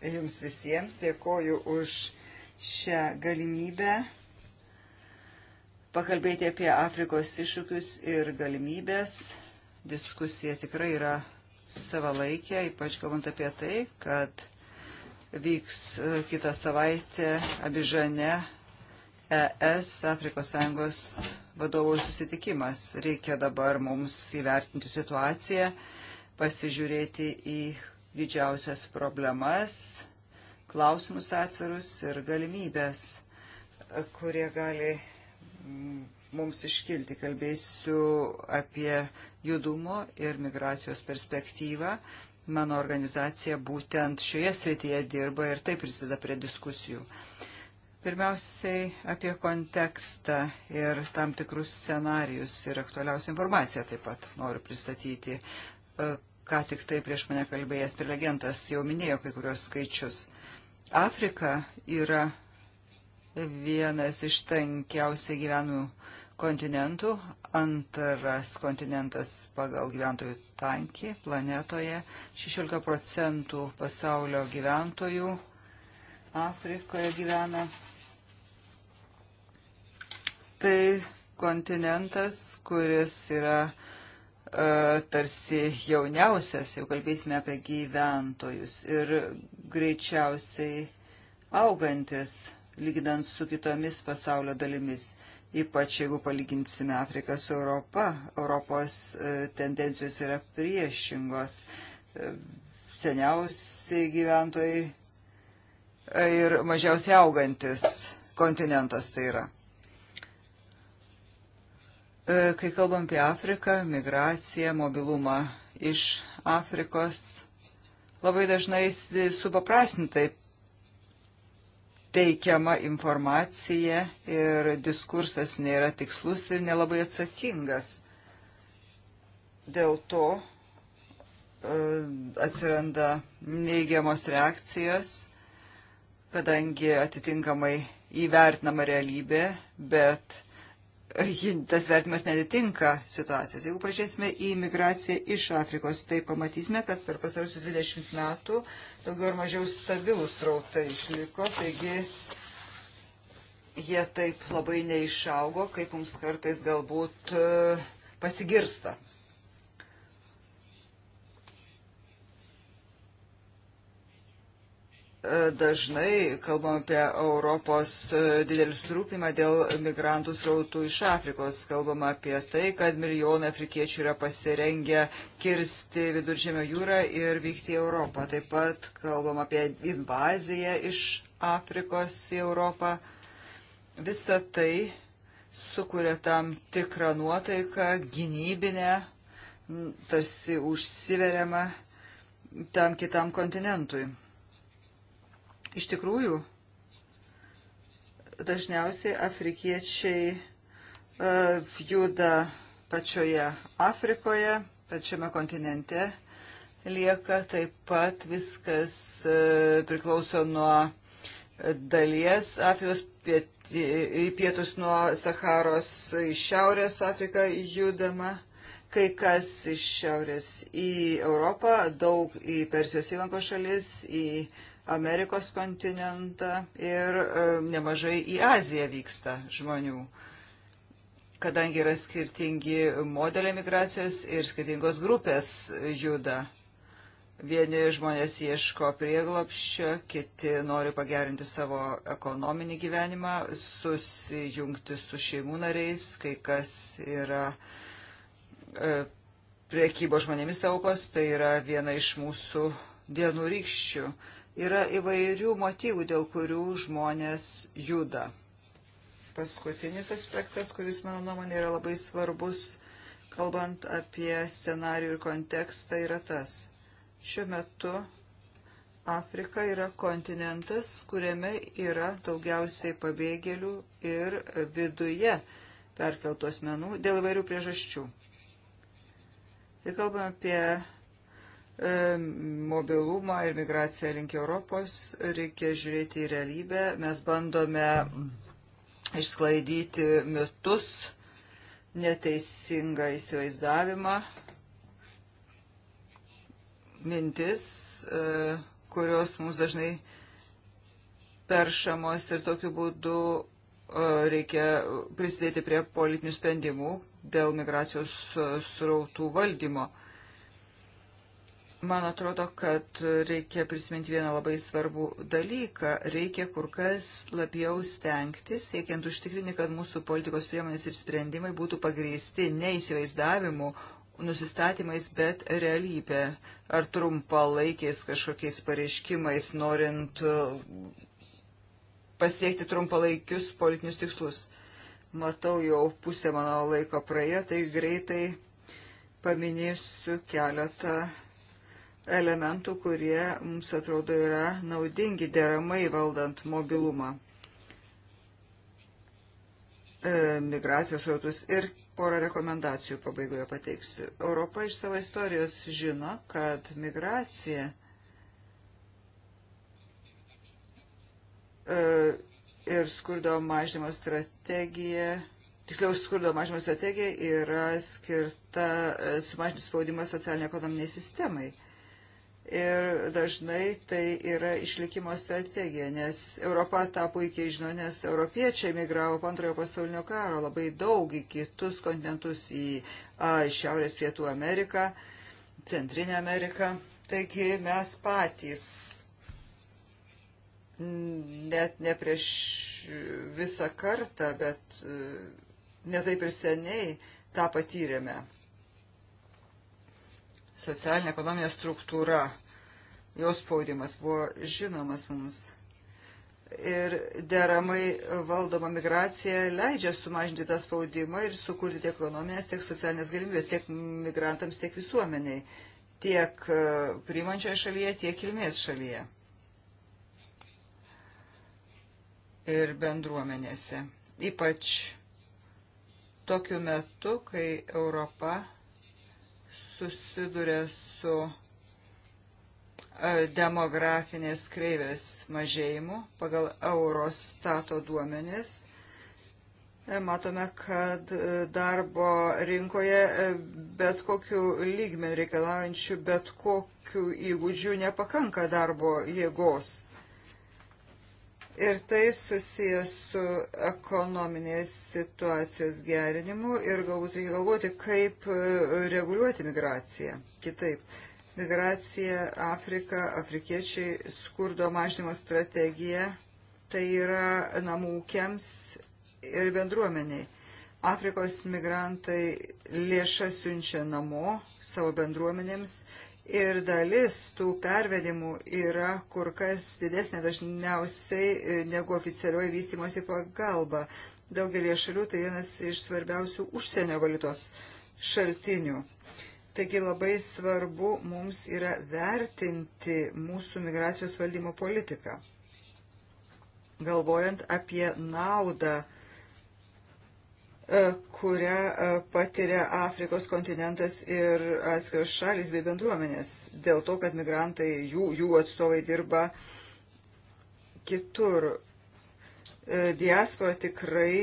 jums visiems. Dėkuoju už šią galimybę pakalbėti apie Afrikos iššūkius ir galimybės. Diskusija tikrai yra savalaikė, ypač kalbant apie tai, kad vyks e, kitą savaitę Abižane ES Afrikos Sąjungos vadovų susitikimas. Reikia dabar mums įvertinti situaciją, pasižiūrėti į didžiausias problemas, klausimus atvirus ir galimybės, kurie gali mums iškilti. Kalbėsiu apie judumo ir migracijos perspektyvą Mano organizacija būtent šioje srityje dirba ir tai prisideda prie diskusijų. Pirmiausiai apie kontekstą ir tam tikrus scenarius ir aktualiausią informaciją taip pat noriu pristatyti. E, ką tik tai prieš mane kalbėjęs prelegentas jau minėjo kai kurios skaičius. Afrika yra vienas iš tankiausiai gyvenimų kontinentų, antras kontinentas pagal gyventojų tankį planetoje, 16 procentų pasaulio gyventojų Afrikoje gyvena. Tai kontinentas, kuris yra e, tarsi jauniausias, jau kalbėsime apie gyventojus ir greičiausiai augantis, lygdant su kitomis pasaulio dalimis ypač jeigu palyginsime Afriką su Europa. Europos e, tendencijos yra priešingos. E, seniausiai gyventojai e, ir mažiausiai augantis kontinentas tai yra. Kai kalbam apie Afriką, migraciją, mobilumą iš Afrikos, labai dažnai supaprastintai teikiama informacija ir diskursas nėra tikslus ir nelabai atsakingas. Dėl to e, atsiranda neigiamos reakcijos, kadangi atitinkamai įvertinama realybė, bet tas vertimas netitinka situacijos. Jeigu pažiūrėsime į migraciją iš Afrikos, tai pamatysime, kad per pastarusius 20 metų daugiau ar mažiau stabilus rautai išliko, taigi jie taip labai neišaugo, kaip mums kartais galbūt e, pasigirsta. dažnai kalbam apie Europos e, didelį surūpimą dėl migrantų srautų iš Afrikos. Kalbam apie tai, kad milijonai afrikiečių yra pasirengę kirsti viduržėmio jūrą ir vykti į Europą. Taip pat kalbam apie invaziją iš Afrikos į Europą. Visa tai sukuria tam tikrą nuotaiką, gynybinę, tarsi užsiveriama tam kitam kontinentui. Iš tikrųjų, dažniausiai afrikiečiai e, juda pačioje Afrikoje, pačiame kontinente lieka, taip pat viskas e, priklauso nuo dalies Afrikos į pietus nuo Saharos į Šiaurės Afriką judama, kai kas iš Šiaurės į Europą, daug į Persijos įlanko šalis, į Amerikos kontinentą ir e, nemažai į Aziją vyksta žmonių, kadangi yra skirtingi modeliai migracijos ir skirtingos grupės juda. Vieni žmonės ieško prieglopščio, kiti nori pagerinti savo ekonominį gyvenimą, susijungti su šeimų nariais, kai kas yra e, priekybo žmonėmis aukos, tai yra viena iš mūsų dienų rykščių. Yra įvairių motyvų, dėl kurių žmonės juda. Paskutinis aspektas, kuris mano nuomonė yra labai svarbus, kalbant apie scenarių ir kontekstą, yra tas. Šiuo metu Afrika yra kontinentas, kuriame yra daugiausiai pabėgėlių ir viduje perkeltų asmenų dėl įvairių priežasčių. Tai kalbame apie E, mobilumą ir migraciją link Europos, reikia žiūrėti į realybę. Mes bandome išsklaidyti mitus, neteisingą įsivaizdavimą, mintis, e, kurios mums dažnai peršamos ir tokiu būdu e, reikia prisidėti prie politinių sprendimų dėl migracijos srautų valdymo Man atrodo, kad reikia prisiminti vieną labai svarbų dalyką. Reikia kur kas labiau stengtis, siekiant užtikrinti, kad mūsų politikos priemonės ir sprendimai būtų pagrįsti ne įsivaizdavimu, nusistatymais, bet realybė. Ar trumpalaikiais kažkokiais pareiškimais, norint uh, pasiekti trumpalaikius politinius tikslus. Matau jau pusę mano laiko praėjo, tai greitai paminėsiu keletą elementų, kurie mums atrodo yra naudingi deramai valdant mobilumą, e, migracijos rautus ir porą rekomendacijų pabaigoje pateiksiu. Europa iš savo istorijos žino, kad migracija e, ir skurdo mažymo strategija tiksliau skurdo mažimo strategija yra skirta e, sumažinti spaudimą socialinė ekonominiai sistemai. Ir dažnai tai yra išlikimo strategija, nes Europa tą puikiai žino, nes europiečiai migravo po antrojo pasaulinio karo labai daug į kitus kontinentus, į a, Šiaurės Pietų Ameriką, Centrinę Ameriką. Taigi mes patys net ne prieš visą kartą, bet e, netai ir seniai tą patyrėme socialinė ekonominė struktūra, jos spaudimas buvo žinomas mums. Ir deramai valdoma migracija leidžia sumažinti tą spaudimą ir sukurti tiek ekonominės, tiek socialinės galimybės, tiek migrantams, tiek visuomeniai, tiek e, priimančioje šalyje, tiek kilmės šalyje ir bendruomenėse. Ypač tokiu metu, kai Europa susiduria su e, demografinės kreivės mažėjimu pagal Eurostato duomenis. E, matome, kad e, darbo rinkoje bet kokiu lygmeniu reikalaujančių bet kokių įgūdžių nepakanka darbo jėgos ir tai susijęs su ekonominės situacijos gerinimu ir galbūt reikia galvoti, kaip e, reguliuoti migraciją kitaip. Migracija, Afrika, afrikiečiai, skurdo mažnymo strategija, tai yra namūkiams ir bendruomeniai. Afrikos migrantai lėšas siunčia namo savo bendruomenėms ir dalis tų pervedimų yra kur kas didesnė dažniausiai e, negu oficialioji vystimosi pagalba. Daugelie šalių tai vienas iš svarbiausių užsienio valiutos šaltinių. Taigi labai svarbu mums yra vertinti mūsų migracijos valdymo politiką, galvojant apie naudą, E, kurią e, patiria Afrikos kontinentas ir atskiros šalis bei bendruomenės. Dėl to, kad migrantai, jų, jų atstovai dirba kitur. E, diaspora tikrai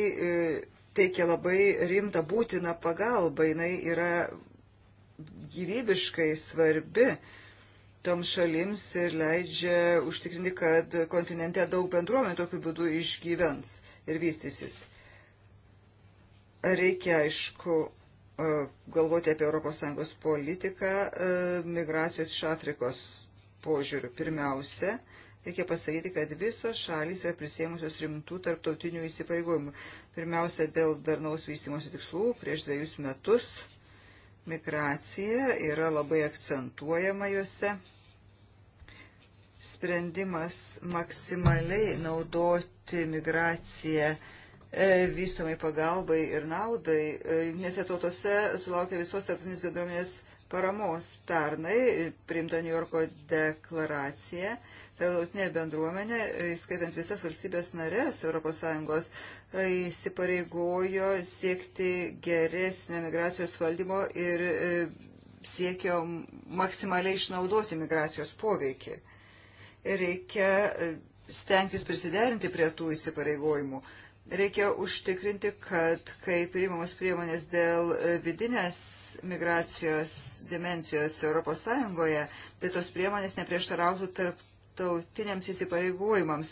teikia labai rimtą būtiną pagalbą. Jis yra gyvybiškai svarbi toms šalims ir leidžia užtikrinti, kad kontinente daug bendruomenių tokiu būdu išgyvens ir vystysis. Reikia, aišku, e, galvoti apie ES politiką e, migracijos iš Afrikos požiūrių. Pirmiausia, reikia pasakyti, kad visos šalys yra prisėmusios rimtų tarptautinių įsipareigojimų. Pirmiausia, dėl darnaus vystimosi tikslų prieš dviejus metus migracija yra labai akcentuojama juose. Sprendimas maksimaliai naudoti migraciją E, vystomai pagalbai ir naudai, e, jungtinėse tautose sulaukė visos tarptautinės bendruomenės paramos. Pernai priimta New Yorko deklaracija, tarptautinė bendruomenė, e, įskaitant visas valstybės narės ES, įsipareigojo siekti geresnio migracijos valdymo ir siekio maksimaliai išnaudoti migracijos poveikį. Reikia stengtis prisiderinti prie tų įsipareigojimų. Reikia užtikrinti, kad kai priimamos priemonės dėl vidinės migracijos dimensijos ES, tai tos priemonės neprieštarautų tarp tarptautiniams įsipareigojimams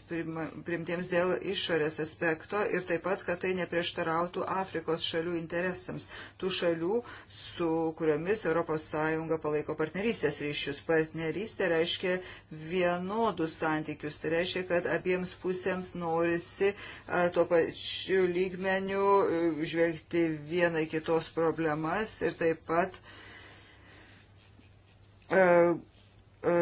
primtiems dėl išorės aspekto ir taip pat, kad tai neprieštarautų Afrikos šalių interesams, tų šalių, su kuriomis ES palaiko partnerystės ryšius. Partnerystė reiškia vienodus santykius, tai reiškia, kad abiems pusėms norisi tuo pačiu lygmeniu e, žvelgti vieną į kitos problemas ir taip pat e, e,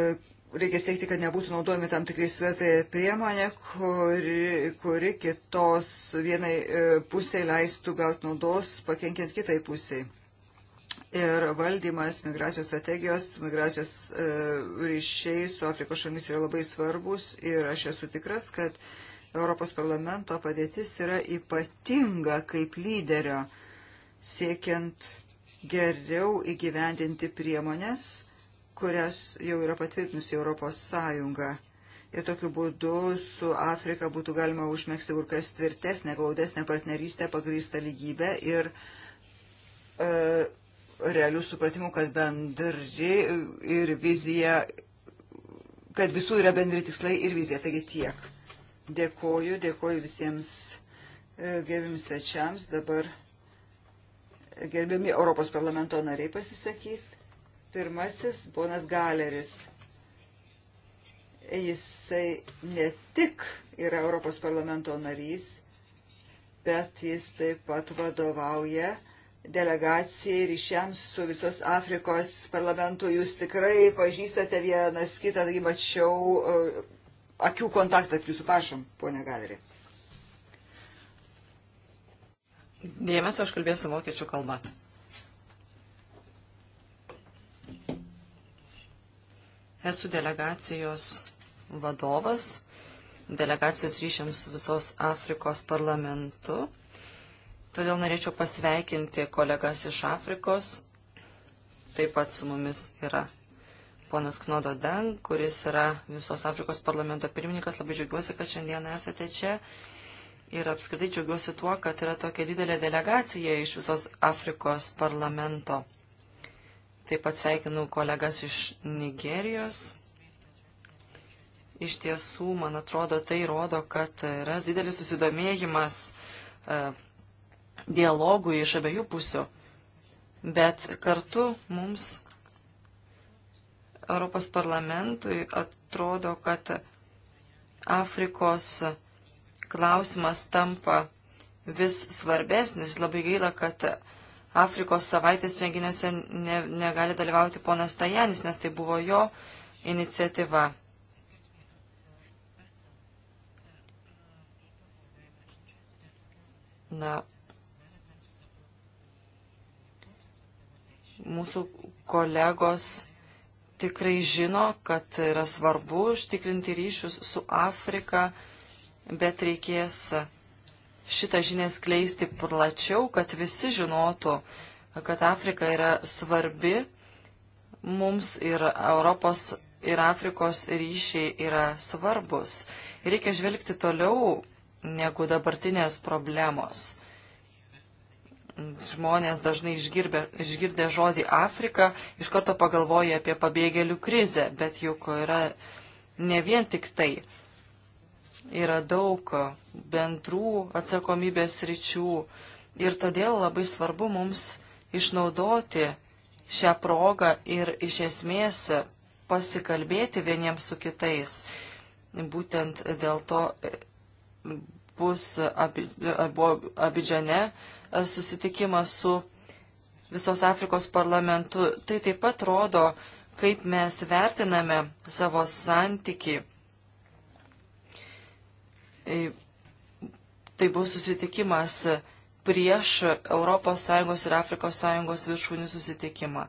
reikia siekti, kad nebūtų naudojami tam tikrai svertai priemonė, kuri, kuri kitos vienai e, pusiai leistų gauti naudos, pakenkiant kitai pusiai. Ir valdymas migracijos strategijos, migracijos e, ryšiai su Afrikos šalimis yra labai svarbus ir aš esu tikras, kad Europos parlamento padėtis yra ypatinga kaip lyderio siekiant geriau įgyvendinti priemonės, kurias jau yra patvirtinusi Europos Sąjunga. Ir tokiu būdu su Afrika būtų galima užmėgsti kur kas tvirtesnę, glaudesnę partnerystę pagrįstą lygybę ir e, realių supratimų, kad bendri ir vizija, kad visų yra bendri tikslai ir vizija. Taigi tiek. Dėkoju, dėkoju visiems e, gerbiams svečiams. Dabar gerbiami Europos parlamento nariai pasisakys. Pirmasis, ponas Galeris. Jisai ne tik yra Europos parlamento narys, bet jis taip pat vadovauja delegacijai ryšiams su visos Afrikos parlamentu. Jūs tikrai pažįstate vienas kitą, taigi mačiau e, akių kontaktą, jūsų prašom, ponė Galerį. Dėmesio aš kalbėsiu vokiečių kalbą. Esu delegacijos vadovas, delegacijos ryšiams visos Afrikos parlamentu. Todėl norėčiau pasveikinti kolegas iš Afrikos. Taip pat su mumis yra ponas Knodo Den, kuris yra visos Afrikos parlamento pirmininkas. Labai džiaugiuosi, kad šiandien esate čia. Ir apskritai džiaugiuosi tuo, kad yra tokia didelė delegacija iš visos Afrikos parlamento. Taip pat sveikinu kolegas iš Nigerijos. Iš tiesų, man atrodo, tai rodo, kad yra didelis susidomėjimas e, dialogų iš abiejų pusių. Bet kartu mums Europos parlamentui atrodo, kad Afrikos klausimas tampa vis svarbesnis. Labai gaila, kad Afrikos savaitės renginiuose ne, negali dalyvauti ponas Tajanis, nes tai buvo jo iniciatyva. Na, mūsų kolegos tikrai žino, kad yra svarbu užtikrinti ryšius su Afrika, bet reikės šitą žinią skleisti plačiau, kad visi žinotų, kad Afrika yra svarbi, mums ir Europos ir Afrikos ryšiai yra svarbus. Reikia žvelgti toliau negu dabartinės problemos. Žmonės dažnai išgirbė, išgirdę žodį Afrika iš karto pagalvoja apie pabėgėlių krizę, bet juk yra ne vien tik tai yra daug bendrų atsakomybės ryčių ir todėl labai svarbu mums išnaudoti šią progą ir iš esmės pasikalbėti vieniems su kitais. Būtent dėl to e, bus abi, abu, e, Abidžane e, susitikimas su visos Afrikos parlamentu. Tai taip pat rodo, kaip mes vertiname savo santyki E, tai bus susitikimas prieš ES ir AS viršūnių susitikimą.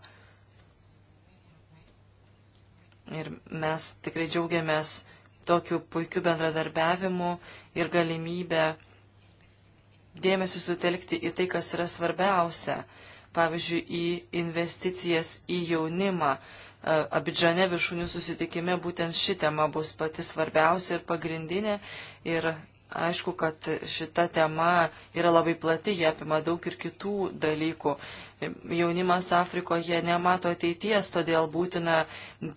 Ir mes tikrai džiaugiamės tokiu puikiu bendradarbiavimu ir galimybę dėmesį sutelkti į tai, kas yra svarbiausia. Pavyzdžiui, į investicijas į jaunimą, Abidžane viršūnių susitikime būtent ši tema bus pati svarbiausia ir pagrindinė. Ir aišku, kad šita tema yra labai plati, jie apima daug ir kitų dalykų. Jaunimas Afrikoje nemato ateities, todėl būtina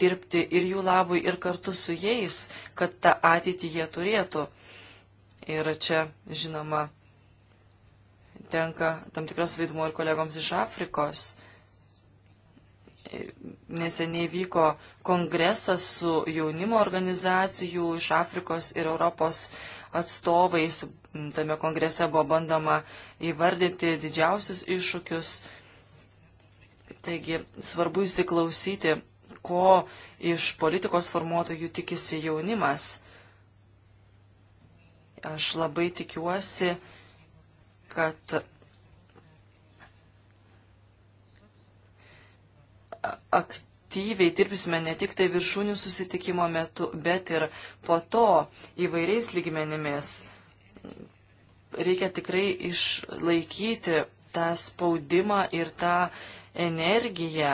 dirbti ir jų labui, ir kartu su jais, kad tą ateitį jie turėtų. Ir čia, žinoma, tenka tam tikras vaidmuo ir kolegoms iš Afrikos neseniai vyko kongresas su jaunimo organizacijų iš Afrikos ir Europos atstovais. Tame kongrese buvo bandoma įvardyti didžiausius iššūkius. Taigi svarbu įsiklausyti, ko iš politikos formuotojų tikisi jaunimas. Aš labai tikiuosi, kad aktyviai dirbsime ne tik tai viršūnių susitikimo metu, bet ir po to įvairiais lygmenimis. Reikia tikrai išlaikyti tą spaudimą ir tą energiją.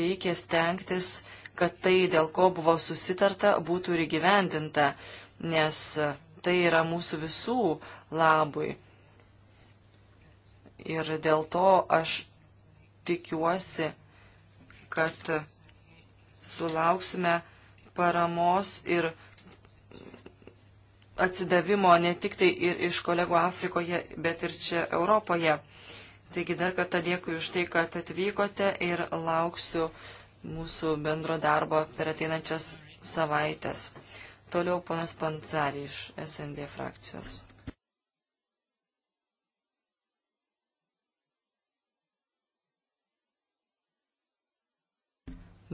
Reikia stengtis, kad tai, dėl ko buvo susitarta, būtų ir įgyvendinta, nes tai yra mūsų visų labui. Ir dėl to aš tikiuosi, kad sulauksime paramos ir atsidavimo ne tik tai ir iš kolegų Afrikoje, bet ir čia Europoje. Taigi dar kartą dėkui už tai, kad atvykote ir lauksiu mūsų bendro darbo per ateinančias savaitės. Toliau ponas Pancari iš SND frakcijos.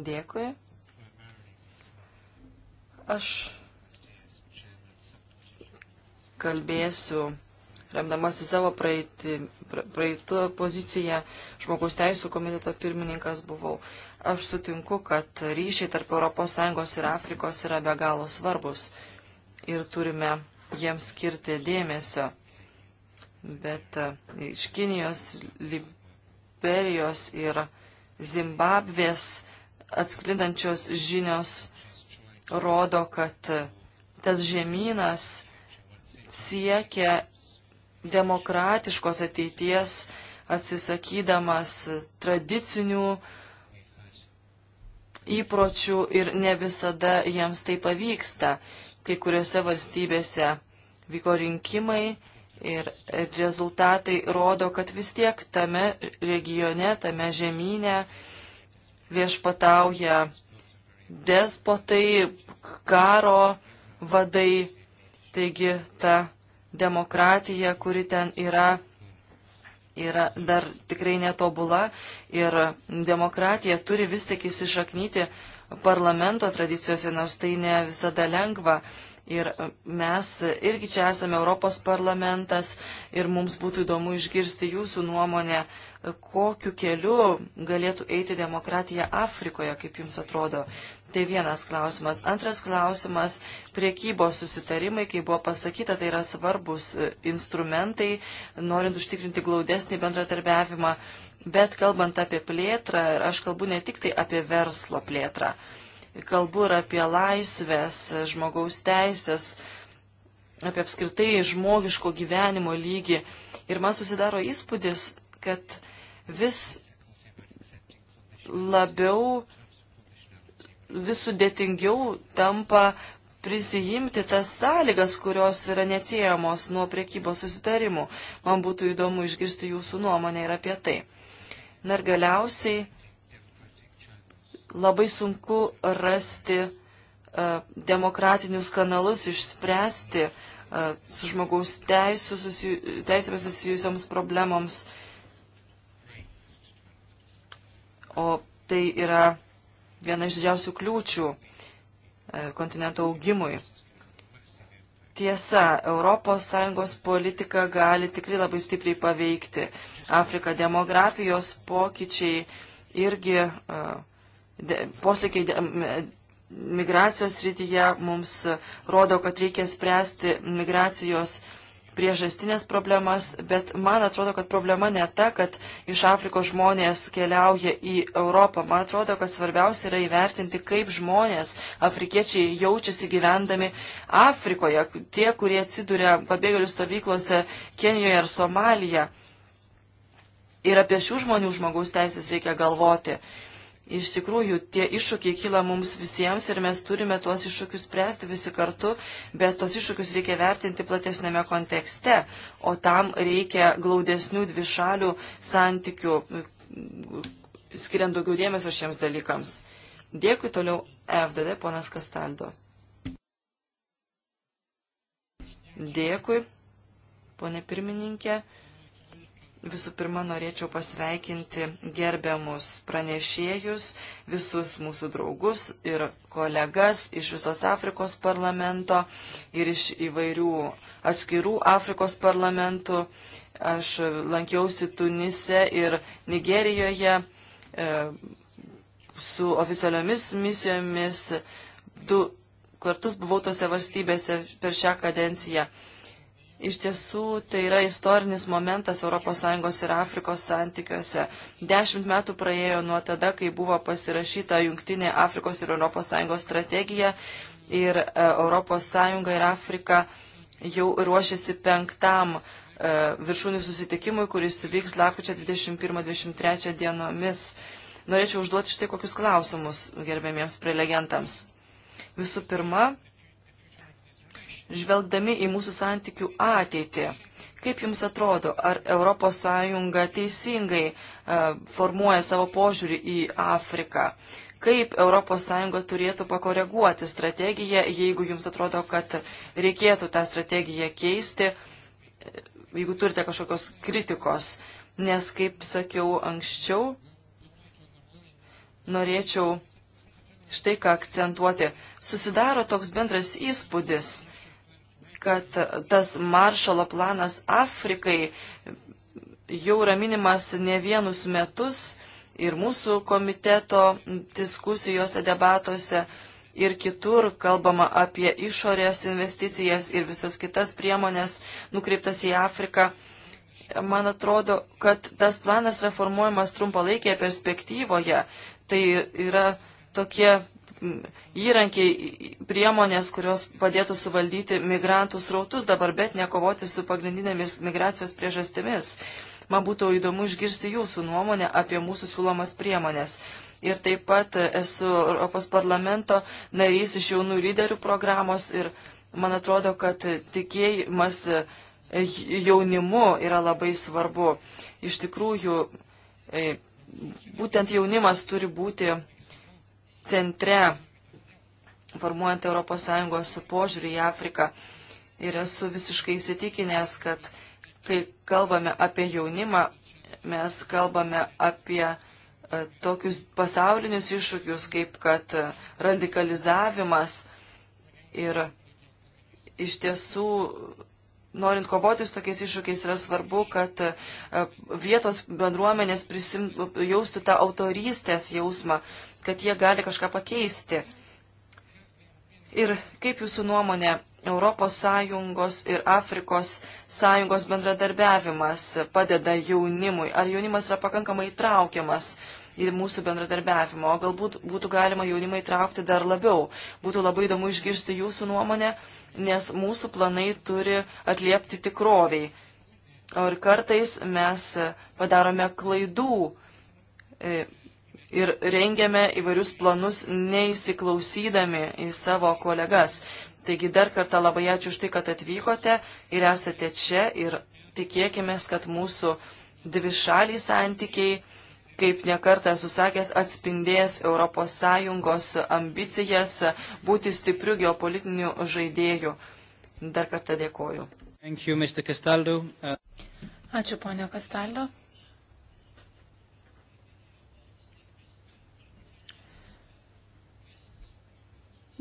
Dėkui. Aš kalbėsiu, remdamasi savo praeitį, praeitų poziciją, žmogaus teisų komiteto pirmininkas buvau. Aš sutinku, kad ryšiai tarp ES ir Afrikos yra be galo svarbus ir turime jiems skirti dėmesio. Bet e, iš Kinijos, Liberijos ir Zimbabvės atsklindančios žinios rodo, kad tas žemynas siekia demokratiškos ateities, atsisakydamas tradicinių įpročių ir ne visada jiems tai pavyksta. Kai kuriuose valstybėse vyko rinkimai ir rezultatai rodo, kad vis tiek tame regione, tame žemynė, viešpatauja despotai, karo vadai, taigi ta demokratija, kuri ten yra, yra dar tikrai netobula ir demokratija turi vis tik įsišaknyti parlamento tradicijose, nors tai ne visada lengva. Ir e, mes irgi čia esame Europos parlamentas ir mums būtų įdomu išgirsti jūsų nuomonę, e, kokiu keliu galėtų eiti demokratija Afrikoje, kaip jums atrodo. Tai vienas klausimas. Antras klausimas - priekybos susitarimai, kaip buvo pasakyta, tai yra svarbus e, instrumentai, norint užtikrinti glaudesnį bendratarbiavimą. Bet kalbant apie plėtrą, aš kalbu ne tik tai apie verslo plėtrą. Uh, kalbu ir apie laisvės, žmogaus teisės, apie apskritai žmogiško gyvenimo lygį. Ir man susidaro įspūdis, kad vis labiau, vis sudėtingiau tampa prisijimti tas sąlygas, kurios yra neatsiejamos nuo priekybos susitarimų. Man būtų įdomu išgirsti jūsų nuomonę ir apie tai. Na ir galiausiai labai sunku rasti e, demokratinius kanalus, išspręsti e, su žmogaus teisų, susiju, teisėmis susijusioms problemoms. O tai yra viena iš didžiausių kliūčių e, kontinento augimui. Tiesa, ES politika gali tikrai labai stipriai paveikti Afriką. Demografijos pokyčiai irgi uh, posūkiai migracijos srityje mums rodo, kad reikia spręsti migracijos priežastinės problemas, bet man atrodo, kad problema ne ta, kad iš Afrikos žmonės keliauja į Europą. Man atrodo, kad svarbiausia yra įvertinti, kaip žmonės, afrikiečiai jaučiasi gyvendami Afrikoje, tie, kurie atsiduria pabėgėlių stovyklose Kenijoje ar Somalija. Ir apie šių žmonių žmogaus teisės reikia galvoti. Uh, Iš tikrųjų, tie iššūkiai kyla mums visiems ir mes turime tuos iššūkius spręsti visi kartu, bet tuos iššūkius reikia vertinti platesnėme kontekste, o tam reikia glaudesnių dvišalių santykių, skiriant daugiau dėmesio šiems dalykams. Dėkui toliau FDD, ponas Kastaldo. Dėkui, ponė pirmininkė. Visų pirma, norėčiau pasveikinti gerbiamus pranešėjus, visus mūsų draugus ir kolegas iš visos Afrikos parlamento ir iš įvairių atskirų Afrikos parlamentų. Aš lankiausi Tunise ir Nigerijoje e, su oficialiomis misijomis. Du kartus buvau tose valstybėse per šią kadenciją. Iš tiesų, tai yra istorinis momentas ES ir Afrikos santykiuose. Dešimt metų praėjo nuo tada, kai buvo pasirašyta jungtinė Afrikos ir ES strategija ir ES ir Afrika jau ruošiasi penktam e, viršūnių susitikimui, kuris vyks lakučio 21-23 dienomis. Norėčiau užduoti štai kokius klausimus gerbėmiems prelegentams. Visų pirma, žvelgdami į mūsų santykių ateitį. Kaip Jums atrodo, ar ES teisingai e, formuoja savo požiūrį į Afriką? Kaip ES turėtų pakoreguoti strategiją, jeigu Jums atrodo, kad reikėtų tą strategiją keisti, e, jeigu turite kažkokios kritikos? Nes, kaip sakiau anksčiau, norėčiau štai ką akcentuoti. Susidaro toks bendras įspūdis, kad tas maršalo planas Afrikai jau yra minimas ne vienus metus ir mūsų komiteto diskusijose, debatuose ir kitur kalbama apie išorės investicijas ir visas kitas priemonės nukreiptas į Afriką. Man atrodo, kad tas planas reformuojamas trumpalaikėje perspektyvoje. Tai yra tokie įrankiai, priemonės, kurios padėtų suvaldyti migrantų srautus dabar, bet nekovoti su pagrindinėmis migracijos priežastimis. Man būtų įdomu išgirsti jūsų nuomonę apie mūsų siūlomas priemonės. Ir taip pat esu Europos parlamento narys iš jaunų lyderių programos ir man atrodo, kad tikėjimas e, jaunimu yra labai svarbu. Iš tikrųjų, e, būtent jaunimas turi būti centre, formuojant ES požiūrį į Afriką. Ir esu visiškai įsitikinęs, kad kai kalbame apie jaunimą, mes kalbame apie e, tokius pasaulinius iššūkius, kaip kad e, radikalizavimas ir iš tiesų, norint kovoti su tokiais iššūkiais, yra svarbu, kad e, vietos bendruomenės prisim, jaustų tą autorystės jausmą kad jie gali kažką pakeisti. Ir kaip jūsų nuomonė, ES ir Afrikos sąjungos bendradarbiavimas padeda jaunimui? Ar jaunimas yra pakankamai įtraukiamas į mūsų bendradarbiavimą? O galbūt būtų galima jaunimą įtraukti dar labiau. Būtų labai įdomu išgirsti jūsų nuomonę, nes mūsų planai turi atliepti tikroviai. O ir kartais mes padarome klaidų e, ir rengiame įvairius planus neįsiklausydami į savo kolegas. Taigi dar kartą labai ačiū už tai, kad atvykote ir esate čia ir tikėkime, kad mūsų dvi šaliai santykiai, kaip nekartą susakęs, atspindės ES ambicijas būti stipriu geopolitiniu žaidėju. Dar kartą dėkoju. Thank you, Mr. Castaldo. Uh... Ačiū, ponia Kastaldo.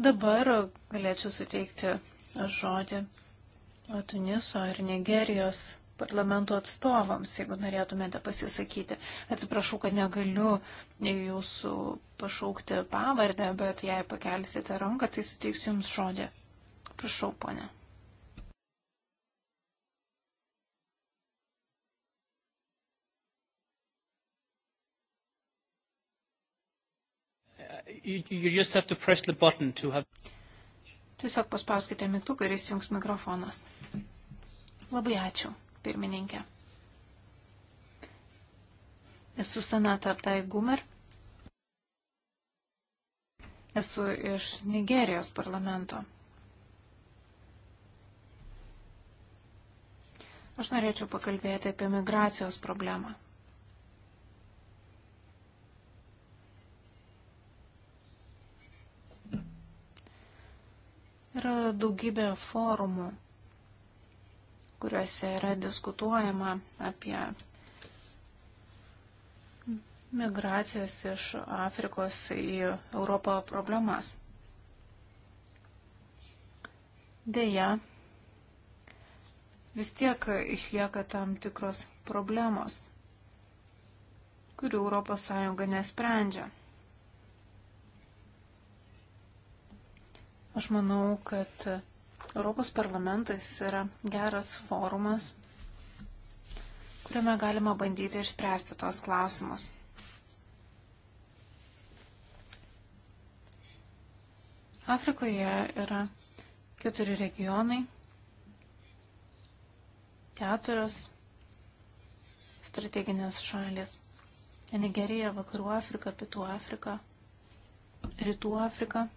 Dabar galėčiau suteikti žodį Tuniso ir Nigerijos parlamento atstovams, jeigu norėtumėte pasisakyti. Atsiprašau, kad negaliu jūsų pašaukti pavardę, bet jei pakelsite ranką, tai suteiksiu jums žodį. Prašau, ponė. you, you just have to press the button to have... Tiesiog paspauskite mygtuką ir įsijungs mikrofonas. Labai ačiū, pirmininkė. Esu Sanata Abdai Gumer. Esu iš Nigerijos parlamento. Aš norėčiau pakalbėti apie migracijos problemą. Yra daugybė forumų, kuriuose yra diskutuojama apie migracijos iš Afrikos į Europą problemas. Deja, vis tiek išlieka tam tikros problemos, kurių ES nesprendžia. Aš manau, kad Europos parlamentas yra geras forumas, kuriame galima bandyti išspręsti tos klausimus. Afrikoje yra keturi regionai, keturios strateginės šalis. Nigerija, Vakarų Afrika, Pietų Afrika, Rytų Afrika.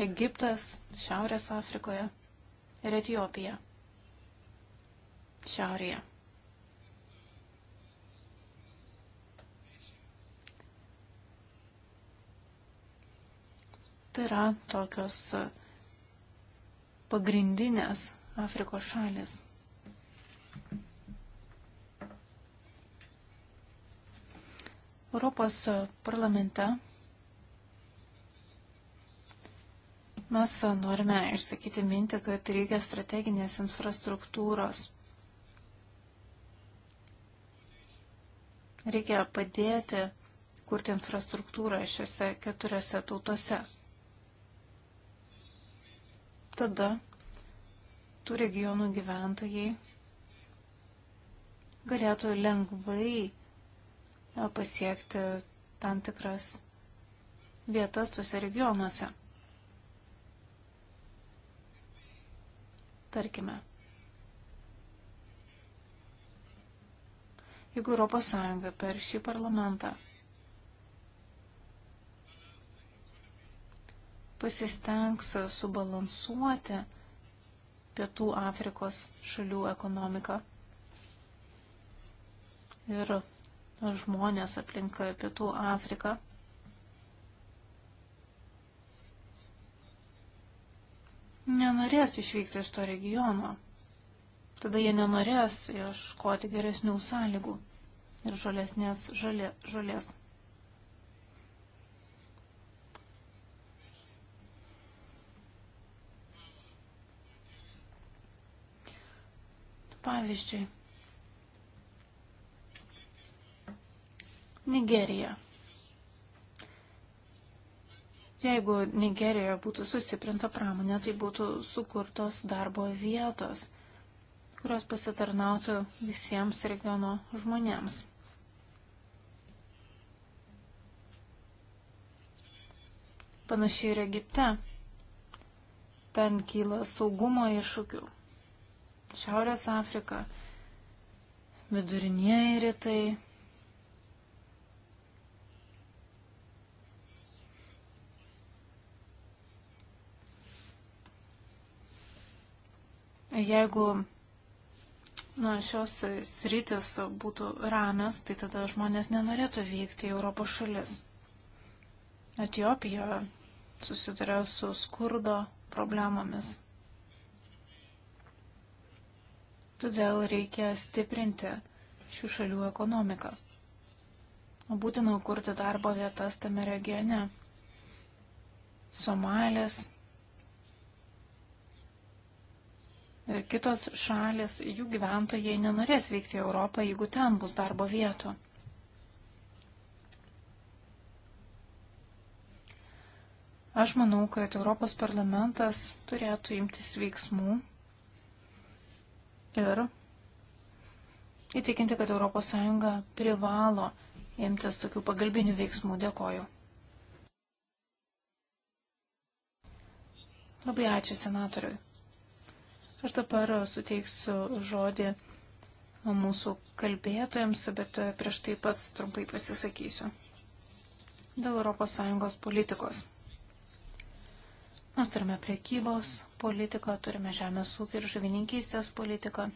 Egiptas, Šiaurės Afrikoje ir Etijopija. Šiaurėje. Tai yra tokios pagrindinės Afrikos šalis. Europos parlamente Mes norime išsakyti mintį, kad reikia strateginės infrastruktūros. Reikia padėti kurti infrastruktūrą šiuose keturiose tautose. Tada tų regionų gyventojai galėtų lengvai pasiekti tam tikras vietas tuose regionuose. Tarkime, jeigu ES per šį parlamentą pasistengs subalansuoti Pietų Afrikos šalių ekonomiką ir žmonės aplink Pietų Afriką nenorės išvykti iš to regiono. Tada jie nenorės ieškoti geresnių sąlygų ir žalesnės žalė, žalės. Pavyzdžiui, Nigerija. Jeigu Nigerijoje būtų sustiprinta pramonė, tai būtų sukurtos darbo vietos, kurios pasitarnautų visiems regiono žmonėms. Panašiai ir Egipte. Ten kyla saugumo iššūkių. Šiaurės Afrika, vidurinieji rytai. Jeigu na, šios sritis būtų ramios, tai tada žmonės nenorėtų vykti į Europos šalis. Etijopija susiduria su skurdo problemomis. Todėl reikia stiprinti šių šalių ekonomiką. Būtina kurti darbo vietas tame regione. Somalės, E, kitos šalis, jų gyventojai nenorės vykti į Europą, jeigu ten bus darbo vietų. Aš manau, kad Europos parlamentas turėtų imtis veiksmų ir įtikinti, kad ES privalo imtis tokių pagalbinių veiksmų. Dėkoju. Labai ačiū senatoriui. Aš dabar suteiksiu žodį mūsų kalbėtojams, bet prieš tai pats trumpai pasisakysiu. Dėl ES politikos. Mes turime priekybos politiką, turime žemės ūkį ir žuvininkystės politiką.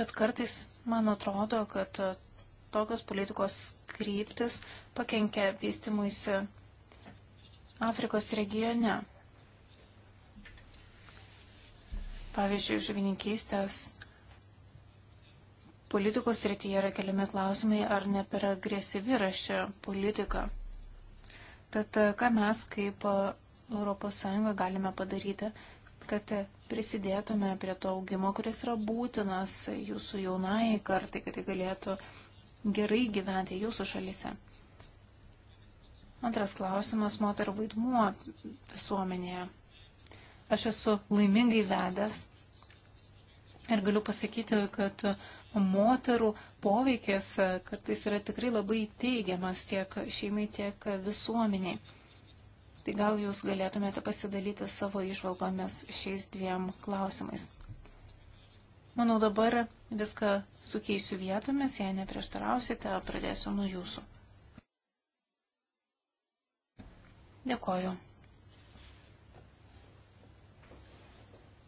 Bet kartais man atrodo, kad tokios politikos kryptis pakenkia vystimuisi Afrikos regione. Pavyzdžiui, žuvininkystės politikos rytyje yra keliami klausimai, ar ne per agresyvi rašė politika. Tad ką mes kaip ES galime padaryti, kad prisidėtume prie to augimo, kuris yra būtinas jūsų jaunai kartai, kad jie galėtų gerai gyventi jūsų šalyse. Antras klausimas - moterų vaidmuo visuomenėje. Aš esu laimingai vedęs ir galiu pasakyti, kad moterų poveikis kartais yra tikrai labai teigiamas tiek šeimai, tiek visuomeniai. Tai gal jūs galėtumėte pasidalyti savo išvalgomis šiais dviem klausimais. Manau, dabar viską sukeisiu vietomis, jei neprieštarausite, pradėsiu nuo jūsų. Dėkoju.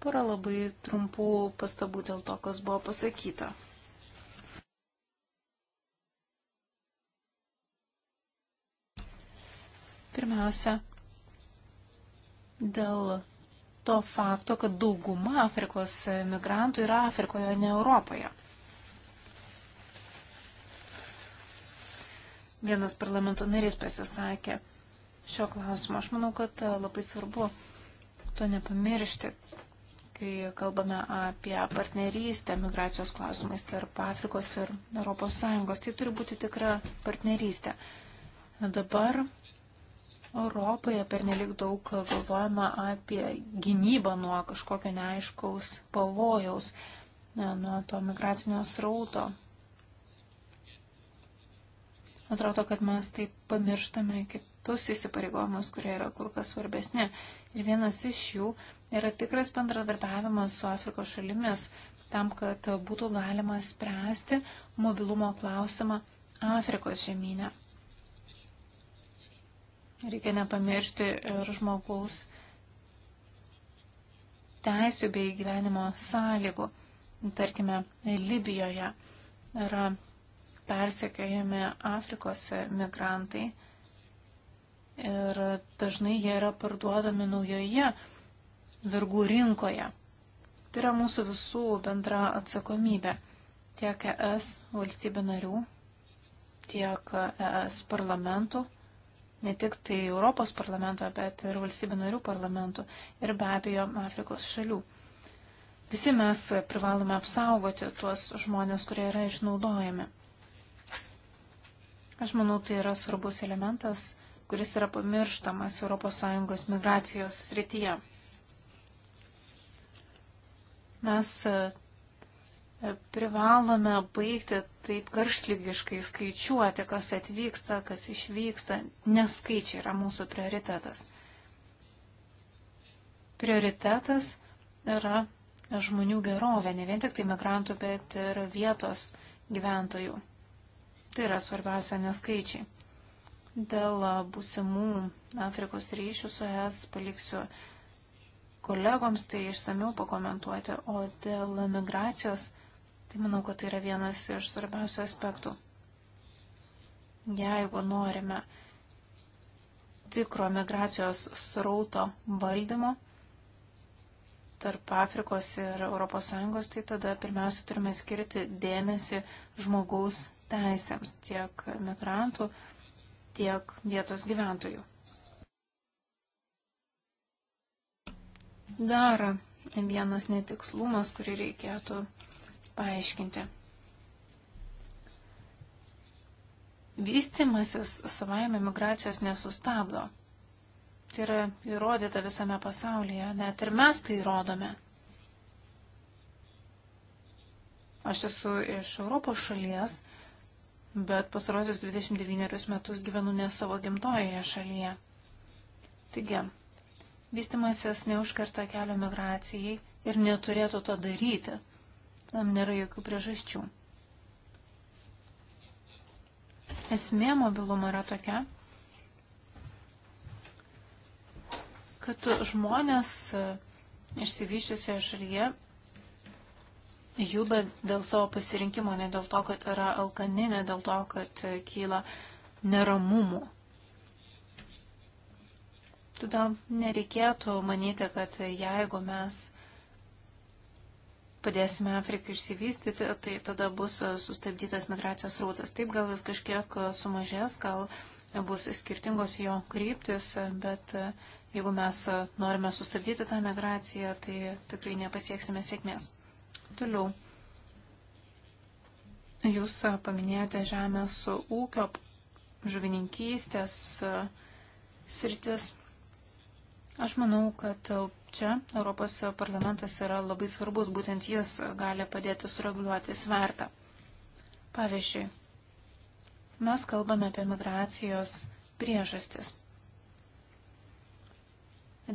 Pora labai trumpų pastabų dėl to, kas buvo pasakyta. Pirmiausia, dėl to fakto, kad dauguma Afrikos migrantų yra Afrikoje, ne Europoje. Vienas parlamento narys pasisakė šio klausimo. Aš manau, kad e, labai svarbu to nepamiršti, kai kalbame apie partnerystę migracijos klausimais tarp Afrikos ir ES. Tai turi būti tikra partnerystė. Dabar Europoje pernelik daug galvojama apie gynybą nuo kažkokio neaiškaus pavojaus, nuo to migracinio srauto. Atrodo, kad mes taip pamirštame kitus įsipareigojimus, kurie yra kur kas svarbesni. Ir vienas iš jų yra tikras bendradarbiavimas su Afrikos šalimis tam, kad būtų galima spręsti mobilumo klausimą Afrikos žemynę. Reikia nepamiršti ir žmogaus teisų bei gyvenimo sąlygų. Tarkime, Libijoje yra persekiojami Afrikos migrantai ir dažnai jie yra parduodami naujoje vergų rinkoje. Tai yra mūsų visų bendra atsakomybė tiek ES valstybių narių, tiek ES parlamentų, ne tik tai Europos parlamento, bet ir valstybių narių parlamentų ir be abejo Afrikos šalių. Visi mes privalome apsaugoti tuos žmonės, kurie yra išnaudojami. Aš manau, tai yra svarbus elementas, kuris yra pamirštamas ES migracijos srityje. Mes e, privalome baigti taip karštlygiškai skaičiuoti, kas atvyksta, kas išvyksta, nes skaičiai yra mūsų prioritetas. Prioritetas yra žmonių gerovė, ne vien tik tai migrantų, bet ir vietos gyventojų. Tai yra svarbiausia neskaičiai. Dėl būsimų Afrikos ryšių su ES paliksiu kolegoms tai išsamiau pakomentuoti, o dėl migracijos, tai manau, kad tai yra vienas iš svarbiausių aspektų. Jeigu norime tikro migracijos srauto valdymo tarp Afrikos ir ES, tai tada pirmiausia turime skirti dėmesį žmogaus teisėms tiek migrantų, tiek vietos gyventojų. Dar vienas netikslumas, kurį reikėtų paaiškinti. Vystimasis savaime migracijos nesustabdo. Tai yra įrodyta visame pasaulyje, net ir mes tai įrodome. Aš esu iš Europos šalies, bet pasarosius 29 metus gyvenu ne savo gimtojoje šalyje. Taigi, Vystimasis neužkerta kelio migracijai ir neturėtų to daryti. Tam nėra jokių priežasčių. Esmė mobilumo yra tokia, kad žmonės išsivyščiusioje šalyje juda dėl savo pasirinkimo, ne dėl to, kad yra alkani, ne dėl to, kad kyla neramumų. Todėl nereikėtų manyti, kad jeigu mes padėsime Afrikai išsivystyti, tai tada bus sustabdytas migracijos rautas. Taip gal jis kažkiek sumažės, gal bus skirtingos jo kryptis, bet jeigu mes norime sustabdyti tą migraciją, tai tikrai nepasieksime sėkmės. Toliau. Jūs paminėjote žemės ūkio žuvininkystės sritis. Aš manau, kad čia Europos parlamentas yra labai svarbus, būtent jis gali padėti sureguliuoti svertą. Pavyzdžiui, mes kalbame apie migracijos priežastis.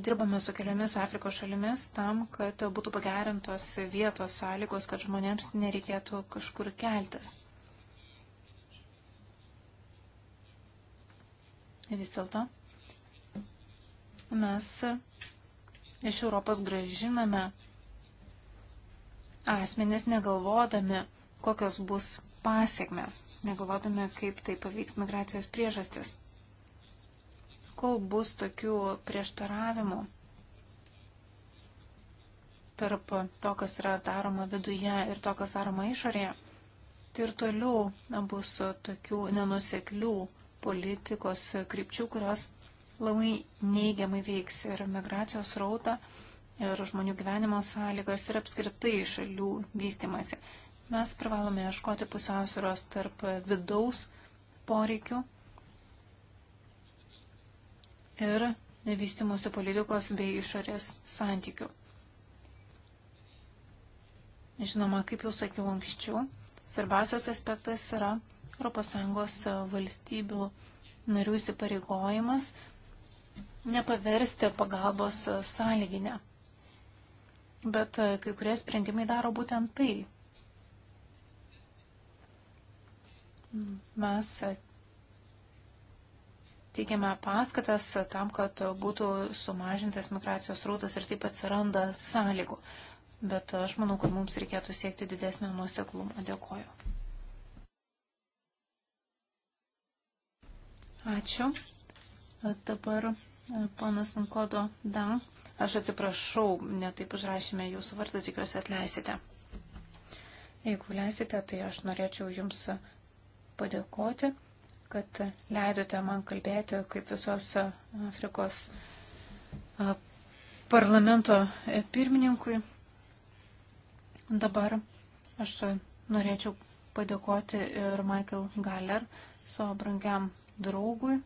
Dirbame su keliomis Afrikos šalimis tam, kad būtų pagerintos vietos sąlygos, kad žmonėms nereikėtų kažkur keltis. Vis dėlto mes iš Europos gražiname asmenės negalvodami, kokios bus pasiekmes, negalvodami, kaip tai paveiks migracijos priežastis. Kol bus tokių prieštaravimų tarp to, kas yra daroma viduje ir to, kas daroma išorėje, tai ir toliau bus tokių nenuseklių politikos krypčių, kurios labai neigiamai veiks ir migracijos rautą, ir žmonių gyvenimo sąlygas, ir apskritai šalių vystimasi. Mes privalome ieškoti pusiausvėros tarp vidaus poreikių ir vystimusi politikos bei išorės santykių. Žinoma, kaip jau sakiau anksčiau, svarbiausias aspektas yra ES valstybių narių įsipareigojimas nepaversti pagalbos sąlyginę. Bet e, kai kurie sprendimai daro būtent tai. Mes e, teikiame paskatas tam, kad būtų sumažintas migracijos rautas ir taip atsiranda sąlygų. Bet aš manau, kad mums reikėtų siekti didesnio nuoseklumo. Dėkoju. Ačiū. Dabar Ponas Nkodo Dan, aš atsiprašau, netaip užrašėme jūsų vardą, tikiuosi atleisite. Jeigu leisite, tai aš norėčiau jums padėkoti, kad leidote man kalbėti kaip visos Afrikos parlamento pirmininkui. Dabar aš norėčiau padėkoti ir Michael Galler, savo brangiam draugui,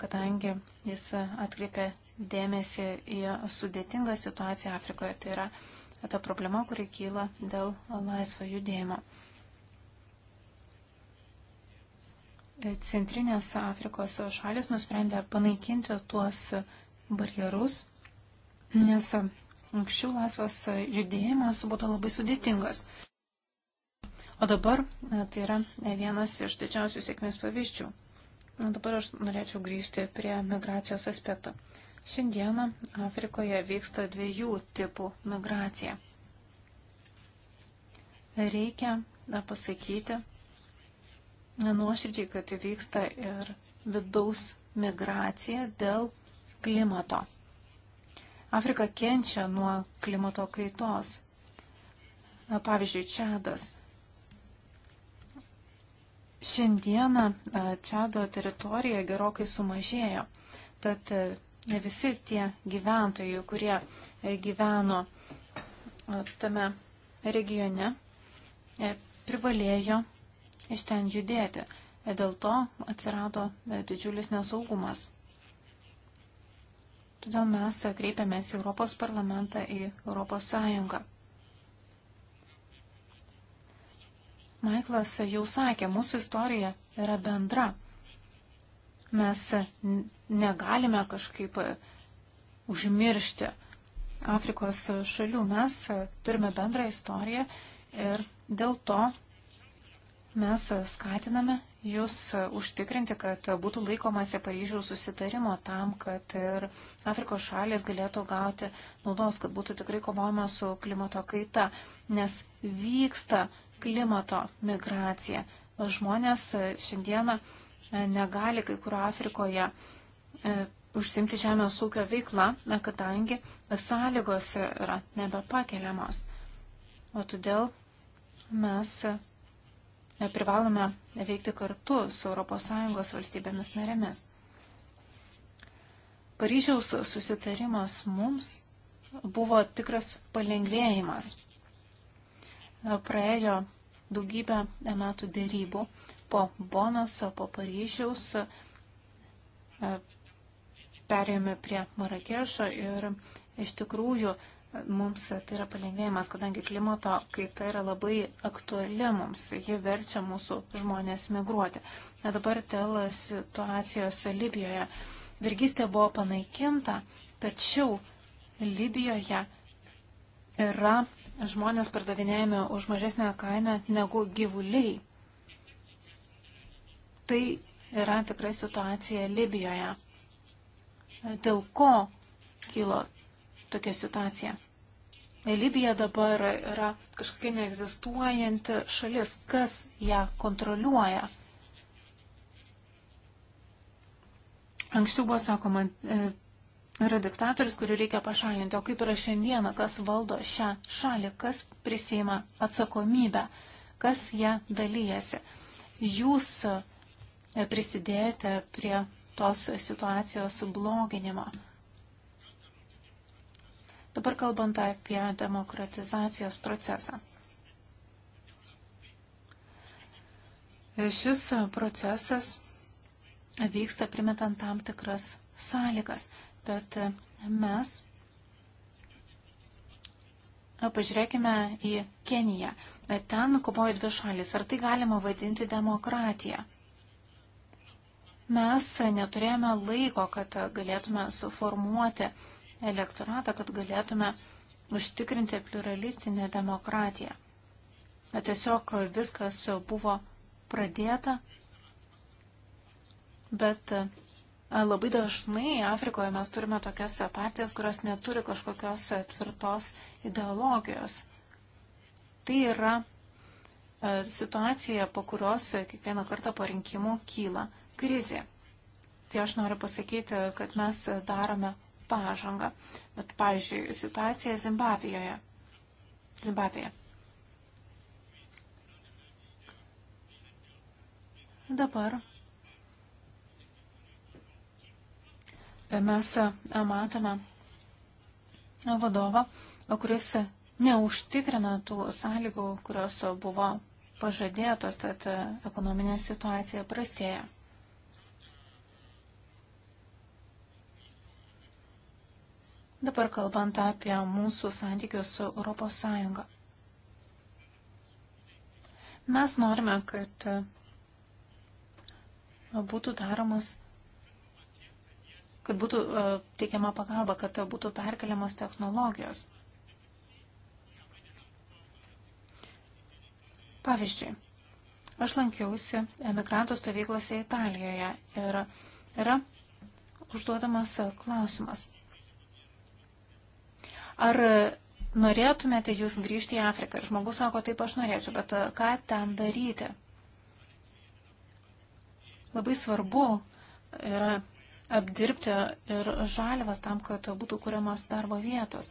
kadangi jis atkreipė dėmesį į sudėtingą situaciją Afrikoje. Tai yra ta problema, kuri kyla dėl laisvo judėjimo. Centrinės Afrikos šalis nusprendė panaikinti tuos barjerus, nes anksčiau laisvas judėjimas būtų labai sudėtingas. O dabar tai yra vienas iš didžiausių sėkmės pavyzdžių. Na, dabar aš norėčiau grįžti prie migracijos aspekto. Šiandieną Afrikoje vyksta dviejų tipų migracija. Reikia pasakyti nuoširdžiai, kad vyksta ir vidaus migracija dėl klimato. Afrika kenčia nuo klimato kaitos. Pavyzdžiui, Čadas Šiandieną e, Čado teritorija gerokai sumažėjo, tad e, ne visi tie gyventojai, kurie e, gyveno tame regione, privalėjo iš ten judėti. Dėl to atsirado didžiulis nesaugumas. Todėl mes kreipiamės į Europos parlamentą, į Europos Sąjungą. Maiklas jau sakė, mūsų istorija yra bendra. Mes negalime kažkaip e, užmiršti Afrikos šalių. Mes e, turime bendrą istoriją ir dėl to mes skatiname jūs e, užtikrinti, kad būtų laikomasi Paryžiaus susitarimo tam, kad ir Afrikos šalės galėtų gauti naudos, kad būtų tikrai kovojama su klimato kaita, nes vyksta uh, klimato migracija. Žmonės e, šiandieną e, negali kai kur Afrikoje e, užsimti žemės ūkio veiklą, kadangi sąlygos yra nebepakeliamos. O todėl mes privalome veikti kartu su ES valstybėmis narėmis. Paryžiaus susitarimas mums buvo tikras palengvėjimas. Praėjo daugybę metų dėrybų po Bonoso, po Paryžiaus e, perėjome prie Marakešo ir iš tikrųjų e, mums tai yra palengvėjimas, kadangi klimato kaita yra labai aktuali mums, ji verčia mūsų žmonės migruoti. Na dabar dėl situacijos Libijoje. Virgystė buvo panaikinta, tačiau Libijoje yra žmonės pardavinėjami už mažesnę kainą negu gyvuliai. Tai yra tikrai situacija Libijoje. Dėl ko kilo tokia situacija? Libija dabar yra kažkokia neegzistuojanti šalis. Kas ją kontroliuoja? Anksčiau buvo sakoma, e, yra diktatorius, kurį reikia pašalinti. O kaip yra šiandieną, kas valdo šią šalį, kas prisima atsakomybę, kas ją dalyjasi. Jūs prisidėjote prie tos situacijos bloginimo. Dabar kalbant apie demokratizacijos procesą. Šis procesas vyksta primetant tam tikras sąlygas. Bet mes pažiūrėkime į Keniją. Ten kovoja dvi šalis. Ar tai galima vadinti demokratija? Mes neturėjome laiko, kad galėtume suformuoti elektoratą, kad galėtume užtikrinti pluralistinę demokratiją. Tiesiog viskas buvo pradėta, bet Labai dažnai Afrikoje mes turime tokias partijas, kurios neturi kažkokios tvirtos ideologijos. Tai yra e, situacija, po kurios kiekvieną kartą po rinkimų kyla krizė. Tai aš noriu pasakyti, kad mes darome pažangą. Bet, pavyzdžiui, situacija Zimbabvijoje. Zimbabvėje. Dabar mes matome vadovą, kuris neužtikrina tų sąlygų, kurios buvo pažadėtos, tad ekonominė situacija prastėja. Dabar kalbant apie mūsų santykius su Europos Sąjunga. Mes norime, kad būtų daromas kad būtų e, teikiama pagalba, kad būtų perkeliamos technologijos. Pavyzdžiui, aš lankiausi emigrantų stovyklose Italijoje ir yra užduodamas klausimas. Ar norėtumėte jūs grįžti į Afriką? Ir žmogus sako, taip aš norėčiau, bet e, ką ten daryti? Labai svarbu yra apdirbti ir žalvas tam, kad būtų kuriamos darbo vietos.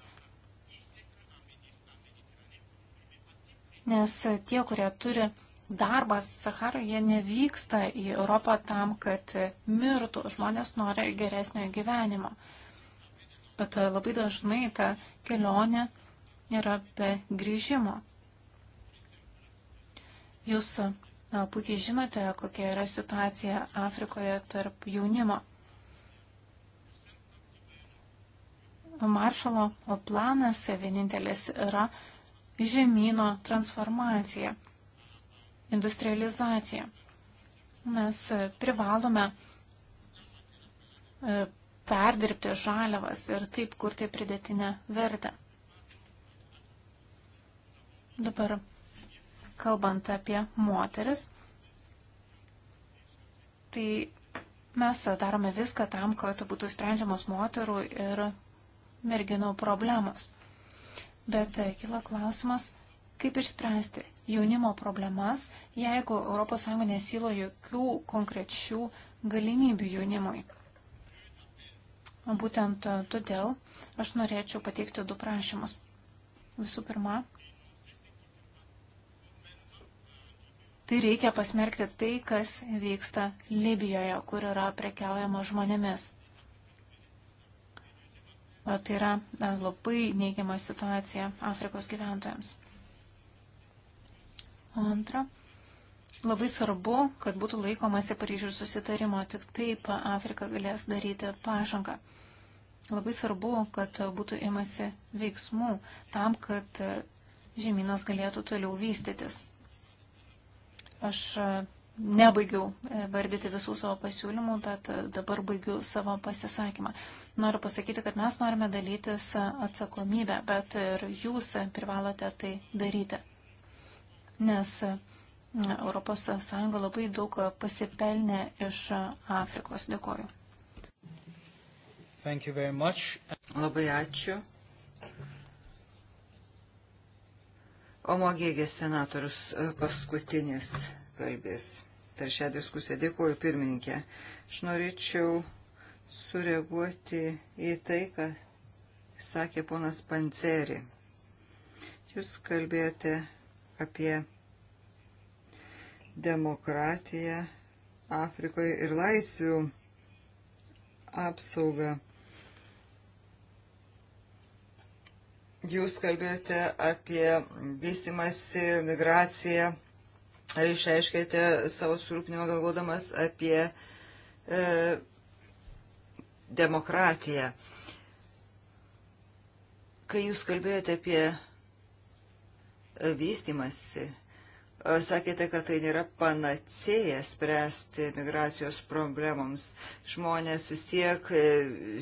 Nes tie, kurie turi darbą Saharoje, jie nevyksta į Europą tam, kad mirtų. Žmonės nori geresnio gyvenimo. Bet labai dažnai ta kelionė yra be grįžimo. Jūs na, puikiai žinote, kokia yra situacija Afrikoje tarp jaunimo. maršalo planas vienintelis yra žemynų transformacija, industrializacija. Mes privalome e, perdirbti žaliavas ir taip kurti pridėtinę vertę. Dabar kalbant apie moteris, tai mes darome viską tam, kad būtų sprendžiamos moterų ir merginų problemos. Bet e, kilo klausimas, kaip išspręsti jaunimo problemas, jeigu ES nesilo jokių konkrečių galimybių jaunimui. Būtent e, todėl aš norėčiau pateikti du prašymus. Visų pirma, tai reikia pasmerkti tai, kas vyksta Libijoje, kur yra prekiaujama žmonėmis. Tai yra e, labai neigiama situacija Afrikos gyventojams. Antra, labai svarbu, kad būtų laikomasi Paryžiaus susitarimo, tik taip Afrika galės daryti pažangą. Labai svarbu, kad būtų imasi veiksmų tam, kad e, žemynas galėtų toliau vystytis. Aš e, Nebaigiau e, vardyti visų savo pasiūlymų, bet e, dabar baigiu savo pasisakymą. Noriu pasakyti, kad mes norime dalytis atsakomybę, bet ir jūs privalote tai daryti. Nes ES labai daug pasipelnė iš Afrikos. Dėkoju. Labai ačiū. Omogėgės senatorius e, paskutinis kalbės per šią diskusiją. Dėkuoju pirmininkė. Aš norėčiau sureaguoti į tai, ką sakė ponas Panceri. Jūs kalbėjote apie demokratiją Afrikoje ir laisvių apsaugą. Jūs kalbėjote apie vystimąsi, migraciją, išreiškėte savo surūpinimą galvodamas apie e, demokratiją. Kai jūs kalbėjote apie e, vystimasi, e, sakėte, kad tai nėra panacėja spręsti migracijos problemams. Žmonės vis tiek e,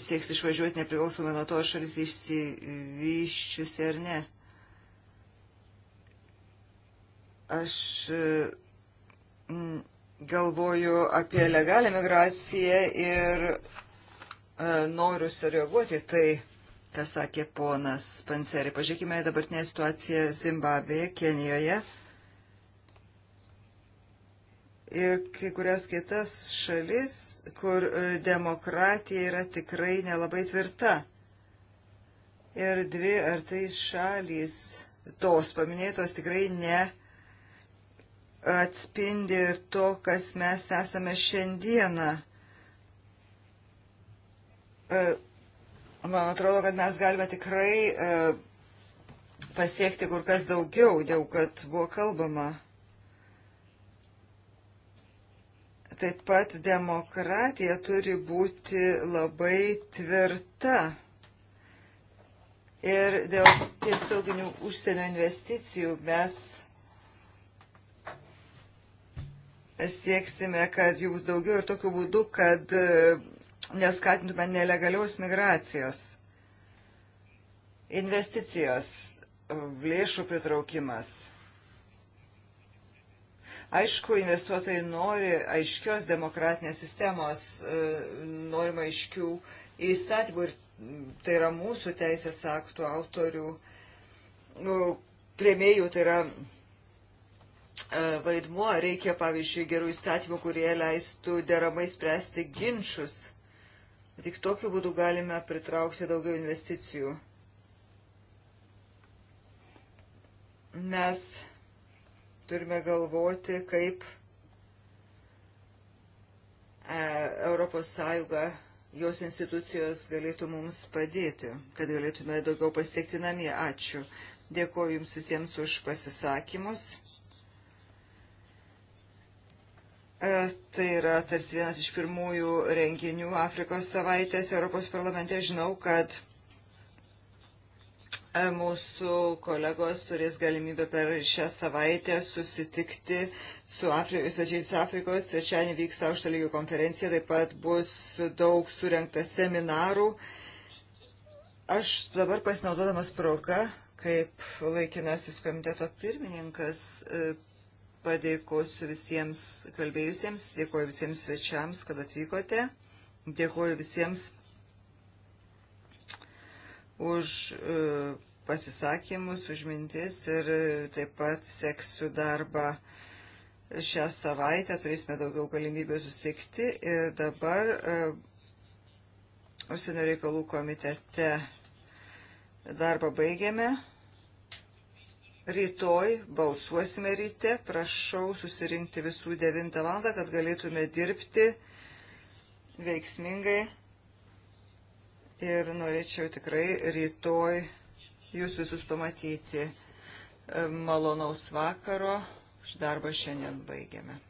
sieks išvažiuoti nepriklausomai nuo to, ar šalis išsivyščiusi ar ne. Aš e, galvoju apie legalią migraciją ir e, noriu sureaguoti tai, ką sakė ponas Panseri. Pažiūrėkime dabartinę situaciją Zimbabvėje, Kenijoje ir kai kurias kitas šalis, kur e, demokratija yra tikrai nelabai tvirta. Ir dvi ar trys šalys tos paminėtos tikrai ne atspindi ir to, kas mes esame šiandieną. E, man atrodo, kad mes galime tikrai e, pasiekti kur kas daugiau, jau kad buvo kalbama. Taip pat demokratija turi būti labai tvirta. Ir dėl tiesioginių užsienio investicijų mes sieksime, kad jų daugiau ir tokiu būdu, kad e, neskatintume nelegaliaus migracijos. Investicijos, e, lėšų pritraukimas. Aišku, investuotojai nori aiškios demokratinės sistemos, e, norima aiškių įstatymų ir tai yra mūsų teisės aktų autorių, premėjų, nu, tai yra E, vaidmuo, reikia, pavyzdžiui, gerų įstatymų, kurie leistų deramai spręsti ginčius. Tik tokiu būdu galime pritraukti daugiau investicijų. Mes turime galvoti, kaip e, Europos Sąjunga, jos institucijos galėtų mums padėti, kad galėtume daugiau pasiekti namie. Ačiū. Dėkuoju Jums visiems už pasisakymus. E, tai yra tarsi vienas iš pirmųjų renginių Afrikos savaitės Europos parlamente. Žinau, kad e, mūsų kolegos turės galimybę per šią savaitę susitikti su Afrikos, svečiais Afrikos. Trečiąjį vyks aukšto lygio konferencija, taip pat bus daug surinkta seminarų. Aš dabar pasinaudodamas proga, kaip laikinasis komiteto pirmininkas, e, Padėkosiu visiems kalbėjusiems, dėkoju visiems svečiams, kad atvykote, dėkoju visiems už e, pasisakymus, už mintis ir taip pat seksiu darbą šią savaitę, turėsime daugiau galimybę susikti ir dabar e, Užsienio reikalų komitete darbą baigėme. Rytoj balsuosime ryte, prašau susirinkti visų 9 val. kad galėtume dirbti veiksmingai ir norėčiau tikrai rytoj jūs visus pamatyti. Malonaus vakaro, darbą šiandien baigiame.